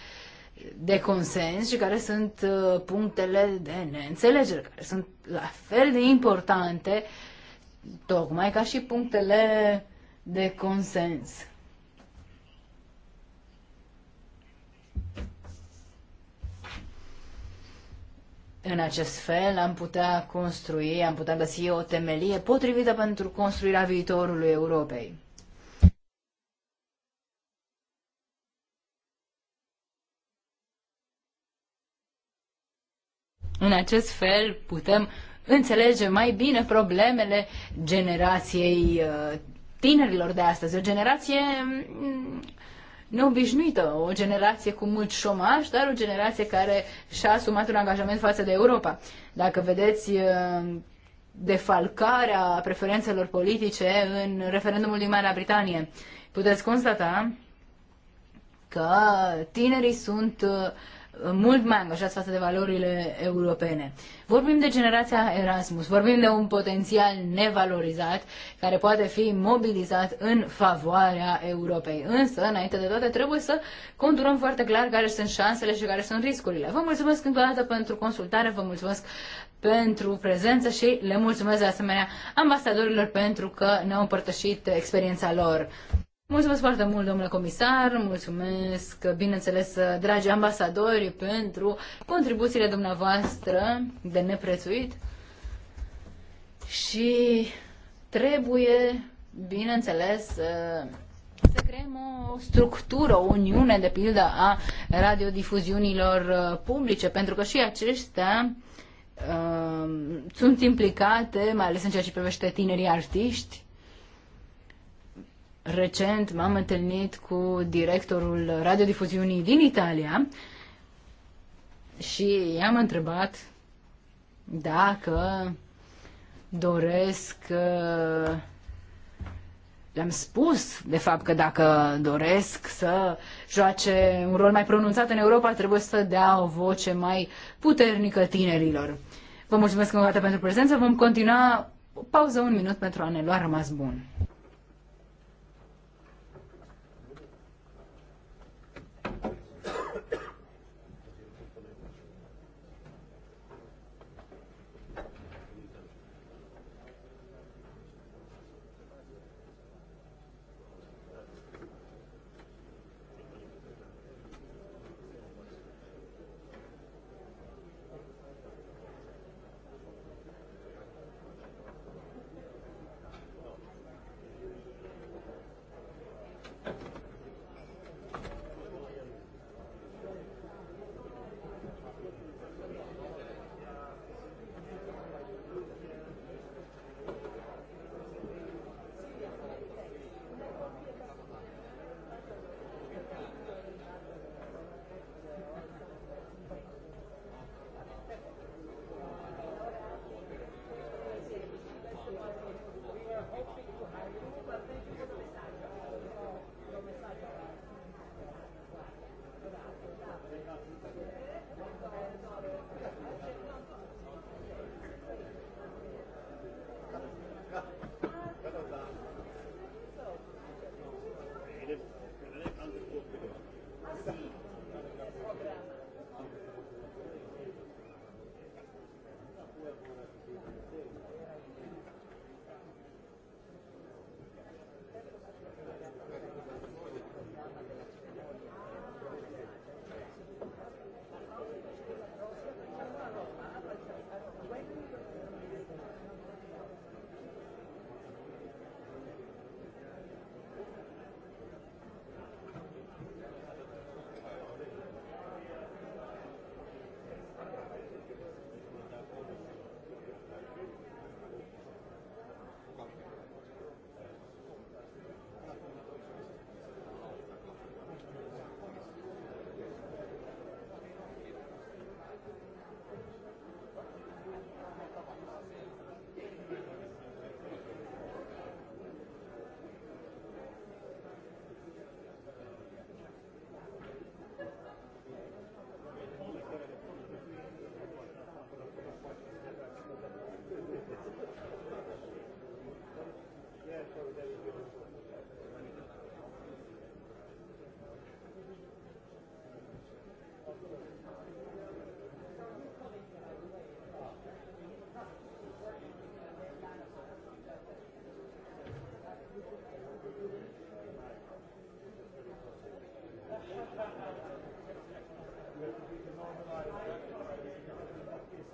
de consens și care sunt uh, punctele de neînțelegere, care sunt la fel de importante, tocmai ca și punctele de consens. În acest fel am putea construi, am putea găsi o temelie potrivită pentru construirea viitorului Europei. acest fel putem înțelege mai bine problemele generației uh, tinerilor de astăzi. O generație mm, neobișnuită, o generație cu mult șomaj, dar o generație care și-a asumat un angajament față de Europa. Dacă vedeți uh, defalcarea preferențelor politice în referendumul din Marea Britanie, puteți constata că tinerii sunt uh, mult mai angajați față de valorile europene. Vorbim de generația Erasmus, vorbim de un potențial nevalorizat care poate fi mobilizat în favoarea Europei. Însă, înainte de toate, trebuie să conturăm foarte clar care sunt șansele și care sunt riscurile. Vă mulțumesc încă o dată pentru consultare, vă mulțumesc pentru prezență și le mulțumesc de asemenea ambasadorilor pentru că ne-au împărtășit experiența lor. Mulțumesc foarte mult, domnule comisar, mulțumesc, bineînțeles, dragi ambasadori, pentru contribuțiile dumneavoastră de neprețuit și trebuie, bineînțeles, să creăm o structură, o uniune, de pildă, a radiodifuziunilor uh, publice, pentru că și aceștia uh, sunt implicate, mai ales în ceea ce privește tinerii artiști, Recent m-am întâlnit cu directorul radiodifuziunii din Italia și i-am întrebat dacă doresc uh, le-am spus, de fapt, că dacă doresc să joace un rol mai pronunțat în Europa, trebuie să dea o voce mai puternică tinerilor. Vă mulțumesc încă o dată pentru prezență. Vom continua o pauză un minut pentru a ne lua rămas bun.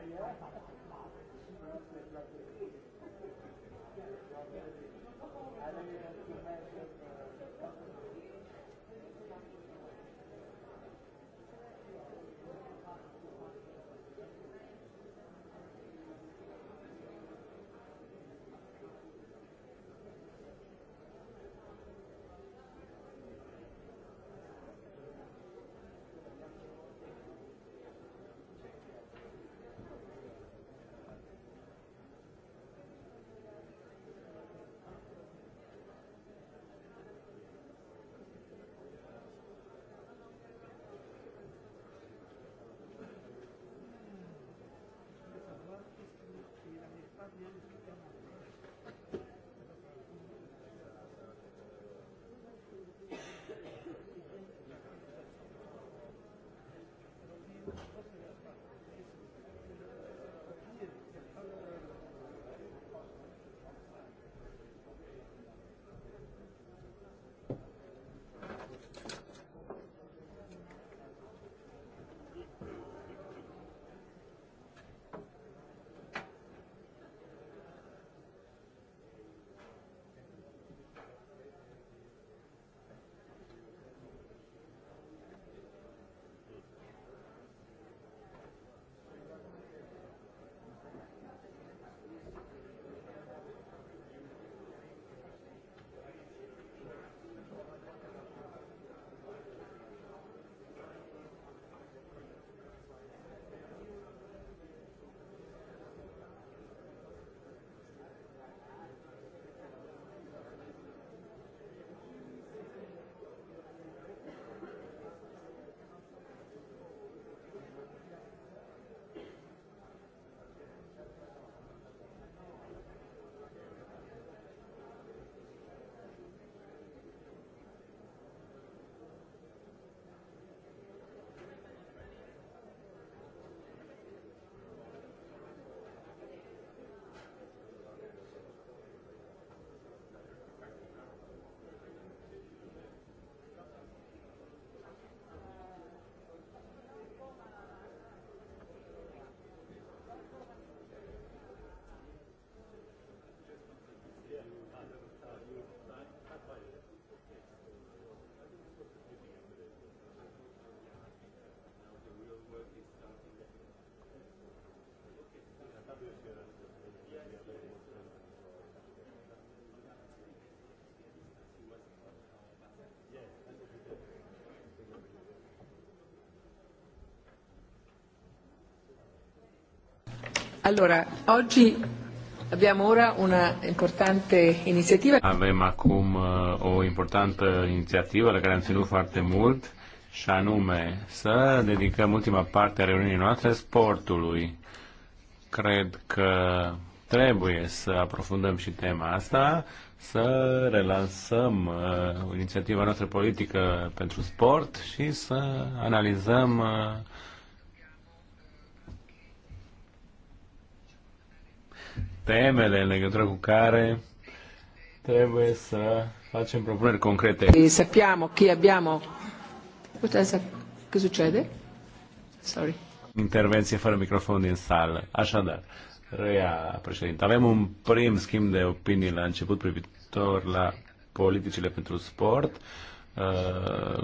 Aia? Allora, oggi abbiamo ora una importante iniziativa. Avem acum uh, o importantă inițiativă la care am ținut foarte mult și anume să dedicăm ultima parte a reuniunii noastre sportului. Cred că trebuie să aprofundăm și tema asta, să relansăm uh, inițiativa noastră politică pentru sport și să analizăm uh, temele în legătură cu care trebuie să facem propuneri concrete. Sappiamo chi abbiamo. Puteți Che succede? Sorry. Intervenție fără microfon din sală. Așadar, reia președinte. Avem un prim schimb de opinii la început privitor la politicile pentru sport. Uh,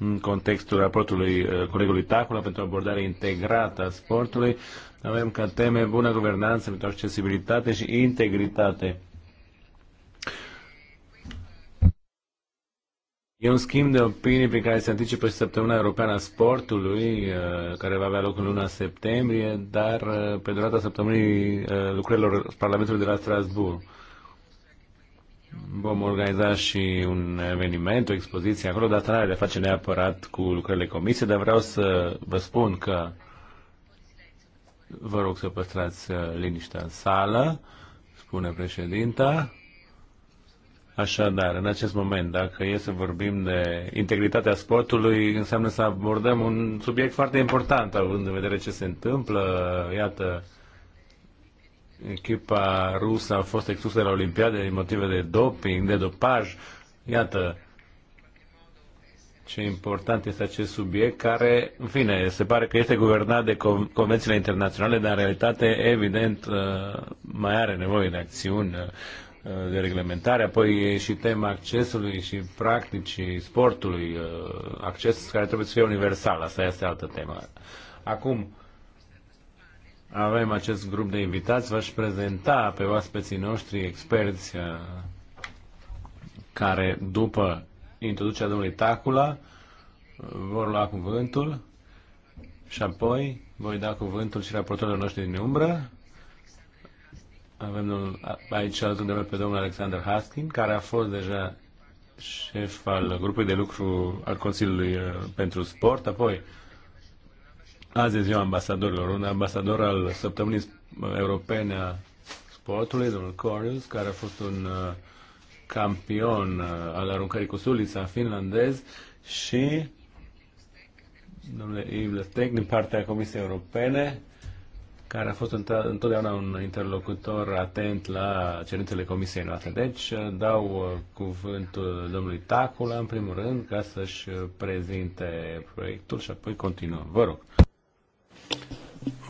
în contextul raportului uh, colegului Tacula pentru abordare integrată a sportului. Avem ca teme bună guvernanță pentru accesibilitate și integritate. E un schimb de opinii pe care se anticipă și săptămâna europeană a sportului, uh, care va avea loc în luna septembrie, dar pe durata săptămânii lucrărilor Parlamentului de la Strasbourg. Vom organiza și un eveniment, o expoziție acolo, dar are de face neapărat cu lucrările comisiei, dar vreau să vă spun că vă rog să păstrați uh, liniștea în sală, spune președinta. Așadar, în acest moment, dacă e să vorbim de integritatea sportului, înseamnă să abordăm un subiect foarte important, având în vedere ce se întâmplă, iată, echipa rusă a fost exclusă de la Olimpiade din motive de doping, de dopaj. Iată ce important este acest subiect care, în fine, se pare că este guvernat de convențiile internaționale, dar în realitate, evident, uh, mai are nevoie de acțiuni uh, de reglementare, apoi e și tema accesului și practicii sportului, uh, acces care trebuie să fie universal, asta este altă temă. Acum, avem acest grup de invitați, v-aș prezenta pe oaspeții noștri experți uh, care după introducerea domnului Tacula uh, vor lua cuvântul și apoi voi da cuvântul și raportorilor noștri din umbră. Avem aici alături de noi pe domnul Alexander Haskin, care a fost deja șef al grupului de lucru al Consiliului uh, pentru Sport, apoi Azi e ziua ambasadorilor, un ambasador al săptămânii europene a sportului, domnul Corius, care a fost un uh, campion uh, al aruncării cu sulița finlandez și domnule Ivlestec din partea Comisiei Europene, care a fost întotdeauna un interlocutor atent la cerințele comisiei noastre. Deci uh, dau cuvântul domnului Tacula, în primul rând, ca să-și prezinte proiectul și apoi continuăm. Vă rog.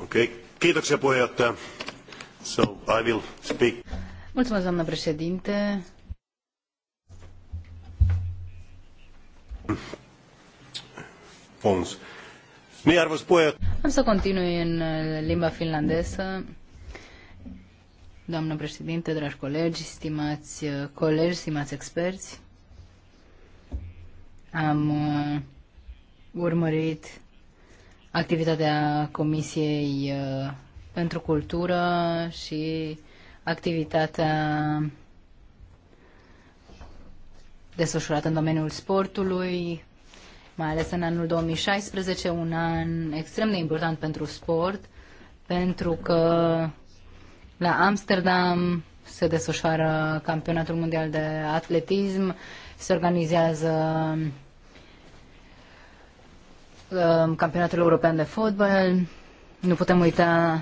Okay. Kiitoksia puheenjohtaja. So Mulțumesc, doamnă președinte. Pons. Niin, arvoisa puheenjohtaja. Am să continui în limba finlandeză. Doamnă președinte, dragi colegi, stimați colegi, stimați experți, am uh, urmărit activitatea Comisiei uh, pentru Cultură și activitatea desfășurată în domeniul sportului, mai ales în anul 2016, un an extrem de important pentru sport, pentru că la Amsterdam se desfășoară campionatul mondial de atletism, se organizează Uh, campionatul european de fotbal. Nu putem uita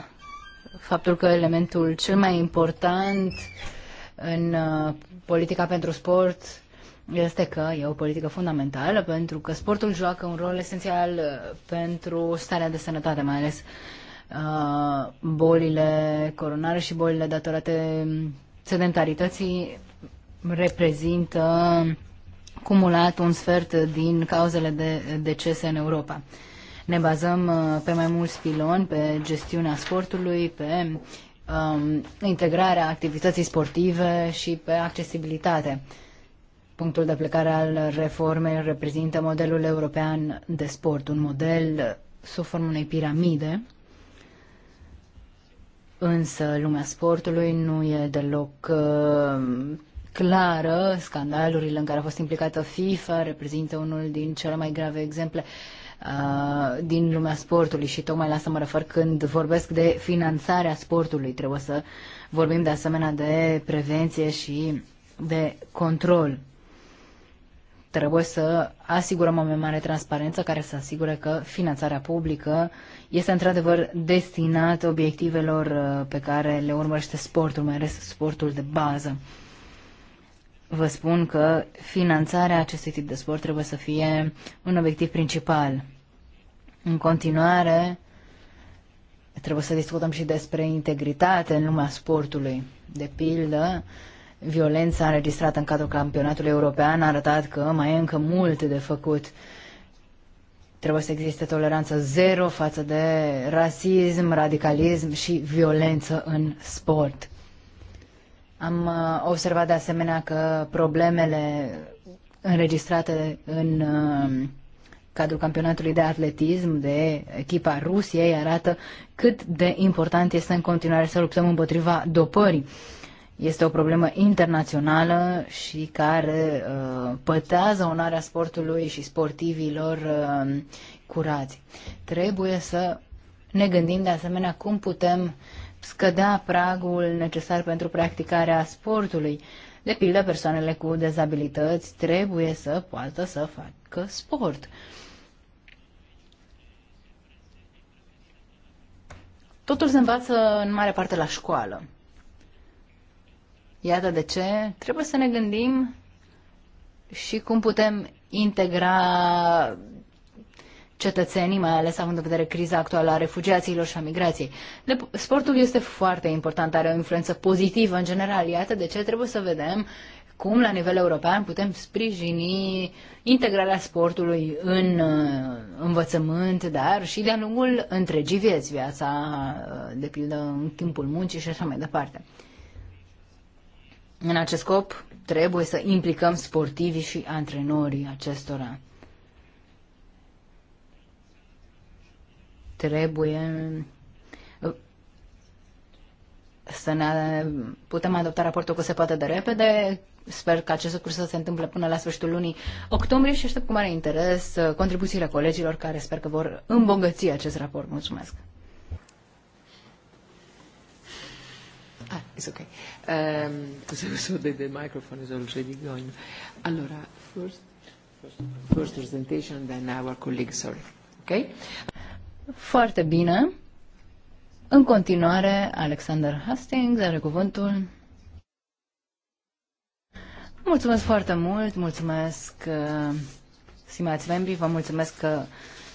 faptul că elementul cel mai important în uh, politica pentru sport este că e o politică fundamentală pentru că sportul joacă un rol esențial uh, pentru starea de sănătate, mai ales bolile coronare și bolile datorate sedentarității reprezintă cumulat un sfert din cauzele de decese în Europa. Ne bazăm uh, pe mai mulți piloni, pe gestiunea sportului, pe um, integrarea activității sportive și pe accesibilitate. Punctul de plecare al reformei reprezintă modelul european de sport, un model sub formă unei piramide, însă lumea sportului nu e deloc uh, clară. Scandalurile în care a fost implicată FIFA reprezintă unul din cele mai grave exemple uh, din lumea sportului și tocmai la asta mă refer când vorbesc de finanțarea sportului. Trebuie să vorbim de asemenea de prevenție și de control. Trebuie să asigurăm o mai mare transparență care să asigure că finanțarea publică este într-adevăr destinată obiectivelor uh, pe care le urmărește sportul, mai ales sportul de bază vă spun că finanțarea acestui tip de sport trebuie să fie un obiectiv principal. În continuare, trebuie să discutăm și despre integritate în lumea sportului. De pildă, violența înregistrată în cadrul campionatului european a arătat că mai e încă mult de făcut. Trebuie să existe toleranță zero față de rasism, radicalism și violență în sport. Am uh, observat de asemenea că problemele înregistrate în uh, cadrul campionatului de atletism de echipa Rusiei arată cât de important este în continuare să luptăm împotriva dopării. Este o problemă internațională și care uh, pătează onarea sportului și sportivilor uh, curați. Trebuie să ne gândim de asemenea cum putem uh, scădea pragul necesar pentru practicarea sportului. De pildă, persoanele cu dezabilități trebuie să poată să facă sport. Totul se învață în mare parte la școală. Iată de ce trebuie să ne gândim și cum putem integra cetățenii, mai ales având în vedere criza actuală a refugiaților și a migrației. Sportul este foarte important, are o influență pozitivă în general. Iată de ce trebuie să vedem cum la nivel european putem sprijini integrarea sportului în uh, învățământ, dar și de-a lungul întregii vieți, viața, uh, de pildă, în timpul muncii și așa mai departe. În acest scop, trebuie să implicăm sportivii și antrenorii acestora. trebuie uh, să ne putem adopta raportul cât se poate de repede. Sper că acest lucru să se întâmple până la sfârșitul lunii octombrie și aștept cu mare interes uh, contribuțiile colegilor care sper că vor îmbogăți acest raport. Mulțumesc! Ah, it's okay. Um, [laughs] so, the, the microphone is already going. Allora, first, first presentation, then our colleague, sorry. Okay? Foarte bine. În continuare, Alexander Hastings are cuvântul. Mulțumesc foarte mult, mulțumesc, uh, stimați membri, vă mulțumesc că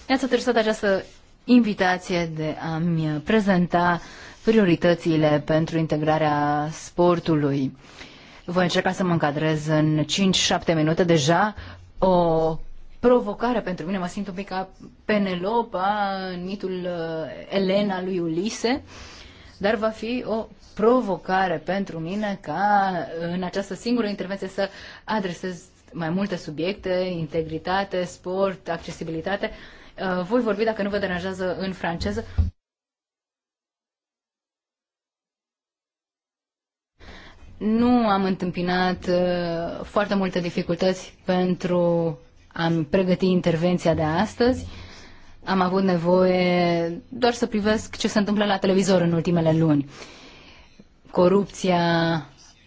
mi ați adresat această invitație de a-mi prezenta prioritățile pentru integrarea sportului. Voi încerca să mă încadrez în 5-7 minute deja. O provocare pentru mine, mă simt un pic ca Penelopa în mitul uh, Elena lui Ulise, dar va fi o provocare pentru mine ca în această singură intervenție să adresez mai multe subiecte, integritate, sport, accesibilitate. Uh, voi vorbi, dacă nu vă deranjează, în franceză. Nu am întâmpinat uh, foarte multe dificultăți pentru am pregătit intervenția de astăzi, am avut nevoie doar să privesc ce se întâmplă la televizor în ultimele luni. Corupția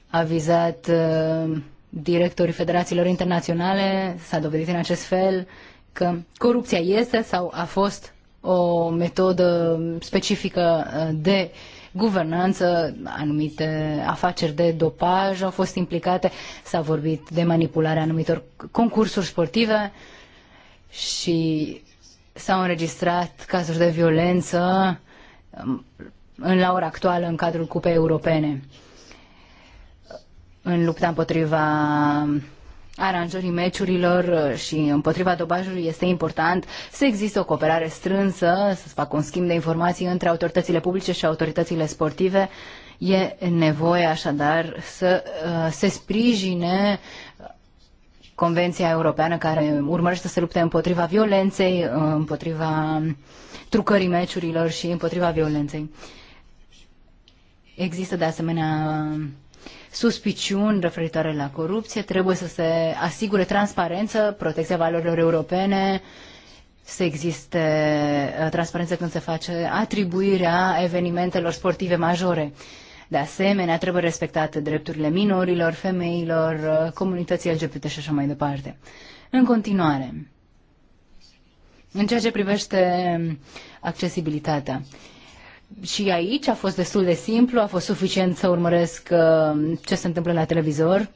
a vizat uh, directorii federațiilor internaționale, s-a dovedit în acest fel că corupția este sau a fost o metodă specifică uh, de guvernanță, anumite afaceri de dopaj au fost implicate, s-a vorbit de manipularea anumitor concursuri sportive și s-au înregistrat cazuri de violență um, în la ora actuală în cadrul Cupei Europene. În lupta împotriva aranjării meciurilor uh, și împotriva dobajului este important să existe o cooperare strânsă, să se facă un schimb de informații între autoritățile publice și autoritățile sportive. E nevoie așadar să uh, se sprijine Convenția Europeană care urmărește să lupte împotriva violenței, uh, împotriva trucării meciurilor și împotriva violenței. Există de asemenea suspiciuni referitoare la corupție, trebuie să se asigure transparență, protecția valorilor europene, să existe uh, transparență când se face atribuirea evenimentelor sportive majore. De asemenea, trebuie respectate drepturile minorilor, femeilor, uh, comunității LGBT și așa mai departe. În continuare, în ceea ce privește accesibilitatea, și aici a fost destul de simplu, a fost suficient să urmăresc uh, ce se întâmplă la televizor.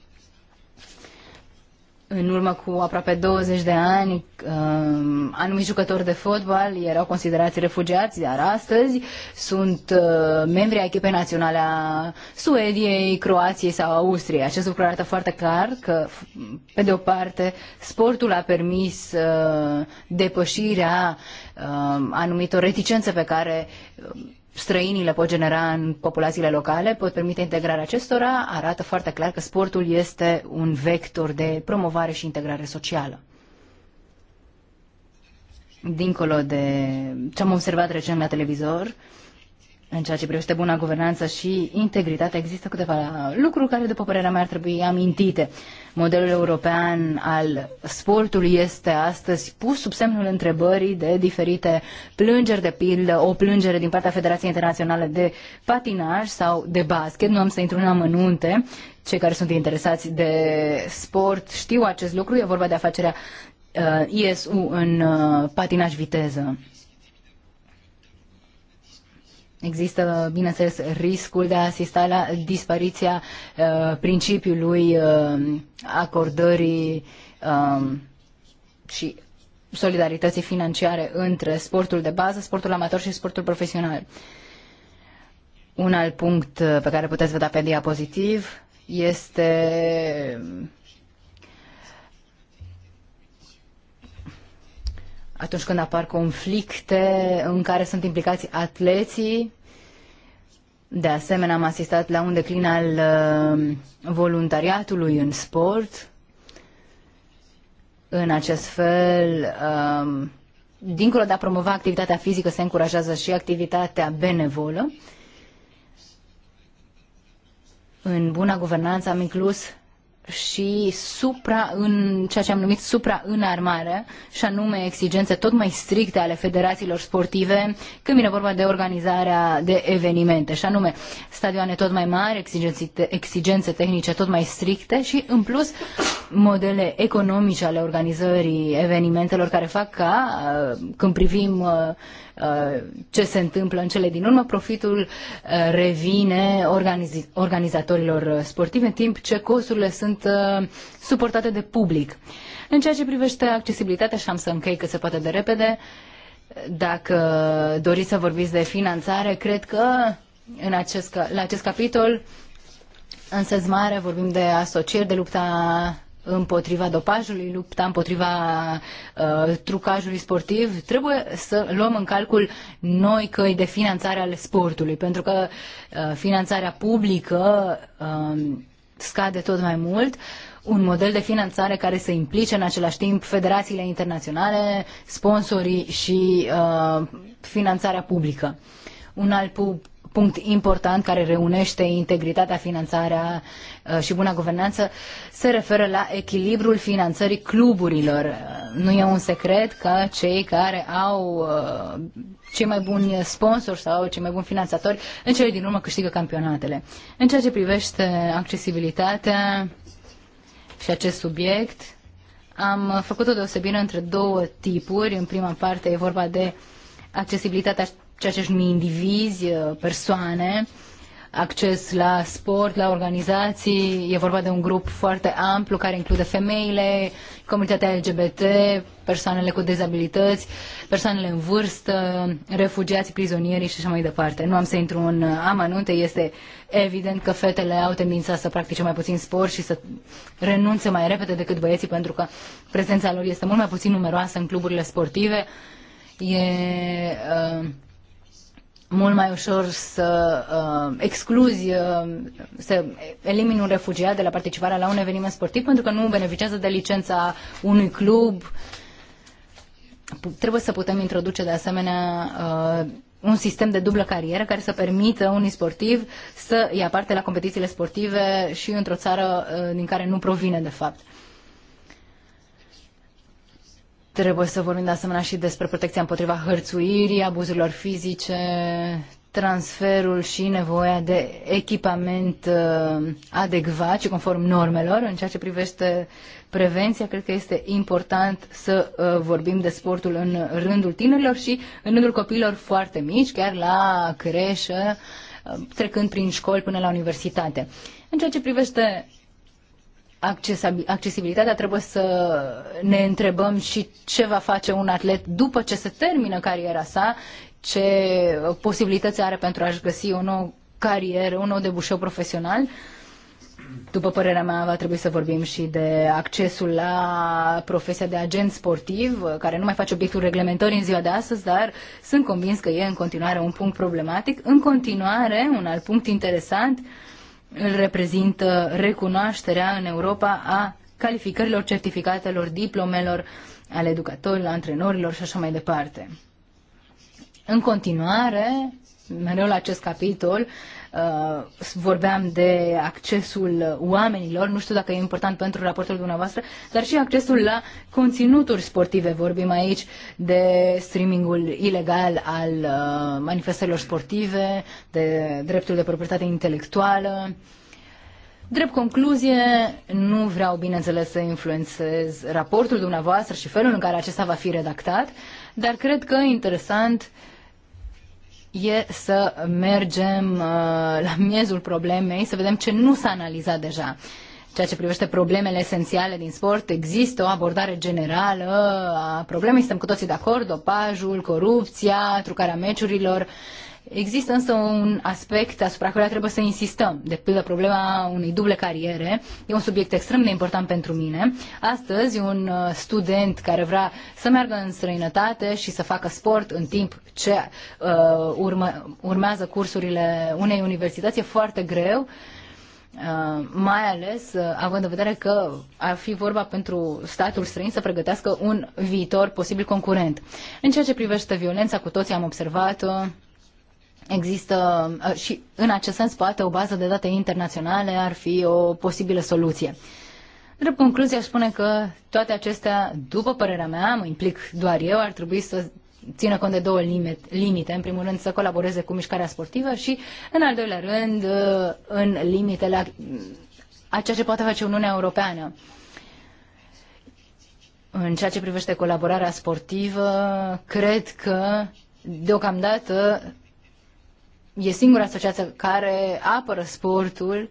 În urmă cu aproape 20 de ani, uh, anumiți jucători de fotbal erau considerați refugiați, iar astăzi sunt uh, membri ai echipei naționale a Suediei, Croației sau Austriei. Acest lucru arată foarte clar că, pe de o parte, sportul a permis depășirea anumitor reticențe pe care străinii le pot genera în populațiile locale, pot permite integrarea acestora, arată foarte clar că sportul este un vector de promovare și integrare socială. Dincolo de ce am observat recent la televizor, uh, în ceea ce privește buna guvernanță și integritate, există câteva lucruri care, după părerea mea, ar trebui amintite. Modelul european al sportului este astăzi pus sub semnul întrebării de diferite plângeri, de pildă, o plângere din partea Federației Internaționale de Patinaj sau de basket. Nu am să intru în amănunte. Cei care sunt interesați de sport știu acest lucru. E vorba de afacerea uh, ISU în uh, patinaj viteză. Există, bineînțeles, riscul de a asista la dispariția uh, principiului uh, acordării uh, și solidarității financiare între sportul de bază, sportul amator și sportul profesional. Un alt punct uh, pe care puteți vedea pe diapozitiv este atunci când apar conflicte în care sunt implicați atleții. De asemenea, am asistat la un declin al uh, voluntariatului în sport. În acest fel, um, dincolo de a promova activitatea fizică, se încurajează și activitatea benevolă. În buna guvernanță am inclus și supra în ceea ce am numit supra înarmare și anume exigențe tot mai stricte ale federațiilor sportive când vine vorba de organizarea de evenimente, și anume stadioane tot mai mari, exigențe, exigențe tehnice tot mai stricte și, în plus, modele economice ale organizării evenimentelor care fac ca, uh, când privim uh, uh, ce se întâmplă în cele din urmă, profitul revine organizatorilor sportivi, în timp ce costurile sunt sunt uh, suportate de public. În ceea ce privește accesibilitatea, și am să închei că se poate de repede, dacă doriți să vorbiți de finanțare, cred că în acest, la acest capitol, în mare, vorbim de asocieri, de lupta împotriva dopajului, lupta împotriva uh, trucajului sportiv, trebuie să luăm în calcul noi căi de finanțare ale sportului, pentru că uh, finanțarea publică uh, scade tot mai mult, un model de finanțare care să implice în același timp federațiile internaționale, sponsorii și uh, finanțarea publică. Un alt punct important care reunește integritatea, finanțarea uh, și buna guvernanță se referă la echilibrul finanțării cluburilor. Nu e un secret că cei care au uh, cei mai buni sponsori sau cei mai buni finanțatori, în cele din urmă câștigă campionatele. În ceea ce privește accesibilitatea și acest subiect, am făcut o deosebire între două tipuri. În prima parte e vorba de accesibilitatea ceea ce numi indivizi, persoane, acces la sport, la organizații. E vorba de un grup foarte amplu care include femeile, comunitatea LGBT, persoanele cu dezabilități, persoanele în vârstă, refugiații, prizonierii și așa mai departe. Nu am să intru în amănunte, este evident că fetele au tendința să practice mai puțin sport și să renunțe mai repede decât băieții pentru că prezența lor este mult mai puțin numeroasă în cluburile sportive. E uh, mult mai ușor să uh, excluzi, uh, să elimini un refugiat de la participarea la un eveniment sportiv pentru că nu beneficiază de licența unui club. Trebuie să putem introduce de asemenea uh, un sistem de dublă carieră care să permită unui sportiv să ia parte la competițiile sportive și într-o țară uh, din care nu provine de fapt. Uh, Trebuie să vorbim de asemenea și despre protecția împotriva hărțuirii, abuzurilor fizice, transferul și nevoia de echipament uh, adecvat și conform normelor. În ceea ce privește prevenția, cred că este important să uh, vorbim de sportul în rândul tinerilor și în rândul copiilor foarte mici, chiar la creșă, uh, trecând prin școli până la universitate. În ceea ce privește accesibilitatea, trebuie să ne întrebăm și ce va face un atlet după ce se termină cariera sa, ce posibilități are pentru a-și găsi o nouă carieră, un nou debușeu profesional. După părerea mea, va trebui să vorbim și de accesul la profesia de agent sportiv, care nu mai face obiectul reglementării în ziua de astăzi, dar sunt convins că e în continuare un punct problematic. În continuare, un alt punct interesant, uh, îl reprezintă recunoașterea în Europa a calificărilor, certificatelor, diplomelor ale educatorilor, antrenorilor și așa mai departe. În continuare, mereu la acest capitol, uh, vorbeam de accesul oamenilor, nu știu dacă e important pentru raportul dumneavoastră, dar și accesul la conținuturi sportive. Vorbim aici de streamingul ilegal al uh, manifestărilor sportive, de dreptul de proprietate intelectuală. Drept concluzie, nu vreau, bineînțeles, să influențez raportul dumneavoastră și felul în care acesta va fi redactat, dar cred că interesant uh, e să mergem uh, la miezul problemei, să vedem ce nu s-a analizat deja ceea ce privește problemele esențiale din sport, există o abordare generală a problemei, suntem cu toții de acord, dopajul, corupția, trucarea meciurilor, Există însă un aspect asupra căruia trebuie să insistăm, de pildă problema unei duble cariere. E un subiect extrem de important pentru mine. Astăzi, un uh, student care vrea să meargă în străinătate și să facă sport în timp ce uh, urmă, urmează cursurile unei universități, e foarte greu. Uh, mai ales uh, având în vedere că ar fi vorba pentru statul străin să pregătească un viitor posibil concurent. În ceea ce privește violența, cu toții am observat-o, uh, Există uh, și în acest sens poate o bază de date internaționale ar fi o posibilă soluție. Drept concluzie aș spune că toate acestea, după părerea mea, mă implic doar eu, ar trebui să țină cont de două limite. În primul rând să colaboreze cu mișcarea sportivă și, în al doilea rând, uh, în limitele a ceea ce poate face Uniunea Europeană. În ceea ce privește colaborarea sportivă, cred că deocamdată e singura asociație care apără sportul,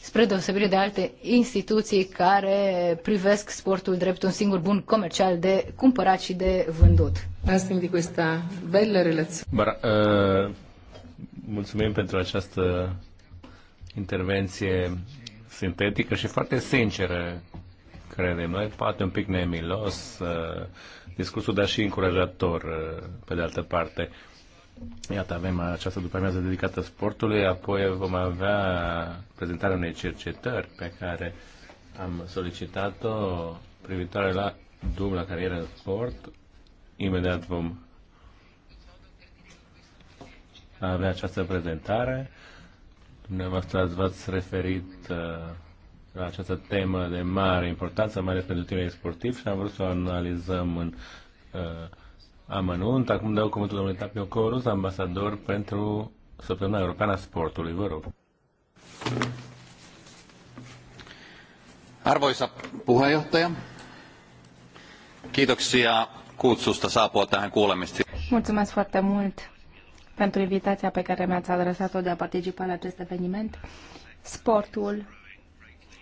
spre deosebire de alte instituții care privesc sportul drept un singur bun comercial de cumpărat și de vândut. Asta de questa bella relație. uh, mulțumim pentru această intervenție sintetică și foarte sinceră, credem noi, poate un pic nemilos uh, discursul, dar și încurajator uh, pe de altă parte. Iată, avem această după-amiază dedicată sportului, apoi vom avea prezentarea unei cercetări pe care am solicitat-o privitoare la dubla carieră în sport. Imediat vom avea această prezentare. Dumneavoastră v-ați referit uh, la această temă de mare importanță, mai ales pentru tine sportiv și am vrut să o analizăm în uh, amănunt. Acum dau cuvântul domnului Tapio Corus, ambasador pentru Săptămâna Europeană a Sportului. Vă rog. Arvoisa puheenjohtaja, kiitoksia kutsusta saapua tähän kuulemisti. Mulțumesc foarte mult pentru invitația pe care mi-ați adresat-o de a participa la acest eveniment. Sportul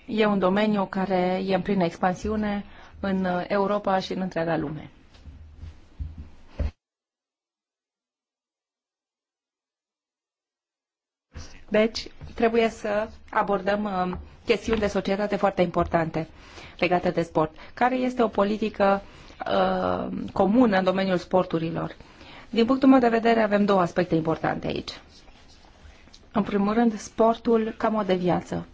e un domeniu care e în plină expansiune în Europa și în întreaga lume. Deci, trebuie să abordăm um, chestiuni de societate foarte importante legate de sport. Care este o politică um, comună în domeniul sporturilor? Din punctul meu de vedere, avem două aspecte importante aici. În primul rând, sportul ca mod de viață.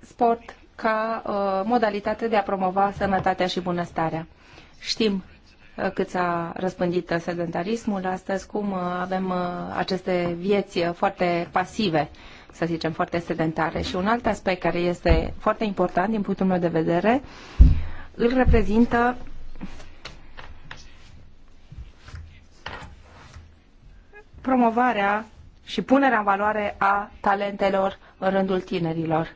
Sport ca uh, modalitate de a promova sănătatea și bunăstarea. Știm cât s-a răspândit sedentarismul astăzi, cum uh, avem uh, aceste vieți uh, foarte pasive, să zicem, foarte sedentare. Și un alt aspect care este foarte important din punctul meu de vedere, îl reprezintă promovarea și punerea în valoare a talentelor în rândul tinerilor.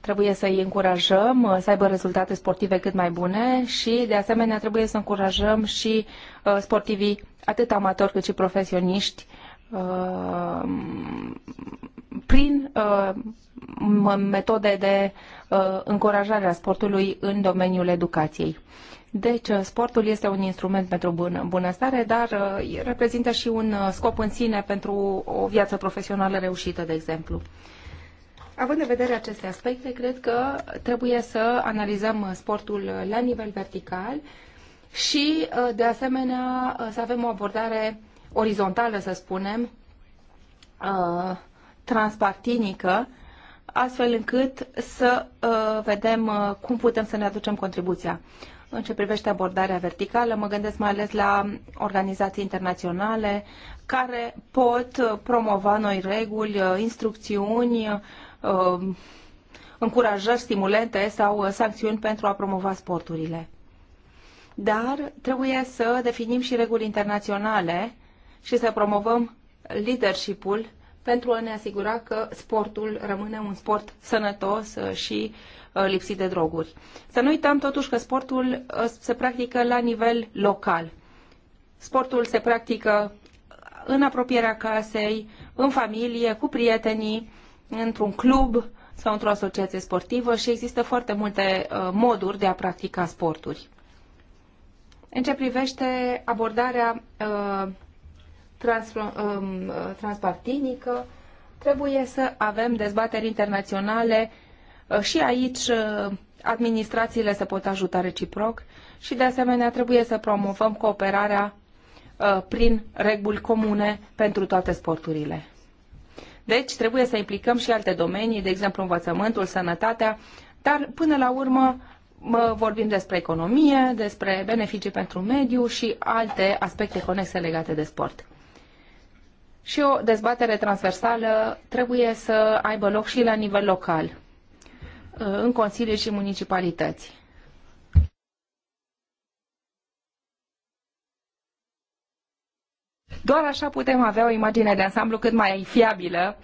Trebuie să îi încurajăm uh, să aibă rezultate sportive cât mai bune și, de asemenea, trebuie să încurajăm și uh, sportivii, atât amatori cât și profesioniști, uh, prin metode de încurajare a sportului în domeniul educației. Deci, sportul este un instrument pentru bunăstare, dar reprezintă și un scop în sine pentru o viață profesională reușită, de exemplu. Având în vedere aceste aspecte, cred că trebuie să analizăm sportul la nivel vertical și, uh, de asemenea, uh, să avem o abordare orizontală, să spunem, uh, transpartinică, astfel încât să vedem cum putem să ne aducem contribuția. În ce privește abordarea verticală, mă gândesc mai ales la organizații internaționale care pot promova noi reguli, instrucțiuni, Um, încurajări stimulente sau uh, sancțiuni pentru a promova sporturile. Dar trebuie să definim și reguli internaționale și să promovăm leadership-ul pentru a ne asigura că sportul rămâne un sport sănătos uh, și uh, lipsit de droguri. Să nu uităm totuși că sportul se practică la nivel local. Sportul se practică în apropierea casei, în familie, cu prietenii, într-un club sau într-o asociație sportivă și există foarte multe uh, moduri de a practica sporturi. În ce privește abordarea uh, trans, um, uh, transpartinică, trebuie să avem dezbateri internaționale și aici administrațiile se pot ajuta reciproc și de asemenea trebuie să promovăm cooperarea prin reguli comune pentru toate sporturile. Deci trebuie să implicăm și alte domenii, de exemplu învățământul, sănătatea, dar până la urmă vorbim despre economie, despre beneficii pentru mediu și alte aspecte conexe legate de sport. Și o dezbatere transversală trebuie să aibă loc și la nivel local, în consilii și municipalități. Doar așa putem avea o imagine de ansamblu cât mai fiabilă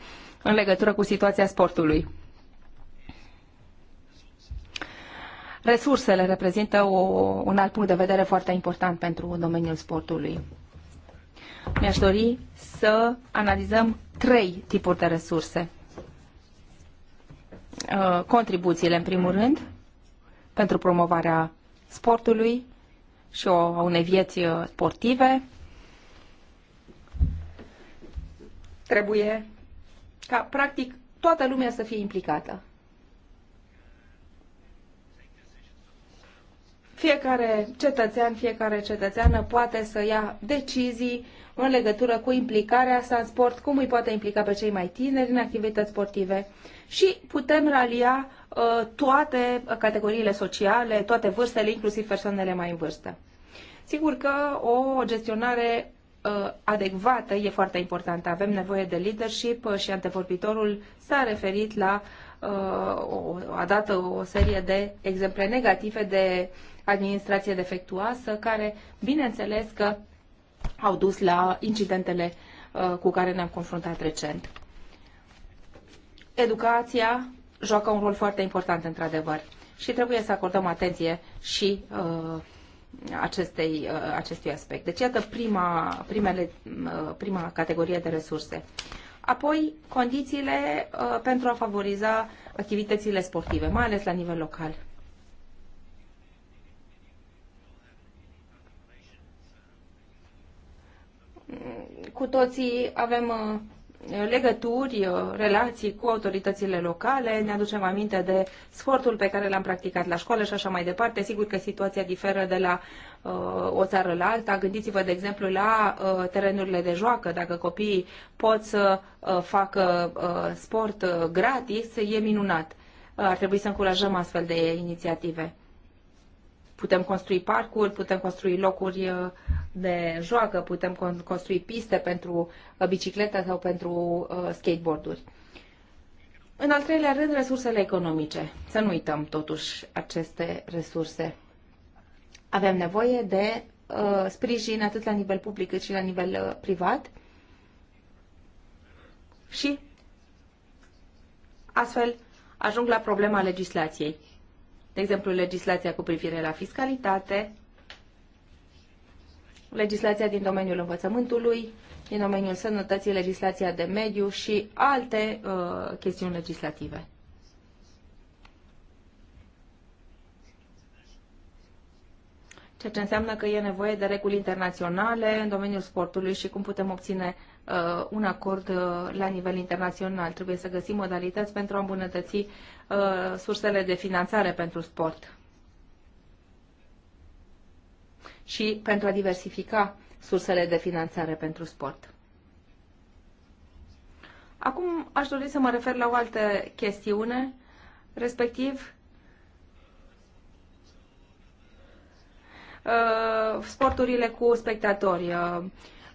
în legătură cu situația sportului. Resursele reprezintă o, un alt punct de vedere foarte important pentru domeniul sportului. Mi-aș dori să analizăm trei tipuri de resurse. Uh, contribuțiile, în primul rând, pentru promovarea sportului și o, a unei vieți uh, sportive, Trebuie ca, practic, toată lumea să fie implicată. Fiecare cetățean, fiecare cetățeană poate să ia decizii în legătură cu implicarea sa în sport, cum îi poate implica pe cei mai tineri în activități sportive și putem ralia uh, toate categoriile sociale, toate vârstele, inclusiv persoanele mai în vârstă. Sigur că o gestionare Uh, adecvată e foarte importantă. Avem nevoie de leadership uh, și antevorbitorul s-a referit la uh, a dat o serie de exemple negative de administrație defectuoasă, care, bineînțeles, că au dus la incidentele cu care ne-am confruntat recent. Educația joacă un rol foarte important, într-adevăr, și trebuie să acordăm atenție și uh, acestei, uh, acestui aspect. Deci, iată prima, primele, uh, prima categorie de resurse. Apoi, condițiile uh, pentru a favoriza activitățile sportive, mai ales la nivel local. Cu toții avem legături, uh, relații cu autoritățile locale, ne aducem aminte de sfortul pe care l-am practicat la școală și așa mai departe. Sigur că situația diferă de la uh, o țară la alta. Gândiți-vă, de exemplu, la uh, terenurile de joacă. Dacă copiii pot să uh, facă uh, sport uh, gratis, e minunat. Uh, ar trebui să încurajăm astfel de inițiative. Putem construi parcuri, putem construi locuri uh, de joacă, putem construi piste pentru uh, biciclete sau pentru uh, skateboarduri. În al treilea rând, resursele economice. Să nu uităm totuși aceste resurse. Avem nevoie de uh, sprijin atât la nivel public cât și la nivel uh, privat. Și astfel ajung la problema legislației de exemplu, legislația cu privire la fiscalitate, legislația din domeniul învățământului, din domeniul sănătății, legislația de mediu și alte uh, chestiuni legislative. ceea ce înseamnă că e nevoie de reguli internaționale în domeniul sportului și cum putem obține uh, un acord uh, la nivel internațional. Trebuie să găsim modalități pentru a îmbunătăți uh, sursele de finanțare pentru sport și pentru a diversifica sursele de finanțare pentru sport. Acum aș dori să mă refer la o altă chestiune, respectiv Uh, sporturile cu spectatori, uh,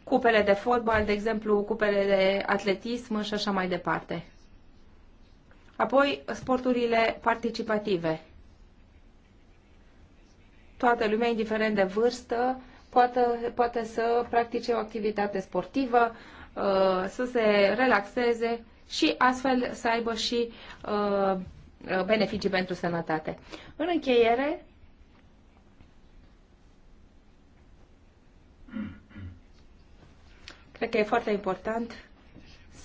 cupele de fotbal, de exemplu, cupele de atletism și așa mai departe. Apoi, sporturile participative. Toată lumea, indiferent de vârstă, poate, poate să practice o activitate sportivă, uh, să se relaxeze și astfel să aibă și beneficii pentru sănătate. În încheiere, Cred că e foarte important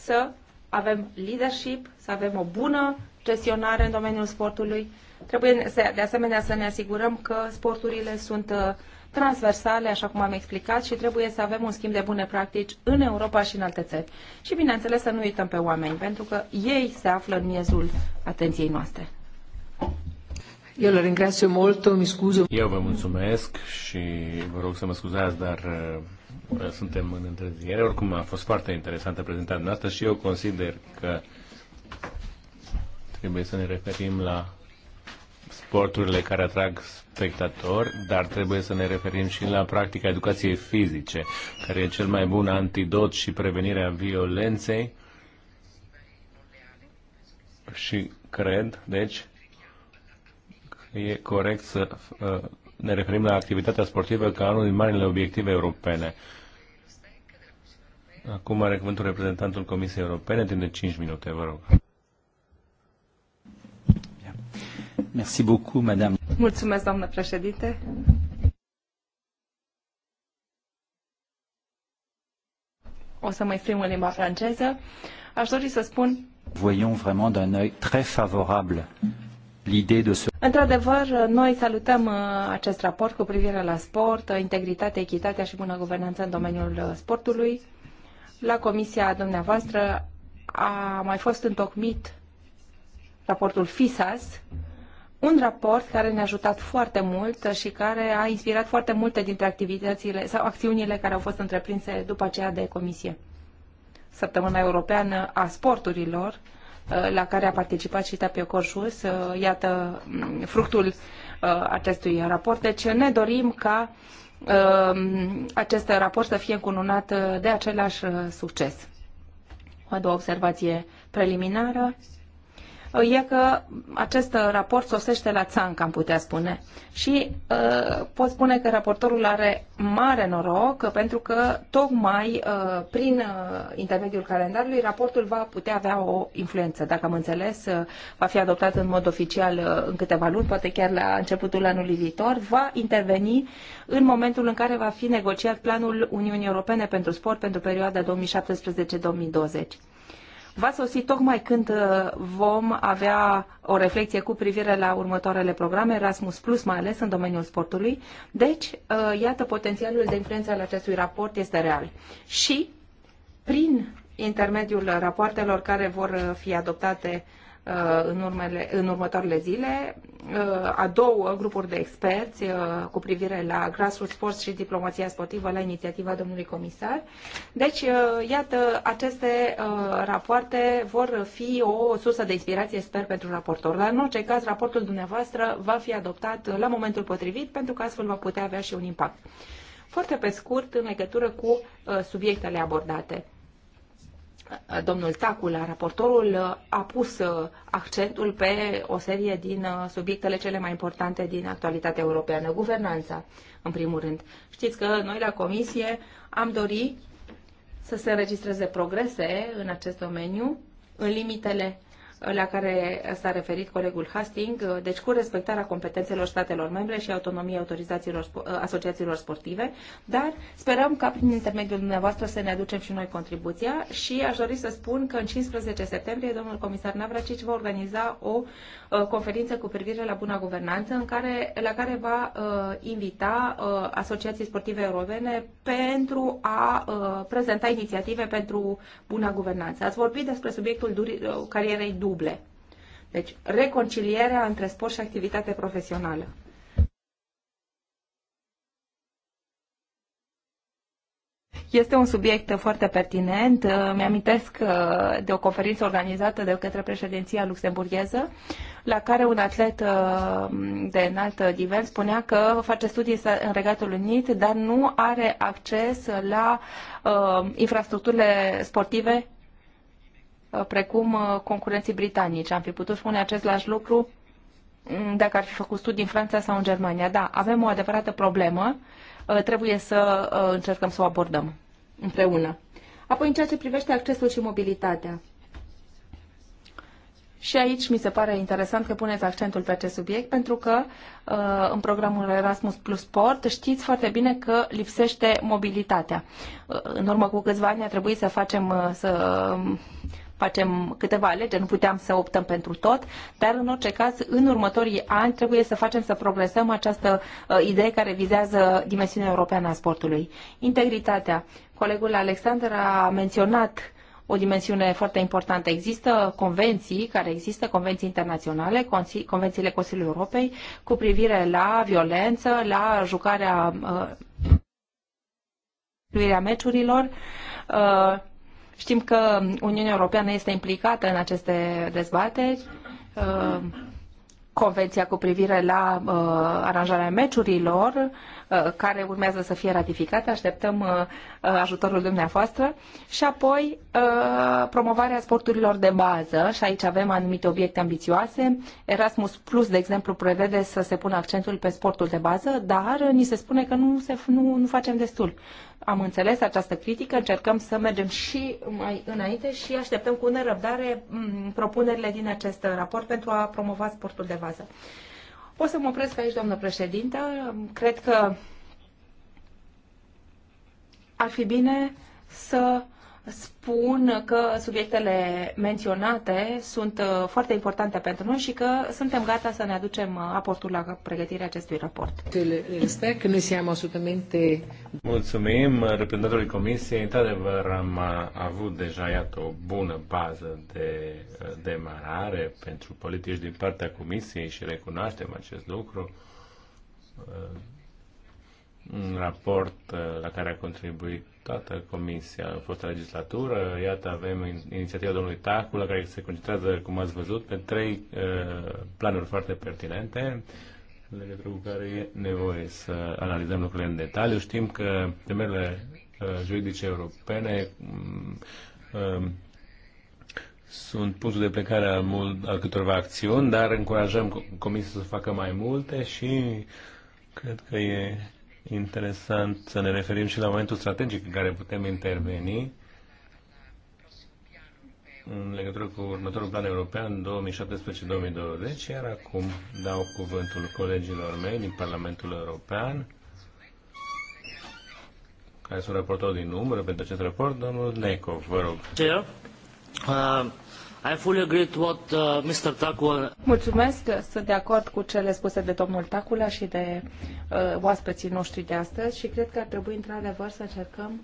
să avem leadership, să avem o bună gestionare în domeniul sportului. Trebuie de asemenea să ne asigurăm că sporturile sunt uh, transversale, așa cum am explicat, și trebuie să avem un schimb de bune practici în Europa și în alte țări. Și, bineînțeles, să nu uităm pe oameni, pentru că ei se află în miezul atenției noastre. Eu le ringrazio mult, mi scuză. Eu vă mulțumesc și vă rog să mă scuzați, dar uh, suntem în întârziere. Oricum a fost foarte interesantă prezentarea noastră și eu consider că trebuie să ne referim la sporturile care atrag spectatori, dar trebuie să ne referim și la practica educației fizice, care e cel mai bun antidot și prevenirea violenței. Și cred, deci, că e corect să uh, ne referim la activitatea sportivă ca unul din marile obiective europene. Acum are cuvântul reprezentantul Comisiei Europene, timp de 5 minute, vă rog. Merci beaucoup, madame. Mulțumesc, doamnă președinte. O să mă exprim în limba franceză. Aș dori să spun... Voyons vraiment d'un œil très favorable l'idée de ce... Într-adevăr, noi salutăm uh, acest raport cu privire la sport, uh, integritate, echitatea și bună guvernanță în domeniul uh, sportului la comisia dumneavoastră a mai fost întocmit raportul FISAS, un raport care ne-a ajutat foarte mult și care a inspirat foarte multe dintre activitățile sau acțiunile care au fost întreprinse după aceea de comisie. Săptămâna Europeană a Sporturilor, uh, la care a participat și Tapio Corșus, uh, iată mm, fructul uh, acestui raport. Deci ne dorim ca uh, Um, acest raport să fie încununat de același uh, succes. O a doua observație preliminară e că acest raport sosește la țanc, am putea spune. Și uh, pot spune că raportorul are mare noroc, pentru că tocmai uh, prin uh, intermediul calendarului raportul va putea avea o influență. Dacă am înțeles, va fi adoptat în mod oficial în câteva luni, poate chiar la începutul anului viitor, va interveni în momentul în care va fi negociat planul Uniunii Europene pentru sport pentru perioada 2017-2020 va sosi tocmai când uh, vom avea o reflexie cu privire la următoarele programe, Erasmus Plus mai ales în domeniul sportului. Deci, uh, iată, potențialul de influență al acestui raport este real. Și prin intermediul rapoartelor care vor uh, fi adoptate Uh, în, urmele, în următoarele zile uh, a două grupuri de experți uh, cu privire la grassroots sport și diplomația sportivă la inițiativa domnului comisar. Deci, iată, aceste rapoarte vor fi o sursă de inspirație, sper, pentru raportor. Dar, în orice caz, raportul dumneavoastră va fi adoptat la momentul potrivit, pentru că astfel va putea avea și un impact. Foarte pe scurt, în legătură cu subiectele abordate domnul Tacula, raportorul, a pus accentul pe o serie din subiectele cele mai importante din actualitatea europeană. Guvernanța, în primul rând. Știți că noi la Comisie am dorit să se înregistreze progrese în acest domeniu, în limitele la care s-a referit colegul Hasting, deci cu respectarea competențelor statelor membre și autonomiei autorizațiilor, asociațiilor sportive, dar sperăm ca prin intermediul dumneavoastră să ne aducem și noi contribuția și aș dori să spun că în 15 septembrie domnul comisar Navracici va organiza o uh, conferință cu privire la buna guvernanță în care, la care va uh, invita uh, asociații sportive europene pentru a prezenta inițiative pentru buna guvernanță. Ați vorbit despre subiectul carierei duble. Deci, reconcilierea între sport și activitate profesională. Este un subiect foarte pertinent. Mi-amintesc uh, de o conferință organizată de către președinția luxemburgheză, la care un atlet uh, de înalt nivel spunea că face studii în Regatul Unit, dar nu are acces la uh, infrastructurile sportive Uh, precum uh, concurenții britanici. Am fi putut spune acest lucru mm, dacă ar fi făcut studii în Franța sau în Germania. Da, avem o adevărată problemă, uh, trebuie să încercăm să o abordăm împreună. Apoi, în ceea ce privește accesul și mobilitatea. Și aici mi se pare interesant că puneți accentul pe acest subiect, pentru că în programul Erasmus Plus Sport știți foarte bine că lipsește mobilitatea. În urmă cu câțiva ani a trebuit să facem, să facem câteva alegeri, nu puteam să optăm pentru tot, dar în orice caz, în următorii ani trebuie să facem să progresăm această uh, idee care vizează dimensiunea europeană a sportului. Integritatea. Colegul Alexander a menționat o dimensiune foarte importantă. Există convenții care există, convenții internaționale, convențiile Consiliului Europei cu privire la violență, la jucarea uh, meciurilor, uh, Știm că Uniunea Europeană este implicată în aceste dezbateri. Uh, Convenția cu privire la uh, aranjarea meciurilor Uh, care urmează să fie ratificate. Așteptăm uh, uh, ajutorul dumneavoastră. Și apoi promovarea sporturilor de bază și aici avem anumite obiecte ambițioase. Erasmus Plus, de exemplu, prevede să se pună accentul pe sportul de bază, dar ni se spune că nu, se, nu, nu facem destul. Am înțeles această critică, încercăm să mergem și mai înainte și așteptăm cu nerăbdare mm, propunerile din acest raport pentru a promova sportul de bază. O să mă opresc aici, doamnă președintă. Cred că ar fi bine să spun că subiectele menționate sunt uh, foarte importante pentru noi și că suntem gata să ne aducem uh, aportul la pregătirea acestui raport. Respect, noi suntem absolutamente... Mulțumim reprezentantului Comisiei. Într-adevăr, am uh, avut deja, iată, o bună bază de demarare pentru politici din partea Comisiei și recunoaștem acest lucru un raport uh, la care a contribuit toată Comisia în fosta legislatură. Iată, avem inițiativa domnului Tacu, la care se concentrează, cum ați văzut, pe trei uh, planuri foarte pertinente, în legătură cu care e nevoie să analizăm lucrurile în detaliu. Știm că temele uh, juridice europene mm, um, sunt punctul de plecare al, mult, al câtorva acțiuni, dar încurajăm Comisia să facă mai multe și cred că e interesant să ne referim și la momentul strategic în care putem interveni în legătură cu următorul plan european 2017-2020, iar acum dau cuvântul colegilor mei din Parlamentul European, care sunt raportori din număr pentru acest raport, domnul Neco, vă rog. Uh... I fully agree what uh, Mr. Mulțumesc, sunt de acord cu cele spuse de domnul Tacula și de uh, oaspeții noștri de astăzi și cred că ar trebui într-adevăr să încercăm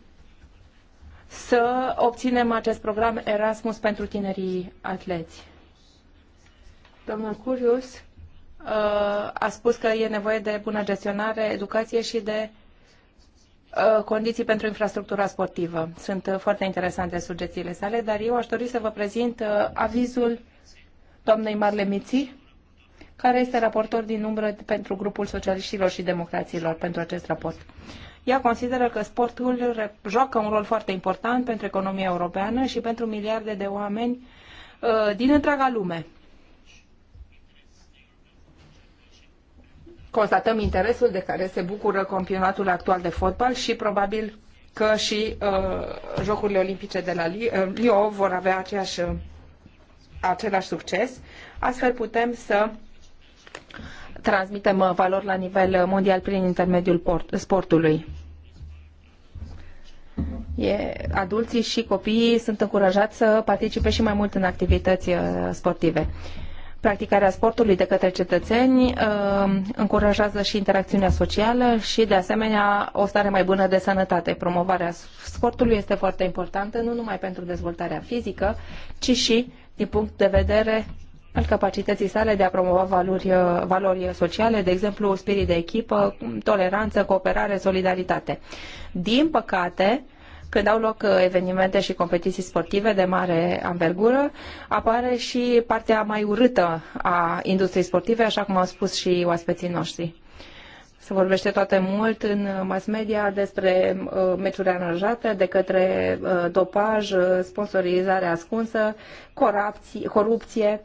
să obținem acest program Erasmus pentru tinerii atleți. Domnul Curius uh, a spus că e nevoie de bună gestionare, educație și de Uh, condiții pentru infrastructura sportivă. Sunt uh, foarte interesante sugestiile sale, dar eu aș dori să vă prezint uh, avizul doamnei Marle Miții, care este raportor din umbră pentru grupul socialiștilor și democraților pentru acest raport. Ea consideră că sportul joacă un rol foarte important pentru economia europeană și pentru miliarde de oameni din întreaga lume. constatăm interesul de care se bucură campionatul actual de fotbal și probabil că și uh, Jocurile Olimpice de la Rio uh, vor avea aceeași, uh, același succes. Astfel putem să transmitem uh, valori la nivel mondial prin intermediul port, sportului. E, adulții și copiii sunt încurajați să participe și mai mult în activități sportive. Uh, Practicarea sportului de către cetățeni uh, încurajează și interacțiunea socială și, de asemenea, o stare mai bună de sănătate. Promovarea sportului este foarte importantă, nu numai pentru dezvoltarea fizică, ci și din punct de vedere al capacității sale de a promova valori, uh, valori sociale, de exemplu, spirit de echipă, toleranță, cooperare, solidaritate. Din păcate, când au loc uh, evenimente și competiții sportive de mare anvergură, apare și partea mai urâtă a industriei sportive, așa cum au spus și oaspeții noștri. Se vorbește toate mult în mass media despre uh, meciuri aranjate de către uh, dopaj, uh, sponsorizare ascunsă, corupție, corupție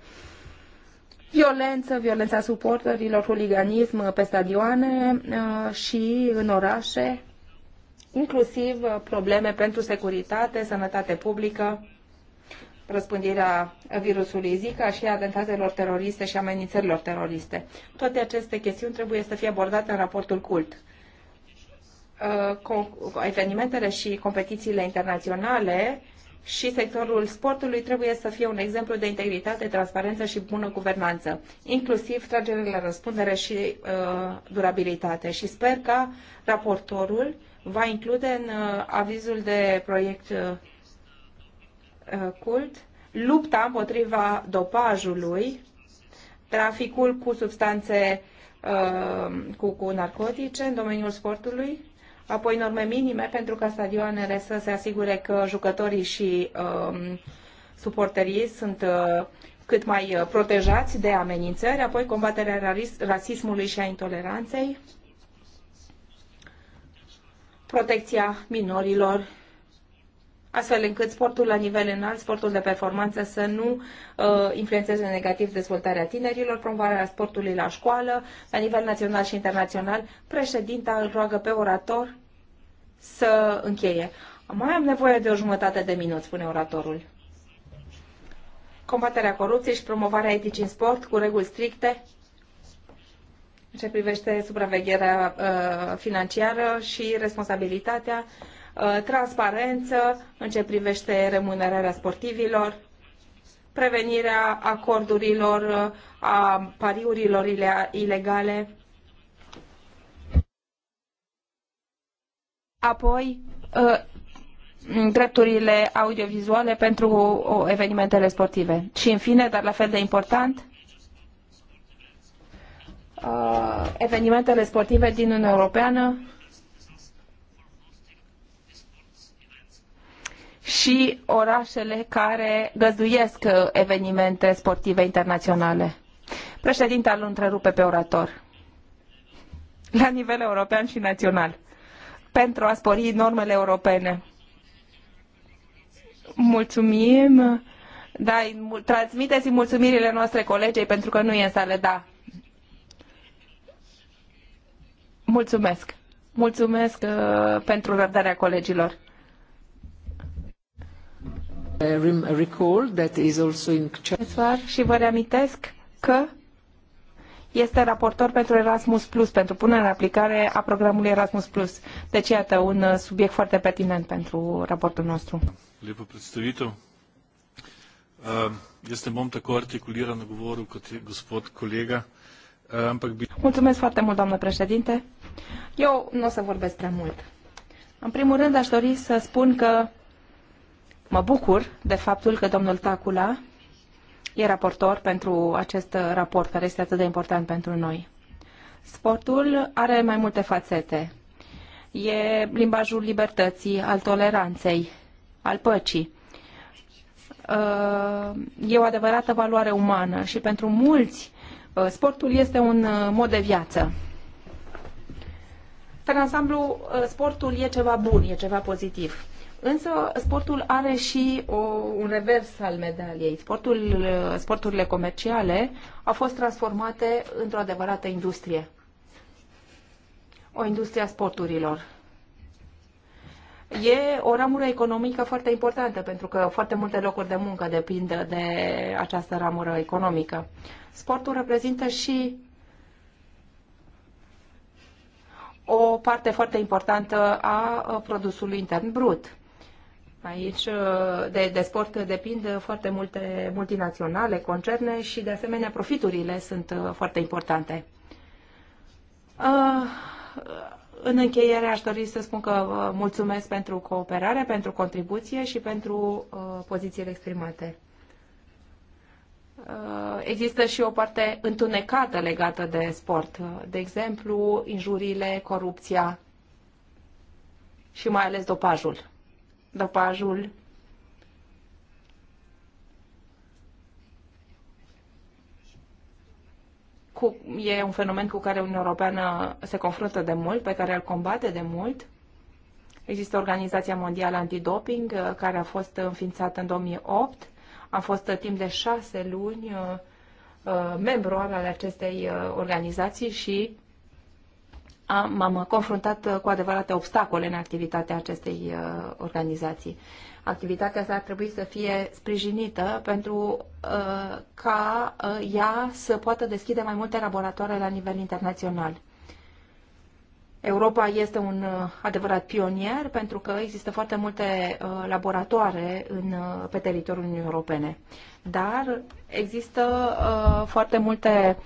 violență, violența suporterilor, huliganism pe stadioane uh, și în orașe, inclusiv uh, probleme pentru securitate, sănătate publică, răspândirea virusului Zika și a atentatelor teroriste și amenințărilor teroriste. Toate aceste chestiuni trebuie să fie abordate în raportul CULT. Uh, evenimentele și competițiile internaționale și sectorul sportului trebuie să fie un exemplu de integritate, transparență și bună guvernanță, inclusiv tragerile la răspundere și uh, durabilitate. Și sper ca raportorul va include în uh, avizul de proiect uh, uh, cult lupta împotriva dopajului, traficul cu substanțe cu, cu narcotice în domeniul sportului, apoi norme minime pentru ca stadioanele să se asigure că jucătorii și uh, suporterii sunt uh, cât mai protejați de amenințări, apoi combaterea rasismului și a intoleranței, protecția minorilor, astfel încât sportul la nivel înalt, sportul de performanță să nu uh, influențeze negativ dezvoltarea tinerilor, promovarea sportului la școală, la nivel național și internațional. Președinta îl roagă pe orator să încheie. Mai am nevoie de o jumătate de minut, spune oratorul. Combaterea corupției și promovarea eticii în sport cu reguli stricte ce privește supravegherea uh, financiară și responsabilitatea, uh, transparență în ce privește remunerarea sportivilor, prevenirea acordurilor, uh, a pariurilor ilegale. Apoi, drepturile audiovizuale pentru evenimentele sportive. Și în fine, dar la fel de important, uh, evenimentele sportive din Uniunea Europeană și orașele care găzduiesc evenimente sportive internaționale. Președinte, îl întrerupe pe orator la nivel european și național pentru a spori normele europene. Mulțumim. Da, transmiteți mulțumirile noastre colegei pentru că nu e în sală, da. Mulțumesc. Mulțumesc uh, pentru răbdarea colegilor. Recall that is also in... Și vă reamintesc că este raportor pentru Erasmus Plus, pentru punerea în aplicare a programului Erasmus Plus. Deci, iată, un uh, subiect foarte pertinent pentru raportul nostru. Lepo predstavito. este ehm, bom tako artikulirano govoru kot gospod kolega, ehm, ampak bi... Mulțumesc foarte mult, doamnă președinte. Eu nu o să vorbesc prea mult. În primul rând aș dori să spun că mă bucur de faptul că domnul Tacula e raportor pentru acest raport care este atât de important pentru noi. Sportul are mai multe fațete. E limbajul libertății, al toleranței, al păcii. Uh, e o adevărată valoare umană și pentru mulți uh, sportul este un uh, mod de viață. Pe ansamblu, uh, sportul e ceva bun, e ceva pozitiv. Însă sportul are și o, un revers al medaliei. Sportul, uh, sporturile comerciale au fost transformate într-o adevărată industrie. O industrie a sporturilor. E o ramură economică foarte importantă, pentru că foarte multe locuri de muncă depind de această ramură economică. Sportul reprezintă și o parte foarte importantă a produsului intern brut. Aici de, de sport depind foarte multe multinaționale, concerne și de asemenea profiturile sunt foarte importante. În încheiere aș dori să spun că mulțumesc pentru cooperare, pentru contribuție și pentru pozițiile exprimate există și o parte întunecată legată de sport. De exemplu, injurile, corupția și mai ales dopajul. Dopajul cu, e un fenomen cu care Uniunea Europeană se confruntă de mult, pe care îl combate de mult. Există Organizația Mondială Antidoping, uh, care a fost înființată în 2008. Am fost timp de șase luni uh, Uh, membru al acestei uh, organizații și m-am confruntat uh, cu adevărate obstacole în activitatea acestei organizații. Activitatea asta ar trebui să fie sprijinită pentru ca ea să poată deschide mai multe laboratoare la nivel internațional. Europa este un uh, adevărat pionier pentru că există foarte multe uh, laboratoare în, uh, pe teritoriul Uniunii Europene, dar există foarte multe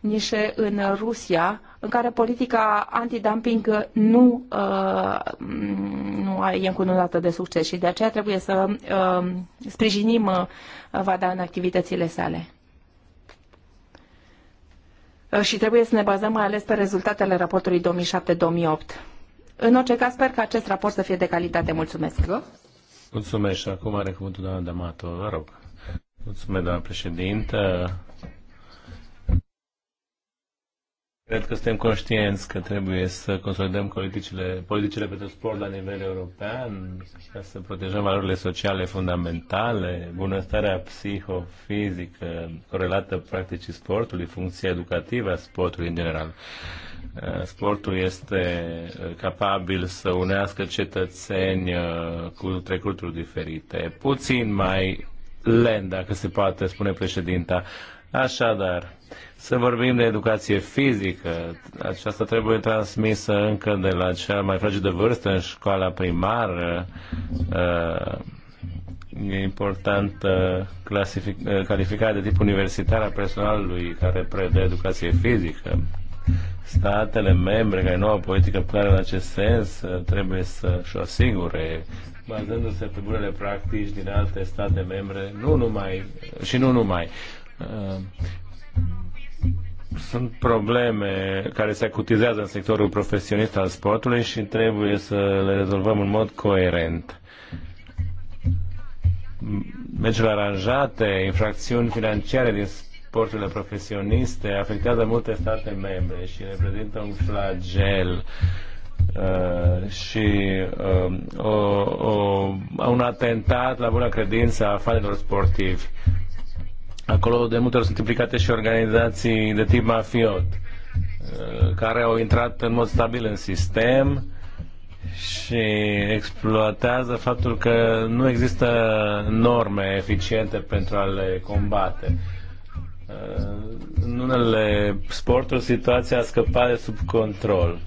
nișe în Rusia în care politica antidumping nu, nu e încununată de succes și de aceea trebuie să sprijinim VADA în activitățile sale. Uh, și trebuie să ne bazăm mai ales pe rezultatele raportului 2007-2008. În orice caz, sper că acest raport să fie de calitate. Mulțumesc! Da. Mulțumesc acum are cuvântul doamna D'Amato, vă rog. Mulțumesc, doamna președintă. Cred că suntem conștienți că trebuie să consolidăm politicile, politicile pentru sport la nivel european, ca să protejăm valorile sociale fundamentale, bunăstarea psihofizică corelată practicii sportului, funcția educativă a sportului în general. Uh, sportul este uh, capabil să unească cetățeni uh, cu trecuturi diferite, puțin mai lent, dacă se poate spune președinta, Așadar, să vorbim de educație fizică. Aceasta trebuie transmisă încă de la cea mai fragedă vârstă în școala primară. Uh, e important uh, calificarea de tip universitar a personalului care predă educație fizică. Statele membre care nu au politică clară în acest sens uh, trebuie să-și o asigure bazându-se pe bunele practici din alte state membre, nu numai și nu numai. Uh, sunt probleme care se acutizează în sectorul profesionist al sportului și trebuie să le rezolvăm în mod coerent. Meciurile aranjate, infracțiuni financiare din sporturile profesioniste afectează multe state membre și reprezintă un flagel uh, și uh, o, o, un atentat la bună credință a fanilor sportivi. Acolo de multe ori sunt implicate și organizații de tip mafiot, uh, care au intrat în mod stabil în sistem și exploatează faptul că nu există norme eficiente pentru a le combate. Uh, în unele sporturi situația a scăpat de sub control.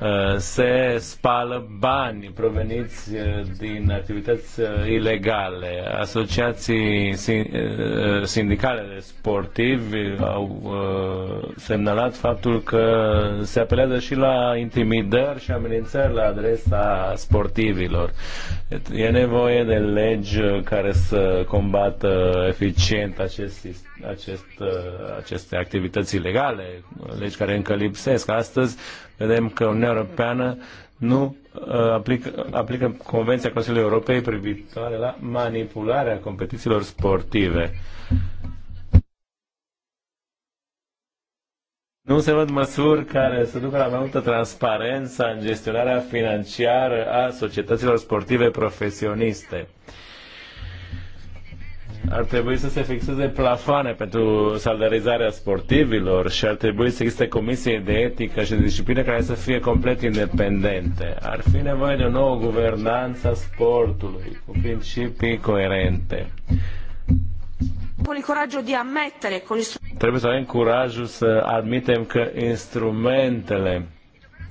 Uh, se spală bani proveniți uh, din activități uh, ilegale. Asociații sindicale de sportivi au semnalat faptul că se apelează și la intimidări și amenințări la adresa sportivilor. E nevoie de legi uh, care să combată eficient acest, acest, uh, aceste activități ilegale, legi care încă lipsesc. Astăzi vedem că Uniunea Europeană nu uh, aplică, aplică Convenția Consiliului Europei privitoare la manipularea competițiilor sportive. Nu se văd măsuri care să ducă la mai multă transparență în gestionarea financiară a societăților sportive profesioniste. Ar trebui să se fixeze plafane pentru salarizarea sportivilor și ar trebui să existe comisii de etică și de disciplină care să fie complet independente. Ar fi nevoie de o nouă guvernanță a sportului cu principii coerente Trebuie să avem curajul să admitem că instrumentele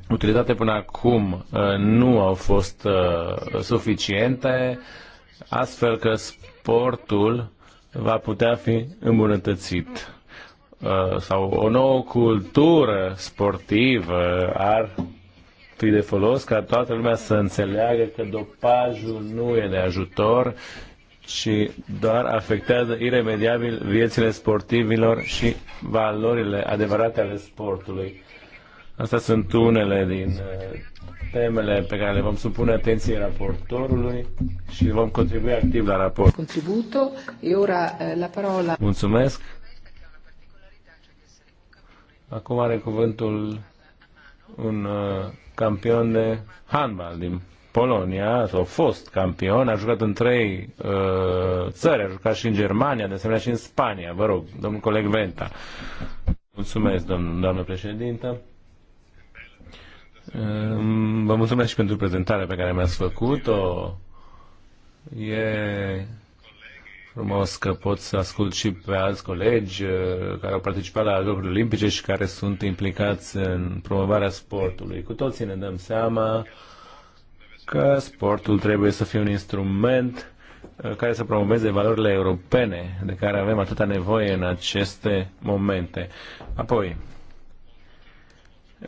utilizate până acum uh, nu au fost uh, suficiente, astfel că sportul va putea fi îmbunătățit uh, sau o nouă cultură sportivă ar fi de folos ca toată lumea să înțeleagă că dopajul nu e de ajutor și doar afectează iremediabil viețile sportivilor și valorile adevărate ale sportului. Astea sunt unele din uh, temele pe care le vom supune atenției raportorului și vom contribui activ la raport. Contributo e ora uh, la parola. Mulțumesc. Acum are cuvântul un uh, campion de handbal din Polonia, sau fost campion, a jucat în trei uh, țări, a jucat și în Germania, de asemenea și în Spania. Vă rog, domnul coleg Venta. Mulțumesc, domn, doamnă președintă. Um, vă mulțumesc și pentru prezentarea pe care mi-ați făcut-o. E frumos că pot să ascult și pe alți colegi uh, care au participat la Jocurile Olimpice și care sunt implicați în promovarea sportului. Cu toții ne dăm seama că sportul trebuie să fie un instrument uh, care să promoveze valorile europene de care avem atâta nevoie în aceste momente. Apoi,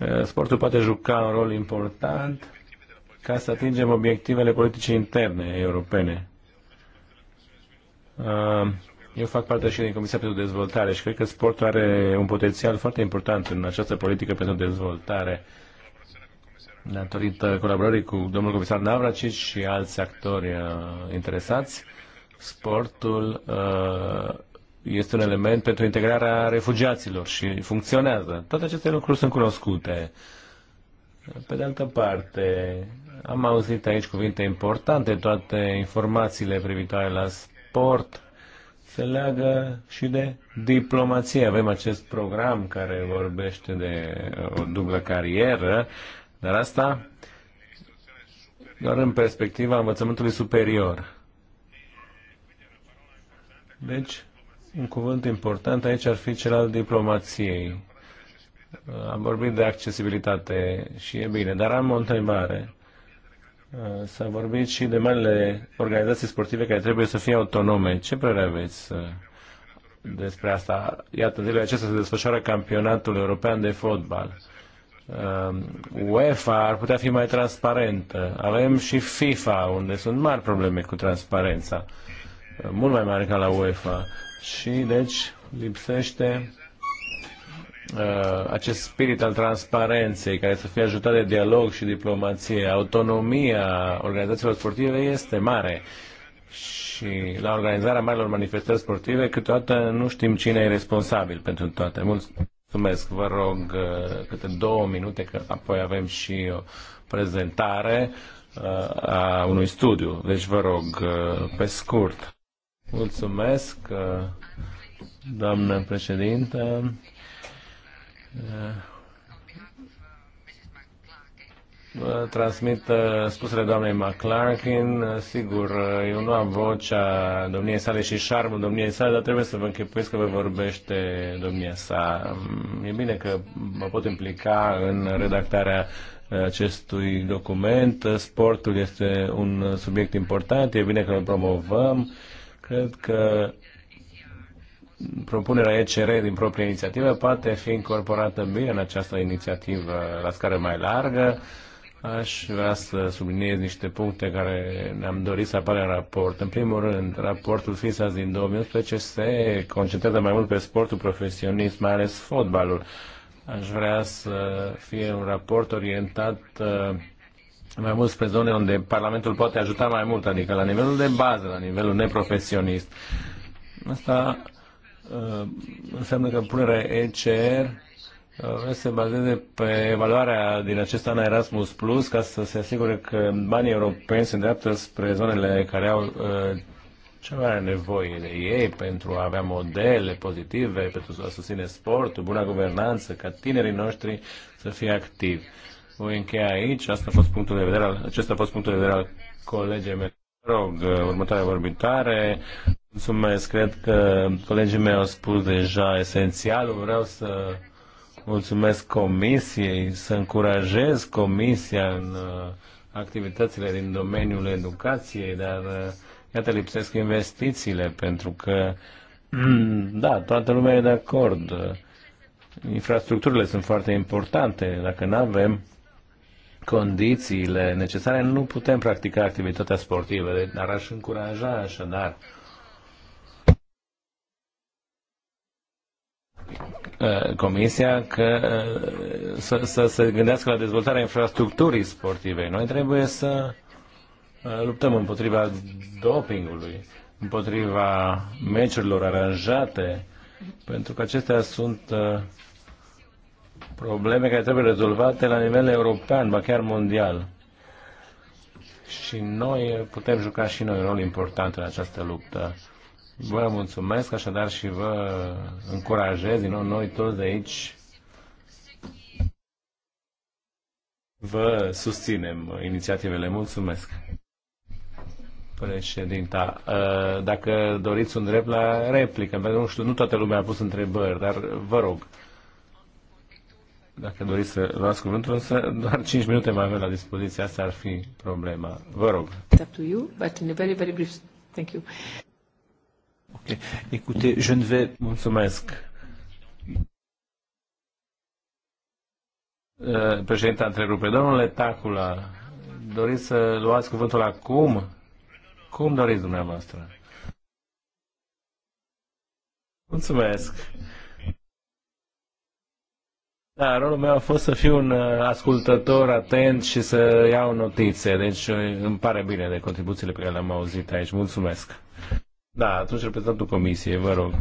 uh, sportul poate juca un rol important ca să atingem obiectivele politice interne europene. Uh, eu fac parte și din Comisia pentru Dezvoltare și cred că sportul are un potențial foarte important în această politică pentru dezvoltare datorită colaborării cu domnul comisar Navracic și alți actori uh, interesați, sportul uh, este un element pentru integrarea refugiaților și funcționează. Toate aceste lucruri sunt cunoscute. Pe de altă parte, am auzit aici cuvinte importante, toate informațiile privitoare la sport se leagă și de diplomație. Avem acest program care vorbește de o dublă carieră dar asta doar în perspectiva învățământului superior. Deci, un cuvânt important aici ar fi cel al diplomației. Am vorbit de accesibilitate și e bine, dar am o întrebare. S-a vorbit și de marile organizații sportive care trebuie să fie autonome. Ce părere aveți uh, despre asta? Iată, zilele acestea se desfășoară campionatul european de fotbal. Uh, UEFA ar putea fi mai transparentă. Avem și FIFA, unde sunt mari probleme cu transparența, uh, mult mai mari ca la UEFA. Și deci lipsește uh, acest spirit al transparenței care să fie ajutat de dialog și diplomație. Autonomia organizațiilor sportive este mare și la organizarea marilor manifestări sportive câteodată nu știm cine e responsabil pentru toate. Mulțumesc! Mulțumesc, vă rog uh, câte două minute, că apoi avem și o prezentare uh, a unui studiu. Deci vă rog, uh, pe scurt. Mulțumesc, doamnă președintă. Vă transmit uh, spusele doamnei McClarkin. Uh, sigur, uh, eu nu am vocea domniei sale și șarmul domniei sale, dar trebuie să vă închipuiesc că vă vorbește domnia sa. Mm, e bine că mă pot implica în redactarea acestui document. Sportul este un subiect important, e bine că îl promovăm. Cred că propunerea ECR din propria inițiativă poate fi incorporată bine în această inițiativă la scară mai largă Aș vrea să subliniez niște puncte care ne-am dorit să apară în raport. În primul rând, raportul FISA din 2011 se concentrează mai mult pe sportul profesionist, mai ales fotbalul. Aș vrea să fie un raport orientat uh, mai mult spre zone unde Parlamentul poate ajuta mai mult, adică la nivelul de bază, la nivelul neprofesionist. Asta uh, înseamnă că punerea ECR vrea să se bazeze pe evaluarea din acest an Erasmus Plus ca să se asigure că banii europeni se îndreaptă spre zonele care au uh, ce are nevoie de ei pentru a avea modele pozitive, pentru a susține sportul, buna guvernanță, ca tinerii noștri să fie activi. Voi încheia aici, asta a fost punctul de vedere al, acesta a fost punctul de vedere al colegii mei. Rog, uh, următoarea vorbitare. Mulțumesc, cred că colegii mei au spus deja esențialul. Vreau să mulțumesc comisiei, să încurajez comisia în uh, activitățile din domeniul educației, dar uh, iată lipsesc investițiile pentru că [clears throat] da, toată lumea e de acord. Infrastructurile sunt foarte importante. Dacă nu avem condițiile necesare, nu putem practica activitatea sportivă. Deci, dar aș încuraja așadar Uh, comisia că uh, să, să se gândească la dezvoltarea infrastructurii sportive. Noi trebuie să uh, luptăm împotriva dopingului, împotriva meciurilor aranjate, pentru că acestea sunt probleme care trebuie rezolvate la nivel european, ba chiar mondial. Și noi putem juca și noi un rol important în această luptă. Vă mulțumesc așadar și vă încurajez din nou noi toți de aici vă susținem inițiativele. Mulțumesc. Președinta, uh, dacă doriți un drept la replică, pentru că nu știu, nu toată lumea a pus întrebări, dar vă rog, dacă doriți să luați cuvântul, însă doar 5 minute mai avem la dispoziție, asta ar fi problema. Vă rog. It's up to you, but in a very, very brief... Thank you. Ok. Écoutez, je ne vais... Mulțumesc. Eh, președinte, întrerupe. Domnule Tacula, doriți să luați cuvântul acum? Cum doriți dumneavoastră? Mulțumesc. Da, rolul meu a fost să fiu un eh, ascultător atent și să iau notițe. Deci eh, îmi pare bine de contribuțiile pe care le-am auzit aici. Mulțumesc. Da, atunci reprezentantul comisiei, vă rog.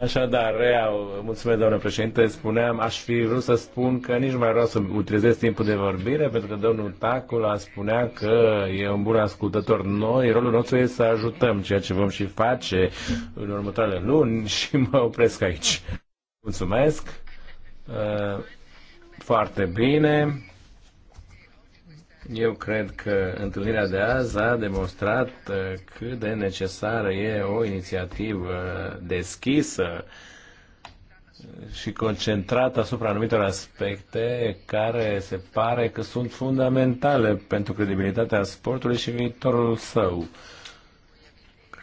Așadar, reau, mulțumesc, domnule președinte, spuneam, aș fi vrut să spun că nici nu mai vreau să utilizez timpul de vorbire, pentru că domnul Tacula spunea că e un bun ascultător. Noi, rolul nostru este să ajutăm, ceea ce vom și face în următoarele luni [laughs] și mă opresc aici. Mulțumesc. Uh, foarte bine. Eu cred că întâlnirea de azi a demonstrat uh, cât de necesară e o inițiativă deschisă și concentrată asupra anumitor aspecte care se pare că sunt fundamentale pentru credibilitatea sportului și viitorul său.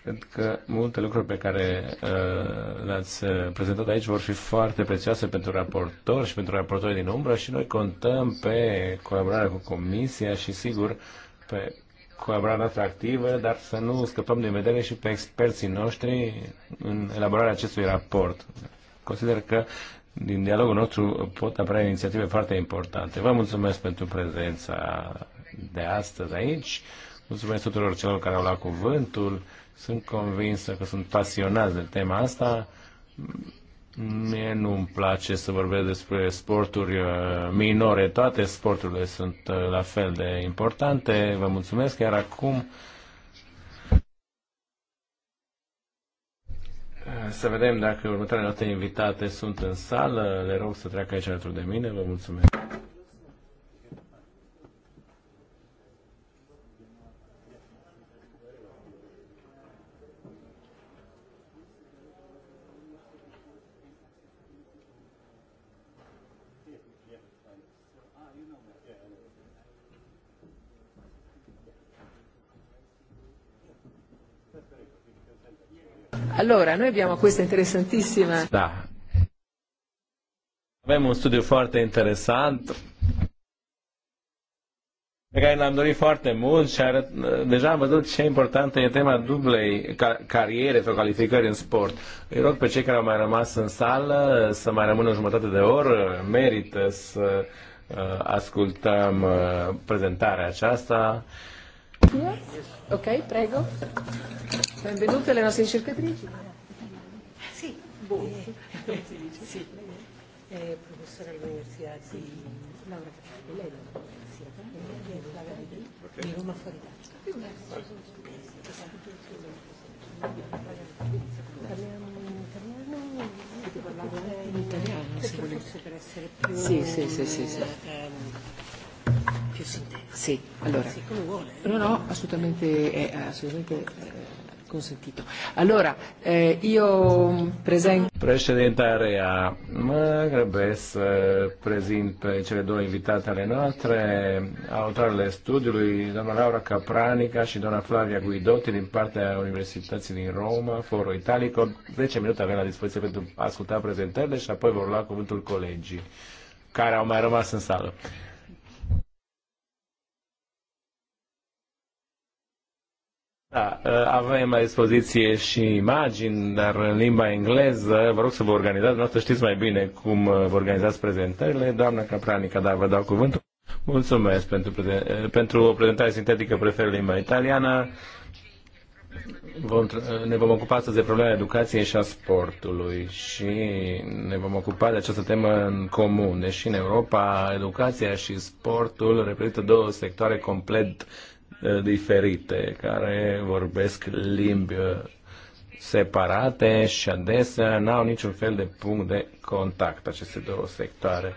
Cred că multe lucruri pe care uh, le-ați uh, prezentat aici vor fi foarte prețioase pentru raportori și pentru raportori din umbră și noi contăm pe colaborarea cu Comisia și, sigur, pe colaborarea noastră activă, dar să nu scăpăm din vedere și pe experții noștri în elaborarea acestui raport. Consider că din dialogul nostru pot apărea inițiative foarte importante. Vă mulțumesc pentru prezența de astăzi aici. Mulțumesc tuturor celor care au luat cuvântul. Sunt convinsă că sunt pasionați de tema asta. Mie nu-mi place să vorbesc despre sporturi uh, minore. Toate sporturile sunt uh, la fel de importante. Vă mulțumesc iar acum. Uh, să vedem dacă următoarele noastre invitate sunt în sală. Le rog să treacă aici alături de mine. Vă mulțumesc. Allora, noi abbiamo questa interessantissima... Da. Avem un studiu foarte interesant interessante. Perché l-am dorit foarte mult și arăt, deja am văzut ce tema dublei ca, cariere sau calificări în sport. Îi rog pe cei care mai rămas în sala, se mai rămână una jumătate de oră, merită să uh, ascultăm uh, prezentarea aceasta. Ok, prego. Benvenute le nostre ricercatrici. Sì, eh, sì. Eh, professore all'Università di Laura Cataldi, lei di Roma fuori Parliamo in italiano, se volete. Sì, sì, sì, sì. sì. Ehm, anche sintetico. Sì, allora. Sì, come vuole. No, no, assolutamente, è eh, assolutamente eh, consentito. Allora, eh, io prezent... Președintarea, mă grăbesc să presente, ce le do invitate oltre alle autorele lui, donna Laura Capranica ci donna Flavia Guidotti din partea Universității din Roma, Foro Italico. 10 minute avem la dispoziție pentru a asculta prezentările și apoi vor lua cuvântul colegii care au mai rămas în Da, eh, avem la dispoziție și imagini, dar în limba engleză, vă rog să vă organizați, să știți mai bine cum eh, vă organizați prezentările. Doamna Capranica, da, vă dau cuvântul. Mulțumesc pentru, eh, pentru o prezentare sintetică, prefer limba italiană. Vom, ne vom ocupa astăzi de problema educației și a sportului și ne vom ocupa de această temă în comun. Deși în Europa educația și sportul reprezintă două sectoare complet uh, Eh, diferite, care vorbesc limbi eh, separate și adesea n-au niciun fel de punct de contact aceste două sectoare.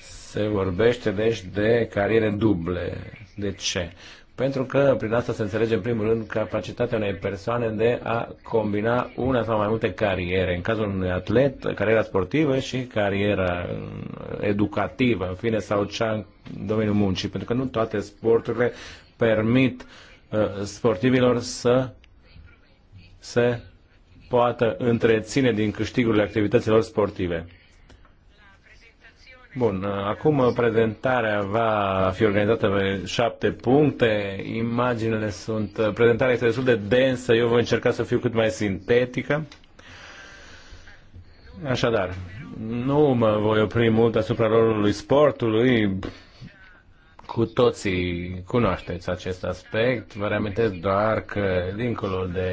Se vorbește deci de cariere duble. De ce? Pentru că prin asta se înțelege în primul rând capacitatea unei persoane de a combina una sau mai multe cariere. În cazul unui atlet, cariera sportivă și cariera mm, educativă, în fine, sau cea în domeniul muncii, pentru că nu toate sporturile permit uh, sportivilor să se poată întreține din câștigurile activităților sportive. Bun, uh, acum prezentarea va fi organizată pe șapte puncte, imaginele sunt, uh, prezentarea este destul de densă, eu voi încerca să fiu cât mai sintetică. Așadar, nu mă voi opri mult asupra rolului sportului, cu toții cunoașteți acest aspect. Vă reamintesc doar că, dincolo de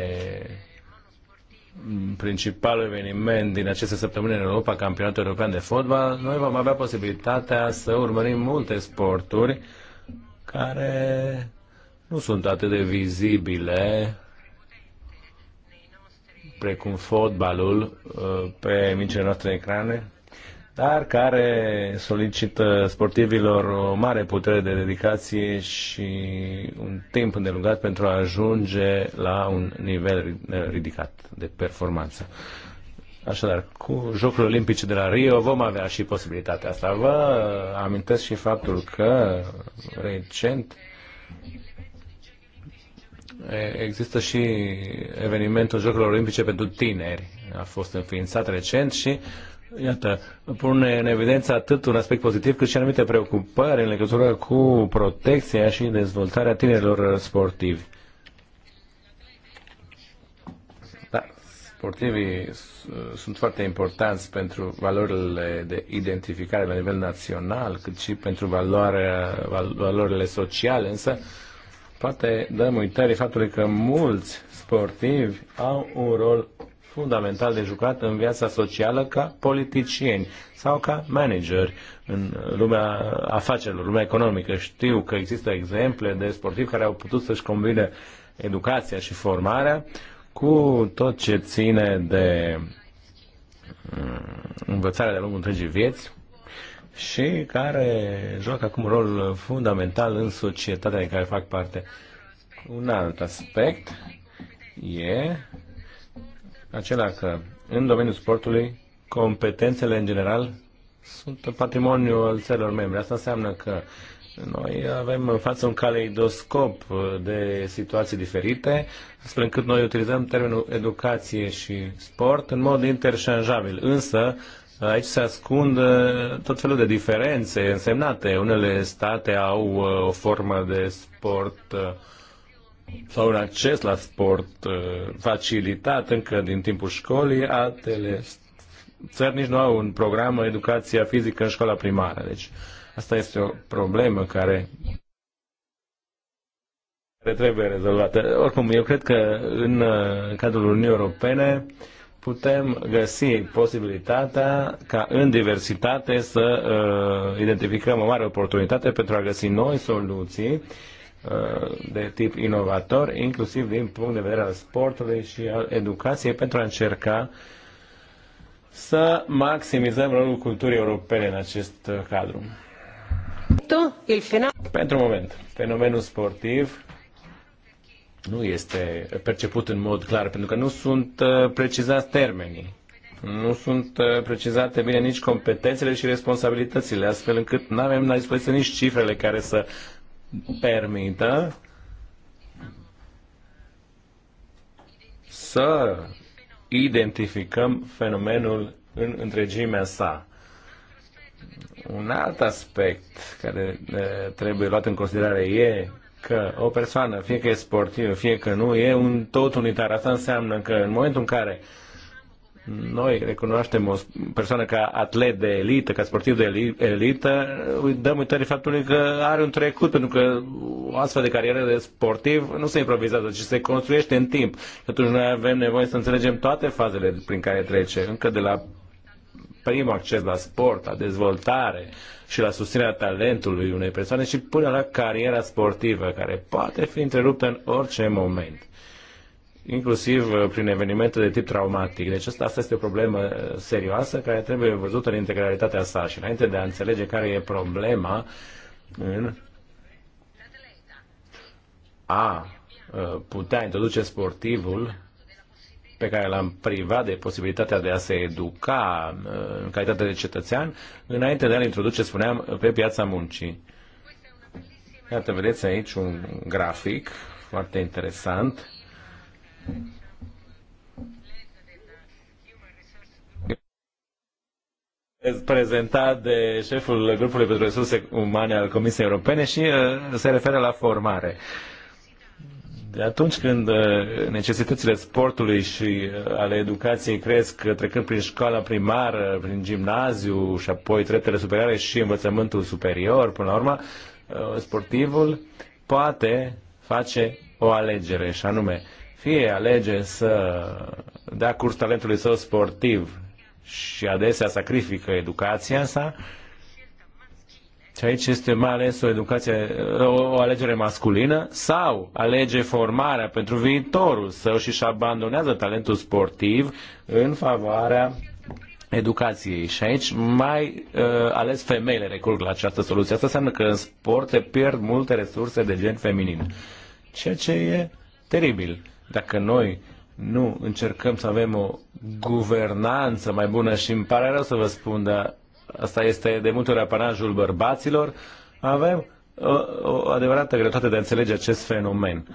principalul eveniment din aceste săptămâni în Europa, campionatul european de fotbal, noi vom avea posibilitatea să urmărim multe sporturi care nu sunt atât de vizibile precum fotbalul uh, pe micile noastre ecrane dar care solicită sportivilor o mare putere de dedicație și un timp îndelungat pentru a ajunge la un nivel eh, ridicat de performanță. Așadar, cu Jocurile Olimpice de la Rio vom avea și posibilitatea asta. Vă eh, amintesc și faptul că recent există și evenimentul Jocurilor Olimpice pentru tineri. A fost înființat recent și uh, iată, pune în evidență atât un aspect pozitiv cât și anumite preocupări în legătură cu protecția și dezvoltarea tinerilor sportivi. Da, sportivii sunt foarte importanți pentru valorile de identificare la nivel național, cât și pentru valoarea, valorile sociale, însă poate dăm uitare faptului că mulți sportivi au un rol fundamental de jucat în viața socială ca politicieni sau ca manageri în lumea afacerilor, lumea economică. Știu că există exemple de sportivi care au putut să-și combine educația și formarea cu tot ce ține de mm, învățarea de-a lungul întregii vieți și care joacă acum un rol fundamental în societatea din care fac parte. Un alt aspect e acela că în domeniul sportului competențele în general sunt patrimoniul al țărilor membre. Asta înseamnă că noi avem în față un caleidoscop de situații diferite, astfel încât noi utilizăm termenul educație și sport în mod interșanjabil. Însă, aici se ascund uh, tot felul de diferențe însemnate. Unele state au uh, o formă de sport uh, sau un acces la sport uh, facilitat încă din timpul școlii, altele țări nici nu au un program educația fizică în școala primară. Deci asta este o problemă care trebuie rezolvată. Oricum, eu cred că în uh, cadrul Uniunii Europene putem găsi posibilitatea ca în diversitate să uh, identificăm o mare oportunitate pentru a găsi noi soluții Uh, de tip inovator, inclusiv din punct de vedere al sportului și al educației, pentru a încerca să maximizăm rolul culturii europene în acest uh, cadru. Pentru moment, fenomenul sportiv nu este perceput în mod clar, pentru că nu sunt uh, precizați termenii. Nu sunt precizate bine nici competențele și responsabilitățile, astfel încât nu avem la dispoziție nici cifrele care să permită să identificăm fenomenul în întregimea sa. Un alt aspect care eh, trebuie luat în considerare e că o persoană, fie că e sportivă, fie că nu, e un tot unitar. Asta înseamnă că în momentul în care uh, noi recunoaștem o persoană ca atlet de elită, ca sportiv de elită, îi dăm uitării faptului că are un trecut, pentru că o astfel de carieră de sportiv nu se improvizează, ci se construiește în timp. Și atunci noi avem nevoie să înțelegem toate fazele prin care trece, încă de la primul acces la sport, la dezvoltare și la susținerea talentului unei persoane și până la cariera sportivă, care poate fi întreruptă în orice moment inclusiv uh, prin evenimente de tip traumatic. Deci asta, asta este o problemă uh, serioasă care trebuie văzută în integralitatea sa și înainte de a înțelege care e problema în a uh, putea introduce sportivul pe care l-am privat de posibilitatea de a se educa în calitate de cetățean, înainte de a-l introduce, spuneam, pe piața muncii. Iată, vedeți aici un grafic foarte interesant prezentat de șeful grupului pentru resurse umane al Comisiei Europene și uh, se referă la formare. De atunci când uh, necesitățile sportului și uh, ale educației cresc trecând prin școala primară, prin gimnaziu și apoi treptele superioare și învățământul superior, până la urmă, sportivul poate face o alegere și anume fie alege să dea curs talentului său sportiv și adesea sacrifică educația sa, și aici este mai ales o educație, o, o alegere masculină sau alege formarea pentru viitorul său și își abandonează talentul sportiv în favoarea educației. Și aici mai uh, ales femeile recurg la această soluție. Asta înseamnă că în sport se pierd multe resurse de gen feminin. Ceea ce e teribil. Dacă noi nu încercăm să avem o guvernanță mai bună și îmi pare rău să vă spun, dar asta este de multe ori apanajul bărbaților, avem o, uh, o adevărată greutate de a înțelege acest fenomen.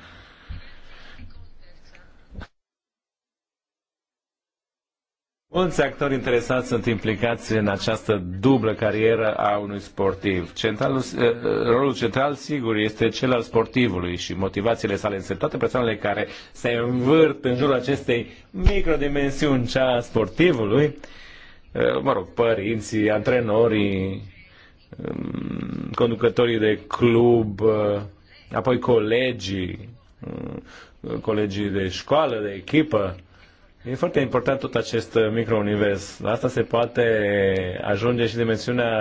Mulți actori interesați sunt implicați în această dublă carieră a unui sportiv. Central, eh, eh, rolul central, sigur, este cel al sportivului și motivațiile sale, însă toate persoanele care se învârt în jurul acestei microdimensiuni, cea a sportivului, eh, mă rog, părinții, antrenorii, mm, conducătorii de club, apoi colegii, mm, colegii de școală, de echipă, E foarte important tot acest uh, microunivers. La asta se poate ajunge și dimensiunea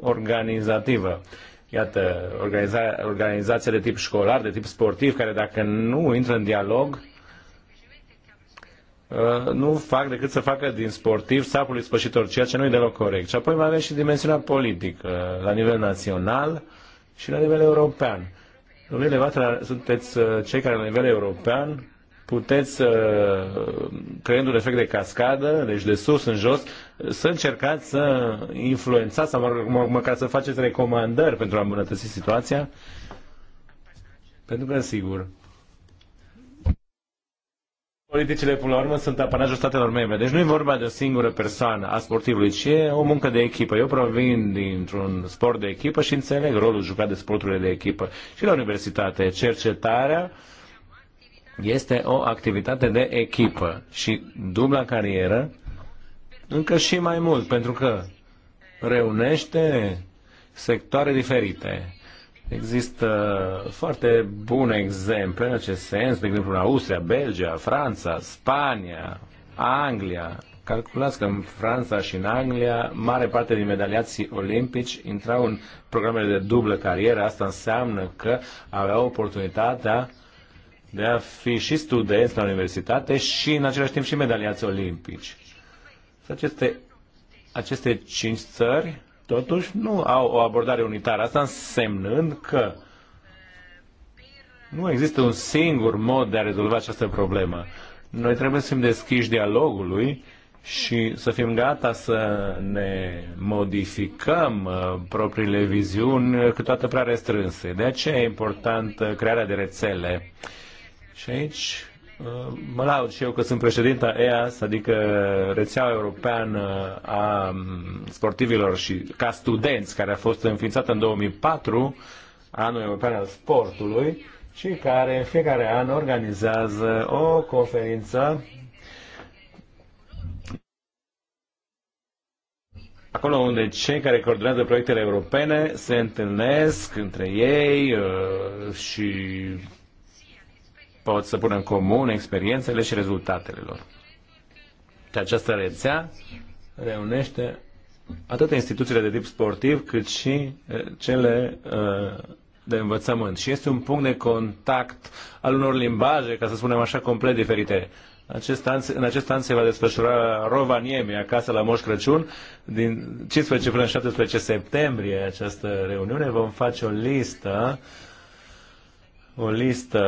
organizativă. Iată, organiza, organizația de tip școlar, de tip sportiv, care dacă nu intră în dialog, uh, nu fac decât să facă din sportiv sapul ispășitor, ceea ce nu e deloc corect. Și apoi mai avem și dimensiunea politică, la nivel național și la nivel european. Domnule Vatra, sunteți uh, cei care la nivel european puteți, creând un efect de cascadă, deci de sus în jos, să încercați să influențați sau mă, mă, măcar să faceți recomandări pentru a îmbunătăți situația? Pentru că, sigur, politicile, până la urmă, sunt apanajul statelor membre. Deci nu e vorba de o singură persoană a sportivului, ci e o muncă de echipă. Eu provin dintr-un sport de echipă și înțeleg rolul jucat de sporturile de echipă. Și la universitate, cercetarea, uh, este o activitate de echipă și dubla carieră încă și mai mult, pentru că reunește sectoare diferite. Există foarte bune exemple în acest sens, de exemplu în Austria, Belgia, Franța, Spania, Anglia. Calculați că în Franța și în Anglia, mare parte din medaliații olimpici intrau în programele de dublă carieră. Asta înseamnă că aveau oportunitatea de a fi și studenți la universitate și în același timp și medaliați olimpici. Deci aceste, aceste cinci țări totuși nu au o abordare unitară, asta însemnând că nu există un singur mod de a rezolva această problemă. Noi trebuie să fim deschiși dialogului și să fim gata să ne modificăm uh, propriile viziuni câteodată prea restrânse. De aceea e importantă crearea de rețele și aici uh, mă laud și eu că sunt președinta EAS, adică rețeaua europeană a um, sportivilor și ca studenți, care a fost înființată în 2004, anul european al sportului, și care în fiecare an organizează o conferință acolo unde cei care coordonează proiectele europene se întâlnesc între ei uh, și pot să pună în comun experiențele și rezultatele lor. Și această rețea reunește atât instituțiile de tip sportiv, cât și eh, cele eh, de învățământ. Și este un punct de contact al unor limbaje, ca să spunem așa, complet diferite. Acest an, în acest an se va desfășura Rovaniemi, acasă la Moș Crăciun. Din 15 până 17 septembrie această reuniune vom face o listă o listă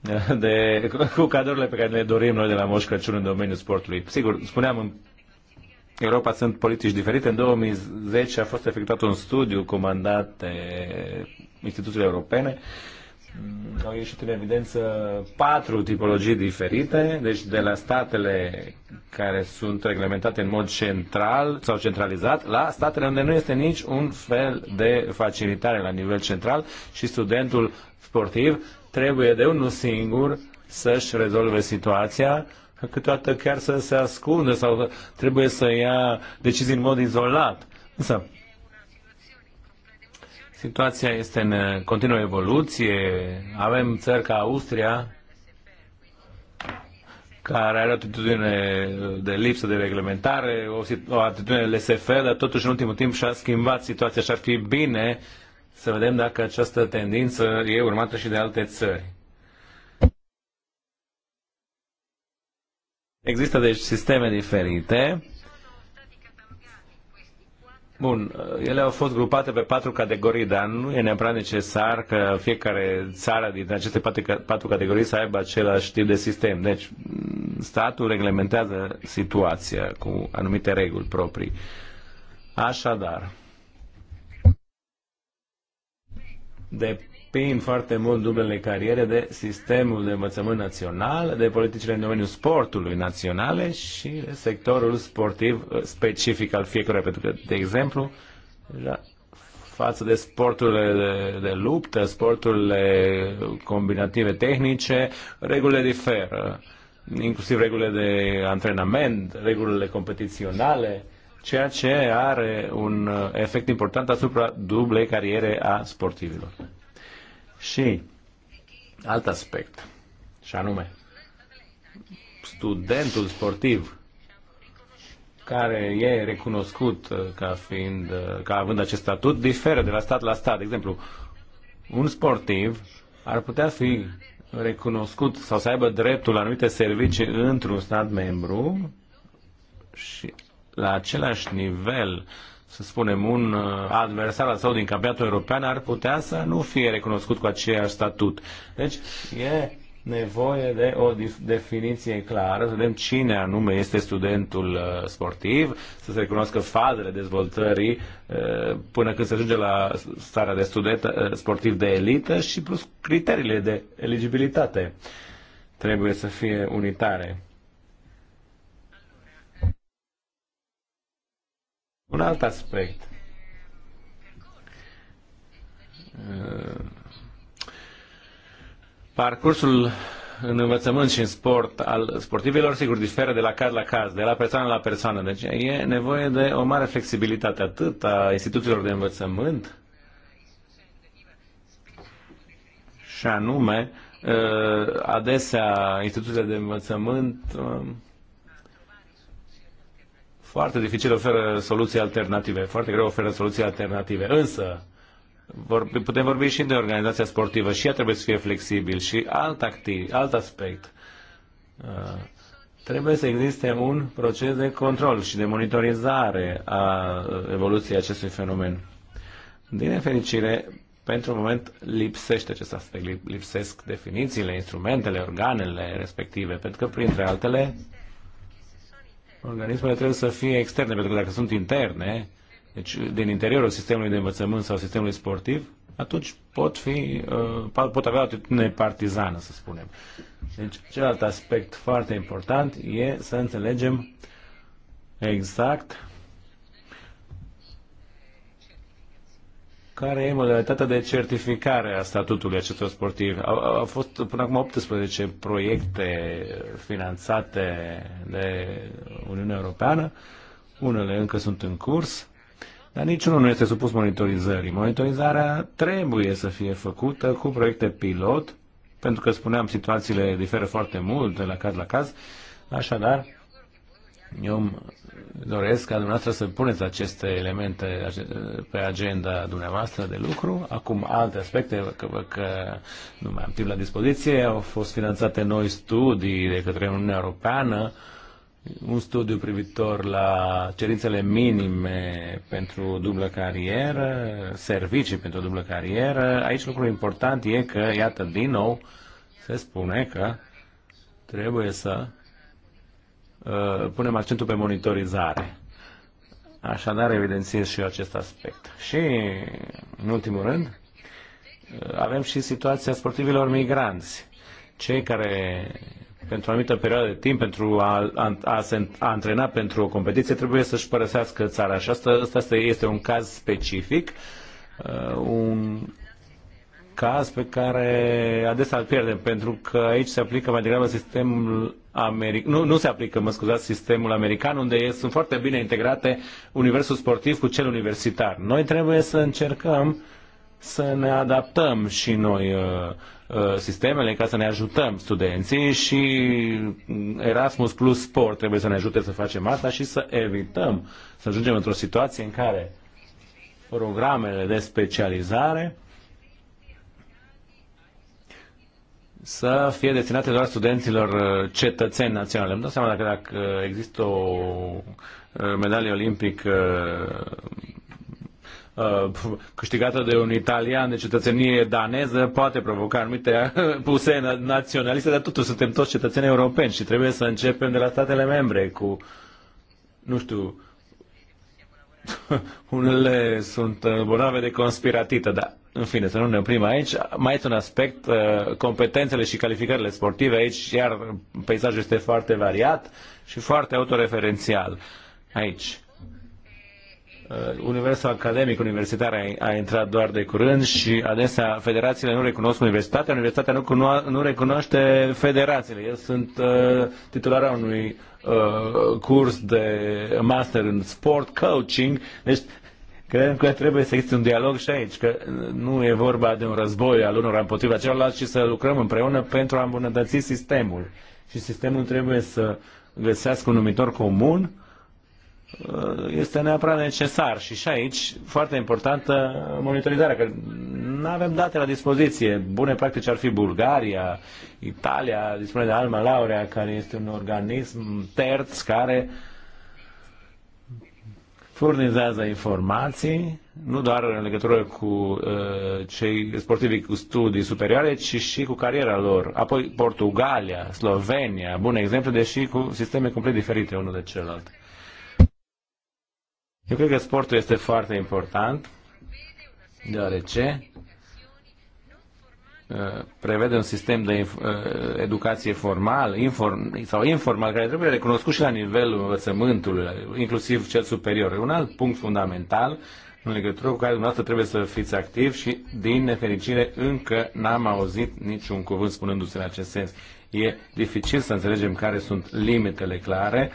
[laughs] de, cu cadrurile pe care le dorim noi de la Moș Crăciun în domeniul sportului. Sigur, spuneam, în Europa sunt politici diferite. În 2010 a fost efectuat un studiu comandat de instituțiile europene. Au ieșit în evidență patru tipologii diferite, deci de la statele care sunt reglementate în mod central sau centralizat, la statele unde nu este nici un fel de facilitare la nivel central și studentul sportiv trebuie de unul singur să-și rezolve situația, că câteodată chiar să se ascundă sau trebuie să ia decizii în mod izolat. Însă, situația este în continuă evoluție. Avem țări ca Austria, care are o atitudine de lipsă de reglementare, o, o atitudine laissez dar totuși în ultimul timp și-a schimbat situația și ar fi bine să vedem dacă această tendință e urmată și de alte țări. Există deci sisteme diferite. Bun, ele au fost grupate pe patru categorii, dar nu e neapărat necesar că fiecare țară din aceste patru categorii să aibă același tip de sistem. Deci, statul reglementează situația cu anumite reguli proprii. Așadar, depind foarte mult dublele cariere de sistemul de învățământ național, de politicile în domeniul sportului naționale și de sectorul sportiv uh, specific al fiecăruia. Pentru că, de exemplu, față de sporturile de, de luptă, sporturile combinative tehnice, regulile diferă, inclusiv regulile de antrenament, regulile competiționale ceea ce are un uh, efect important asupra dublei cariere a sportivilor. Și alt aspect, și anume, studentul sportiv care e recunoscut uh, ca, fiind, uh, ca având acest statut diferă de la stat la stat. De exemplu, un sportiv ar putea fi recunoscut sau să aibă dreptul la anumite servicii într-un stat membru și la același nivel, să spunem, un uh, adversar al său din campionatul european ar putea să nu fie recunoscut cu aceeași statut. Deci e nevoie de o definiție clară, să vedem cine anume este studentul uh, sportiv, să se recunoască fazele dezvoltării uh, până când se ajunge la starea de student sportiv de elită și plus criteriile de eligibilitate trebuie să fie unitare. Un alt aspect. Uh, parcursul în învățământ și în sport al sportivilor, sigur, diferă de la caz la caz, de la persoană la persoană. Deci e nevoie de o mare flexibilitate atât a instituțiilor de învățământ, și anume, uh, adesea instituțiile de învățământ um, foarte dificil oferă soluții alternative, foarte greu oferă soluții alternative. Însă, vorbi, putem vorbi și de organizația sportivă și ea trebuie să fie flexibil și alt, activ, alt aspect. Uh, trebuie să existe un proces de control și de monitorizare a uh, evoluției acestui fenomen. Din nefericire, pentru moment lipsește acest aspect, lipsesc definițiile, instrumentele, organele respective, pentru că, printre altele, organismele trebuie să fie externe, pentru că dacă sunt interne, deci din interiorul sistemului de învățământ sau sistemului sportiv, atunci pot, fi, uh, pot avea o atitudine partizană, să spunem. Deci, celălalt aspect foarte important e să înțelegem exact care e modalitatea de certificare a statutului acestor sportivi. Au, au fost până acum 18 proiecte finanțate de Uniunea Europeană, unele încă sunt în curs, dar niciunul nu este supus monitorizării. Monitorizarea trebuie să fie făcută cu proiecte pilot, pentru că, spuneam, situațiile diferă foarte mult de la caz la caz, așadar eu doresc ca dumneavoastră să puneți aceste elemente pe agenda dumneavoastră de lucru. Acum alte aspecte, că, că nu mai am timp la dispoziție, au fost finanțate noi studii de către Uniunea Europeană, un studiu privitor la cerințele minime pentru dublă carieră, servicii pentru dublă carieră. Aici lucrul important e că, iată, din nou, se spune că trebuie să Uh, punem accentul pe monitorizare. Așadar, evidențiez și eu acest aspect. Și, în ultimul rând, uh, avem și situația sportivilor migranți. Cei care, pentru o anumită perioadă de timp, pentru a, a, a se a antrena pentru o competiție, trebuie să-și părăsească țara. Și asta, asta este un caz specific, uh, un caz pe care adesea îl pierdem, pentru că aici se aplică mai degrabă sistemul american, nu, nu se aplică, mă scuzați, sistemul american, unde sunt foarte bine integrate universul sportiv cu cel universitar. Noi trebuie să încercăm să ne adaptăm și noi uh, uh, sistemele ca să ne ajutăm studenții și Erasmus plus sport trebuie să ne ajute să facem asta și să evităm să ajungem într-o situație în care programele de specializare să fie destinate doar studenților uh, cetățeni naționale. Îmi dau seama dacă, dacă există o uh, medalie olimpică uh, câștigată de un italian de cetățenie daneză poate provoca anumite puse naționaliste, dar totuși suntem toți cetățeni europeni și trebuie să începem de la statele membre cu, nu știu, [laughs] unele sunt bolnave de conspiratită, dar în fine, să nu ne oprim aici, mai este un aspect, uh, competențele și calificările sportive aici, iar peisajul este foarte variat și foarte autoreferențial aici. Uh, Universul academic universitar a, a intrat doar de curând și adesea federațiile nu recunosc universitatea, universitatea nu, nu recunoaște federațiile. Eu sunt uh, titulara unui uh, curs de master în sport coaching, deci Credem că trebuie să existe un dialog și aici, că nu e vorba de un război al unor împotriva celorlalți, ci să lucrăm împreună pentru a îmbunătăți sistemul. Și sistemul trebuie să găsească un numitor comun, uh, este neapărat necesar. Și și aici, foarte importantă monitorizarea, că nu avem date la dispoziție. Bune practici ar fi Bulgaria, Italia, dispune de Alma Laurea, care este un organism terț care uh, furnizează informații, nu doar în legătură cu uh, cei sportivi cu studii superioare, ci și cu cariera lor. Apoi Portugalia, Slovenia, bun exemplu, deși cu sisteme complet diferite unul de celălalt. Eu cred că sportul este foarte important, deoarece prevede un sistem de uh, educație formal inform, sau informal care trebuie recunoscut și la nivelul învățământului, inclusiv cel superior. un alt punct fundamental în legătură cu care dumneavoastră trebuie să fiți activ și, din nefericire, încă n-am auzit niciun cuvânt spunându-se în acest sens. E dificil să înțelegem care sunt limitele clare,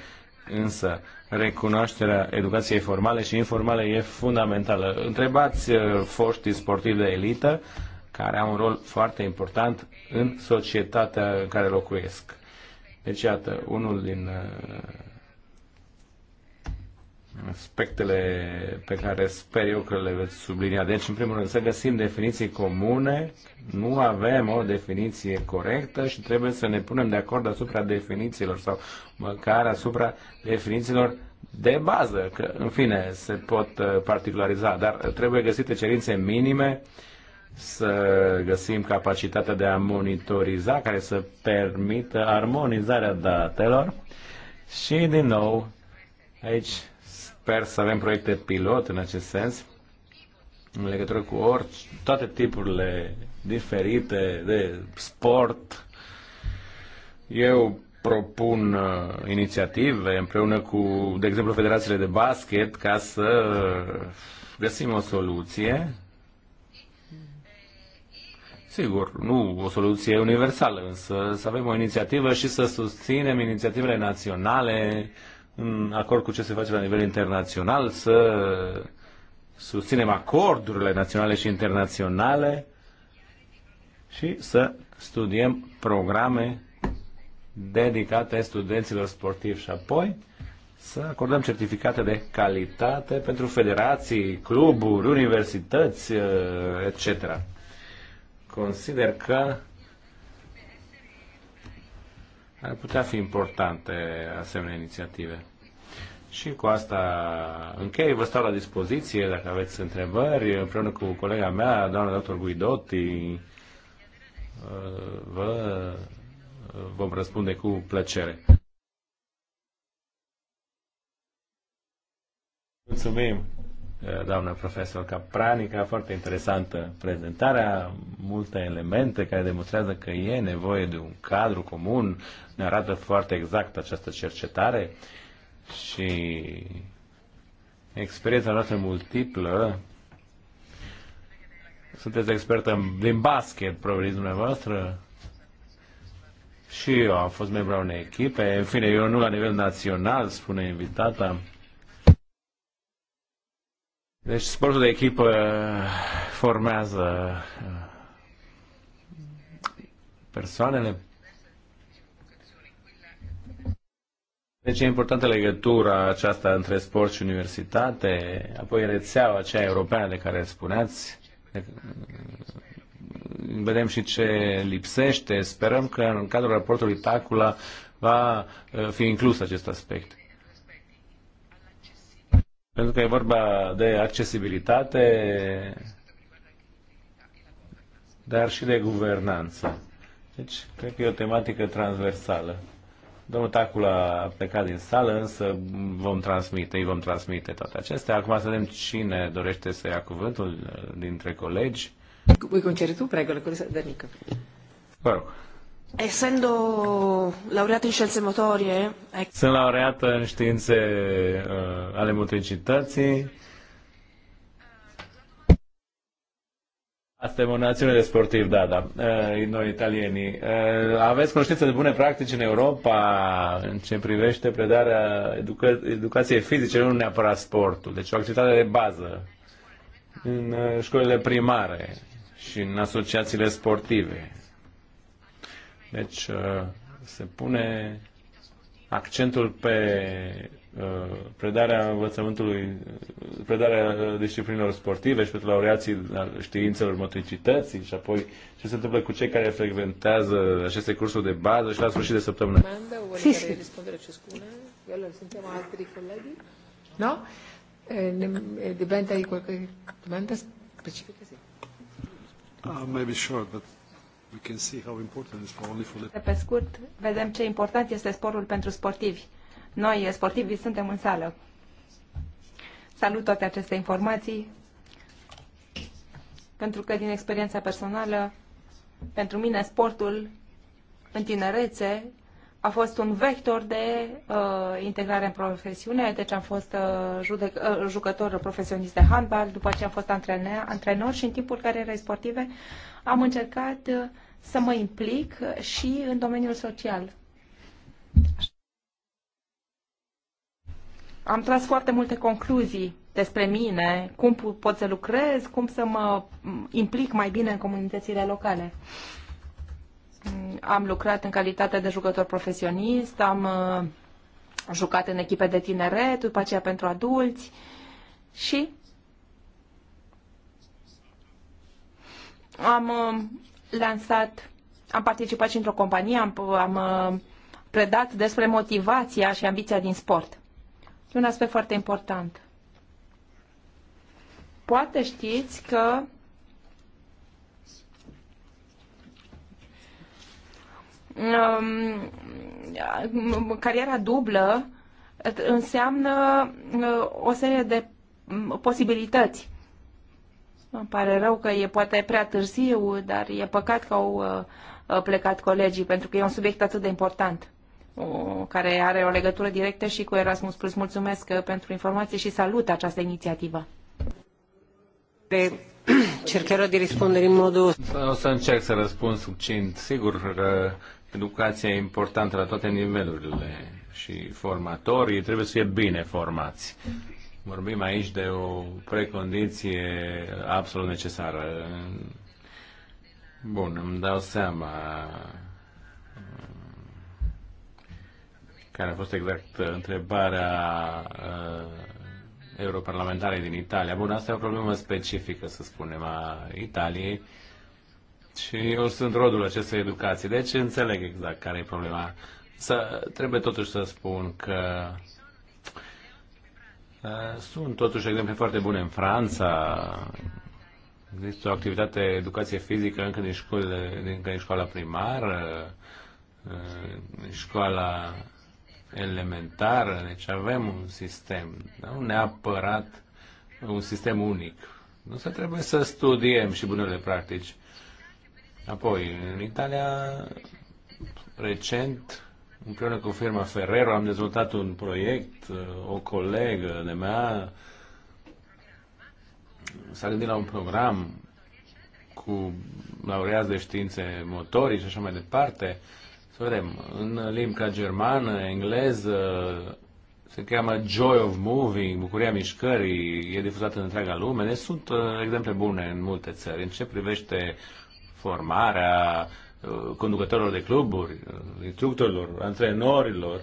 însă recunoașterea educației formale și informale e fundamentală. Întrebați uh, foștii sportivi de elită, care au un rol foarte important în societatea în care locuiesc. Deci, iată, unul din uh, aspectele pe care sper eu că le veți sublinia. Deci, în primul rând, să găsim definiții comune. Nu avem o definiție corectă și trebuie să ne punem de acord asupra definițiilor sau măcar asupra definițiilor de bază, că, în fine, se pot uh, particulariza, dar trebuie găsite cerințe minime uh, să găsim capacitatea de a monitoriza, care să permită armonizarea datelor și, din nou, aici sper să avem proiecte pilot în acest sens, în legătură cu orice, toate tipurile diferite de sport. Eu propun uh, inițiative împreună cu, de exemplu, federațiile de basket ca să uh, găsim o soluție Sigur, nu o soluție universală, însă să avem o inițiativă și să susținem inițiativele naționale în acord cu ce se face la nivel internațional, să susținem acordurile naționale și internaționale și să studiem programe dedicate studenților sportivi și apoi să acordăm certificate de calitate pentru federații, cluburi, universități, eh, etc consider că ar putea fi importante asemenea inițiative. Și cu asta închei, vă stau la dispoziție dacă aveți întrebări, împreună cu colega mea, doamna dr. Guidotti, vă vom răspunde cu plăcere. Mulțumim! Eh, doamna profesor Capranica, foarte interesantă prezentarea, multe elemente care demonstrează că e nevoie de un cadru comun, ne arată foarte exact această cercetare și experiența noastră multiplă. Sunteți expertă din basket, probabil, dumneavoastră? Și eu am fost membru a unei echipe, în fine, eu nu la nivel național, spune invitata. Deci sportul de echipă uh, formează uh, persoanele. Deci e importantă legătura aceasta între sport și universitate, apoi rețeaua aceea europeană de care spuneați. Vedem și ce lipsește. Sperăm că în cadrul raportului TACULA va uh, fi inclus acest aspect. Pentru că e vorba de accesibilitate, dar și de guvernanță. Deci, cred că e o tematică transversală. Domnul Tacul a plecat din sală, însă vom transmite, îi vom transmite toate acestea. Acum să vedem cine dorește să ia cuvântul uh, dintre colegi. Voi conceri tu, prego, la Vă rog. Essendo laureata în științe motorie... Sunt laureată în științe uh, ale motricității. Asta e o națiune de sportiv, da, da, uh, noi italienii. Uh, aveți cunoștințe de bune practici în Europa în ce privește predarea educa- educației fizice, nu neapărat sportul, deci o activitate de bază în uh, școlile primare și în asociațiile sportive deci uh, se pune accentul pe uh, predarea învățământului, predarea disciplinelor sportive și pentru laureații științelor motricității și apoi ce se întâmplă cu cei care frecventează aceste cursuri de bază și la sfârșit de săptămână. Sí, sí. No? Eh, eh diventa di Uh, maybe short, but pe scurt, vedem ce important este sportul pentru sportivi. Noi, sportivii, suntem în sală. Salut toate aceste informații, pentru că din experiența personală, pentru mine sportul în tinerețe a fost un vector de uh, integrare în profesiune, deci am fost uh, judec, uh, jucător profesionist de handbal, după ce am fost antrenor, antrenor și în timpul carierei sportive am încercat uh, să mă implic și în domeniul social. Am tras foarte multe concluzii despre mine, cum pot să lucrez, cum să mă implic mai bine în comunitățile locale. Am lucrat în calitate de jucător profesionist, am uh, jucat în echipe de tineret, după aceea pentru adulți și am uh, lansat, am participat și într-o companie, am, am uh, predat despre motivația și ambiția din sport. E un aspect foarte important. Poate știți că um, cariera dublă înseamnă uh, o serie de um, posibilități îmi pare rău că e poate prea târziu, dar e păcat că au uh, plecat colegii, pentru că e un subiect atât de important, care are o legătură directă și cu Erasmus+. Plus. Mulțumesc uh, pentru informații și salut această inițiativă. De cercherò de răspundere în modul. O să încerc să răspund succint. Sigur, educația e importantă la toate nivelurile și formatorii trebuie să fie bine formați. Vorbim aici de o precondiție absolut necesară. Bun, îmi dau seama care a fost exact întrebarea uh, europarlamentare din Italia. Bun, asta e o problemă specifică, să spunem, a Italiei. Și eu sunt rodul acestei educații, deci înțeleg exact care e problema. Să, trebuie totuși să spun că Uh, sunt totuși exemple foarte bune în Franța. Există o activitate educație fizică încă din, școlile, încă din școala primară, uh, școala elementară, deci avem un sistem, nu neapărat un sistem unic. Nu se trebuie să studiem și bunele practici. Apoi, în Italia, recent, Împreună cu firma Ferrero am dezvoltat un proiect, uh, o colegă de mea s-a gândit la un program cu laureați de științe motorii și așa mai departe. Să vedem, în limba germană, engleză, se cheamă Joy of Moving, Bucuria Mișcării, e difuzată în întreaga lume. Deci sunt uh, exemple bune în multe țări. În ce privește formarea, Uh, conducătorilor de cluburi, uh, instructorilor, antrenorilor,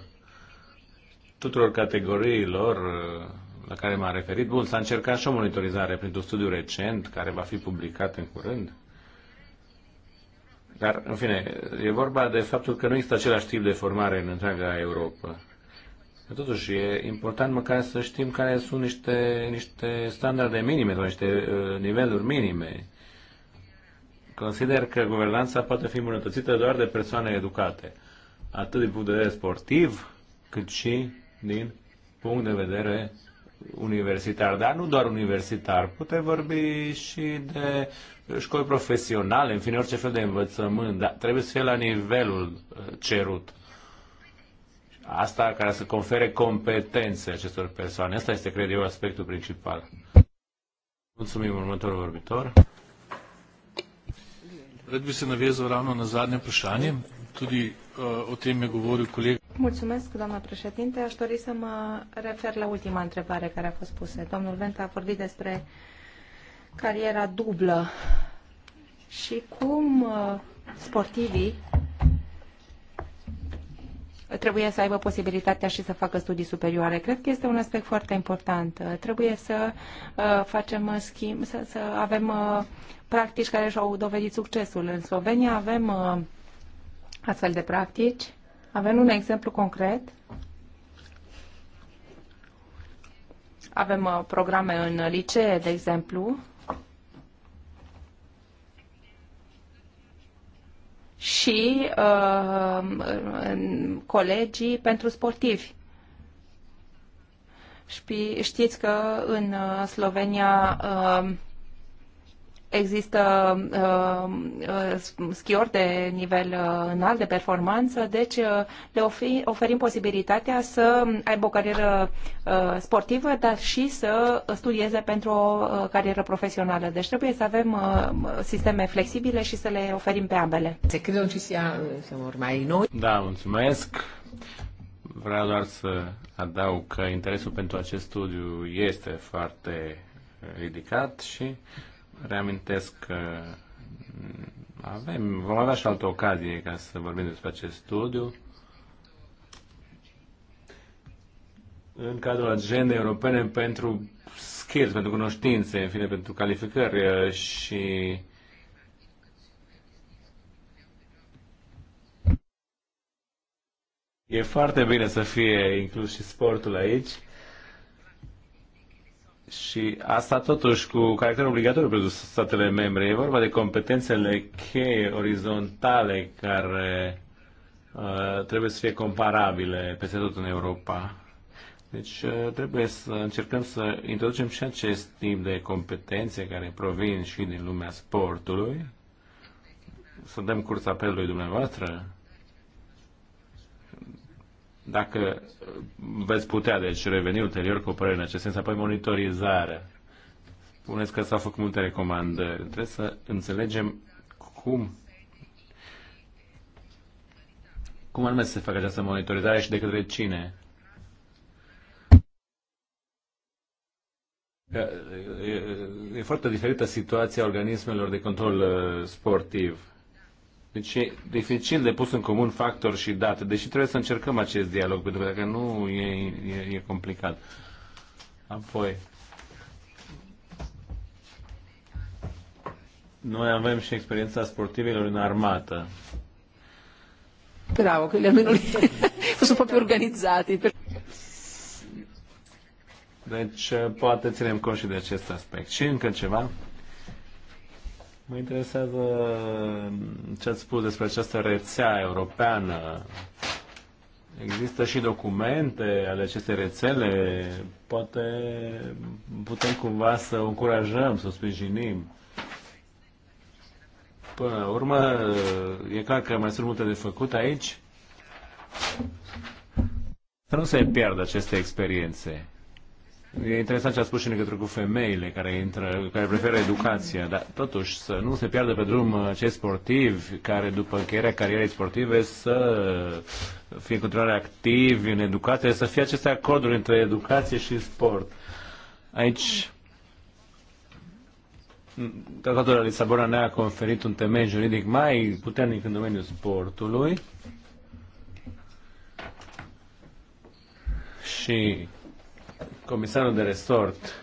tuturor categoriilor uh, la care m a referit. Bun, s-a încercat și o monitorizare printr-un studiu recent care va fi publicat în curând. Dar, în fine, e vorba de faptul că nu există același tip de formare în întreaga Europa. Totuși, e important măcar să știm care sunt niște, niște standarde minime sau niște uh, niveluri minime Consider că guvernanța poate fi îmbunătățită doar de persoane educate, atât din punct de vedere sportiv, cât și din punct de vedere universitar, dar nu doar universitar, putem vorbi și de școli profesionale, în fine orice fel de învățământ, dar trebuie să fie la nivelul uh, cerut. Asta care să confere competențe acestor persoane. Asta este, cred eu, aspectul principal. Mulțumim următorul vorbitor. Rad bi se navezal ravno na zadnje vprašanje. Tudi uh, o tem je govoril coleg. Mulțumesc, doamna președinte. Aș dori să mă refer la ultima întrebare care a fost pusă. Domnul Venta a vorbit despre cariera dublă și cum uh, sportivii trebuie să aibă posibilitatea și să facă studii superioare. Cred că este un aspect foarte important. Trebuie să uh, facem uh, schimb, să, să avem uh, practici care și-au dovedit succesul. În Slovenia avem astfel de practici. Avem un exemplu concret. Avem programe în licee, de exemplu, și uh, colegii pentru sportivi. Știți că în uh, Slovenia uh, există uh, uh, schiori de nivel uh, înalt de performanță, deci uh, le ofi, oferim posibilitatea să aibă o carieră uh, sportivă, dar și să studieze pentru o carieră profesională. Deci trebuie să avem uh, sisteme flexibile și să le oferim pe ambele. Se cred o să mai ormai noi. Da, mulțumesc. Vreau doar să adaug că interesul pentru acest studiu este foarte ridicat și reamintesc că avem, vom avea și altă ocazie ca să vorbim despre acest studiu. În cadrul agendei europene pentru skills, pentru cunoștințe, în fine, pentru calificări uh, și E foarte bine să fie inclus și sportul aici. Și asta totuși cu caracter obligatoriu pentru statele membre. E vorba de competențele cheie orizontale care uh, trebuie să fie comparabile peste tot în Europa. Deci uh, trebuie să încercăm să introducem și acest tip de competențe care provin și din lumea sportului, să dăm curs apelului dumneavoastră dacă veți putea, deci, reveni ulterior cu o părere în acest sens, apoi monitorizarea. Spuneți că s-au făcut multe recomandări. Trebuie să înțelegem cum cum anume se facă această monitorizare și de către cine? E, e, e foarte diferită situația organismelor de control uh, sportiv. Deci e dificil de pus în comun factor și date, deși trebuie să încercăm acest dialog, pentru că dacă nu e, e, e complicat. Apoi, noi avem și experiența sportivilor în armată. Bravo, quelli almeno lì sunt [laughs] proprio organizzati. Deci, poate ținem cont și de acest aspect. Și încă ceva? Mă interesează uh, ce ați spus despre această rețea europeană. Există și documente ale acestei rețele. Poate putem cumva să o încurajăm, să o sprijinim. Până la urmă, uh, e clar că mai sunt multe de făcut aici. Să nu se pierdă aceste experiențe. E interesant ce a spus și în legătură cu femeile care, intră, care preferă educația, dar totuși să nu se piardă pe drum uh, cei sportivi care după încheierea carierei sportive să fie în continuare activi în educație, să fie aceste acorduri între educație și sport. Aici Tratatul de la Lisabona ne-a conferit un temei juridic mai puternic în domeniul sportului și comisarul de resort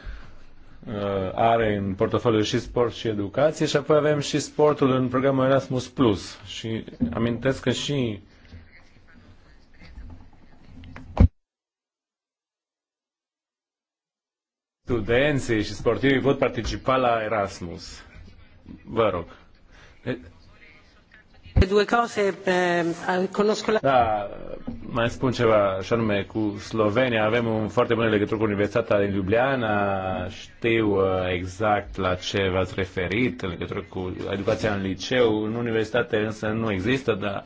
uh, are în portofoliu și sport și educație și apoi avem și sportul în programul Erasmus Plus. Și amintesc că și studenții și sportivii pot participa la Erasmus. Vă rog. Due cose, eh, conosco la... Da, mai spun ceva, și anume cu Slovenia avem un foarte bun legătură cu Universitatea din Ljubljana, știu uh, exact la ce v-ați referit în legătură cu educația în liceu, în universitate însă nu există, dar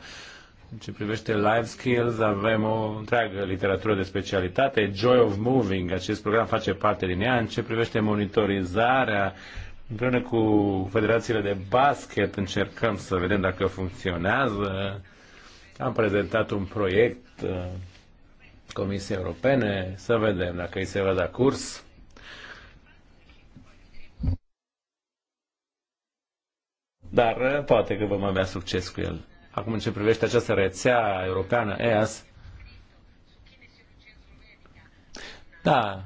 în ce privește life skills avem o întreagă literatură de specialitate, Joy of Moving, acest program face parte din ea, în ce privește monitorizarea, Împreună cu federațiile de basket încercăm să vedem dacă funcționează. Am prezentat un proiect uh, Comisiei Europene să vedem dacă îi se va da curs. Dar uh, poate că vom avea succes cu el. Acum, în ce privește această rețea europeană EAS, da,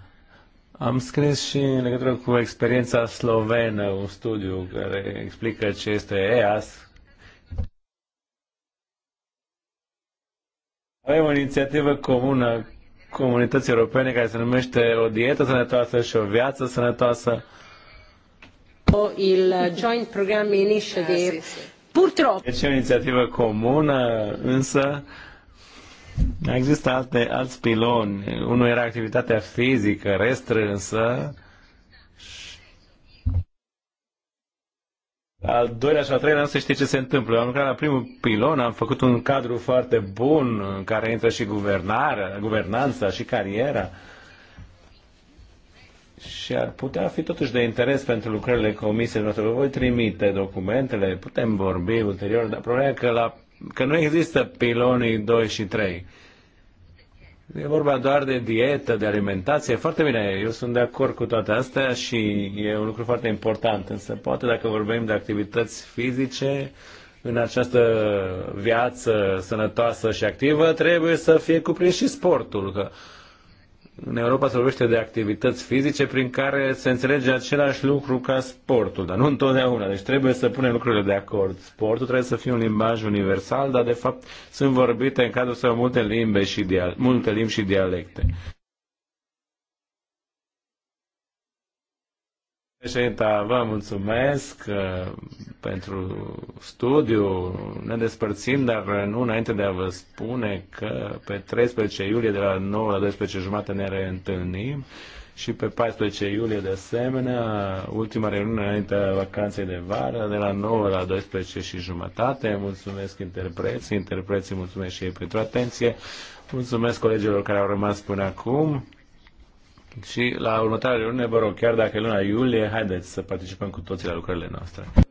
am scris și în legătură cu experiența slovenă un studiu care explică ce este EAS. Avem o inițiativă comună comunității europene care se numește o dietă sănătoasă și o viață sănătoasă. Il Joint Program Initiative. Purtroppo. Deci e o inițiativă comună, însă Există alte, alți piloni. Unul era activitatea fizică restrânsă, al doilea și al treilea nu se știe ce se întâmplă. Am lucrat la primul pilon, am făcut un cadru foarte bun în care intră și guvernarea, guvernanța și cariera. Și ar putea fi totuși de interes pentru lucrările comisiei noastre. voi trimite documentele, putem vorbi ulterior, dar problema e că la că nu există pilonii 2 și 3. E vorba doar de dietă, de alimentație. Foarte bine, eu sunt de acord cu toate astea și e un lucru foarte important. Însă poate dacă vorbim de activități fizice, în această viață sănătoasă și activă, trebuie să fie cuprins și sportul. Că în Europa se vorbește de activități fizice prin care se înțelege același lucru ca sportul, dar nu întotdeauna. Deci trebuie să punem lucrurile de acord. Sportul trebuie să fie un limbaj universal, dar de fapt sunt vorbite în cadrul său multe limbi și, multe limbi și dialecte. Președinta, vă mulțumesc uh, pentru studiu. Ne despărțim, dar nu înainte de a vă spune că pe 13 iulie de la 9 la 12 jumate ne reîntâlnim și pe 14 iulie de asemenea, ultima reuniune înaintea vacanței de vară, de la 9 la 12 și jumătate. Mulțumesc interpreții, interpreții mulțumesc și ei pentru atenție. Mulțumesc colegilor care au rămas până acum. Și la următoarea reuniune, vă rog, chiar dacă e luna iulie, haideți să participăm cu toții la lucrările noastre.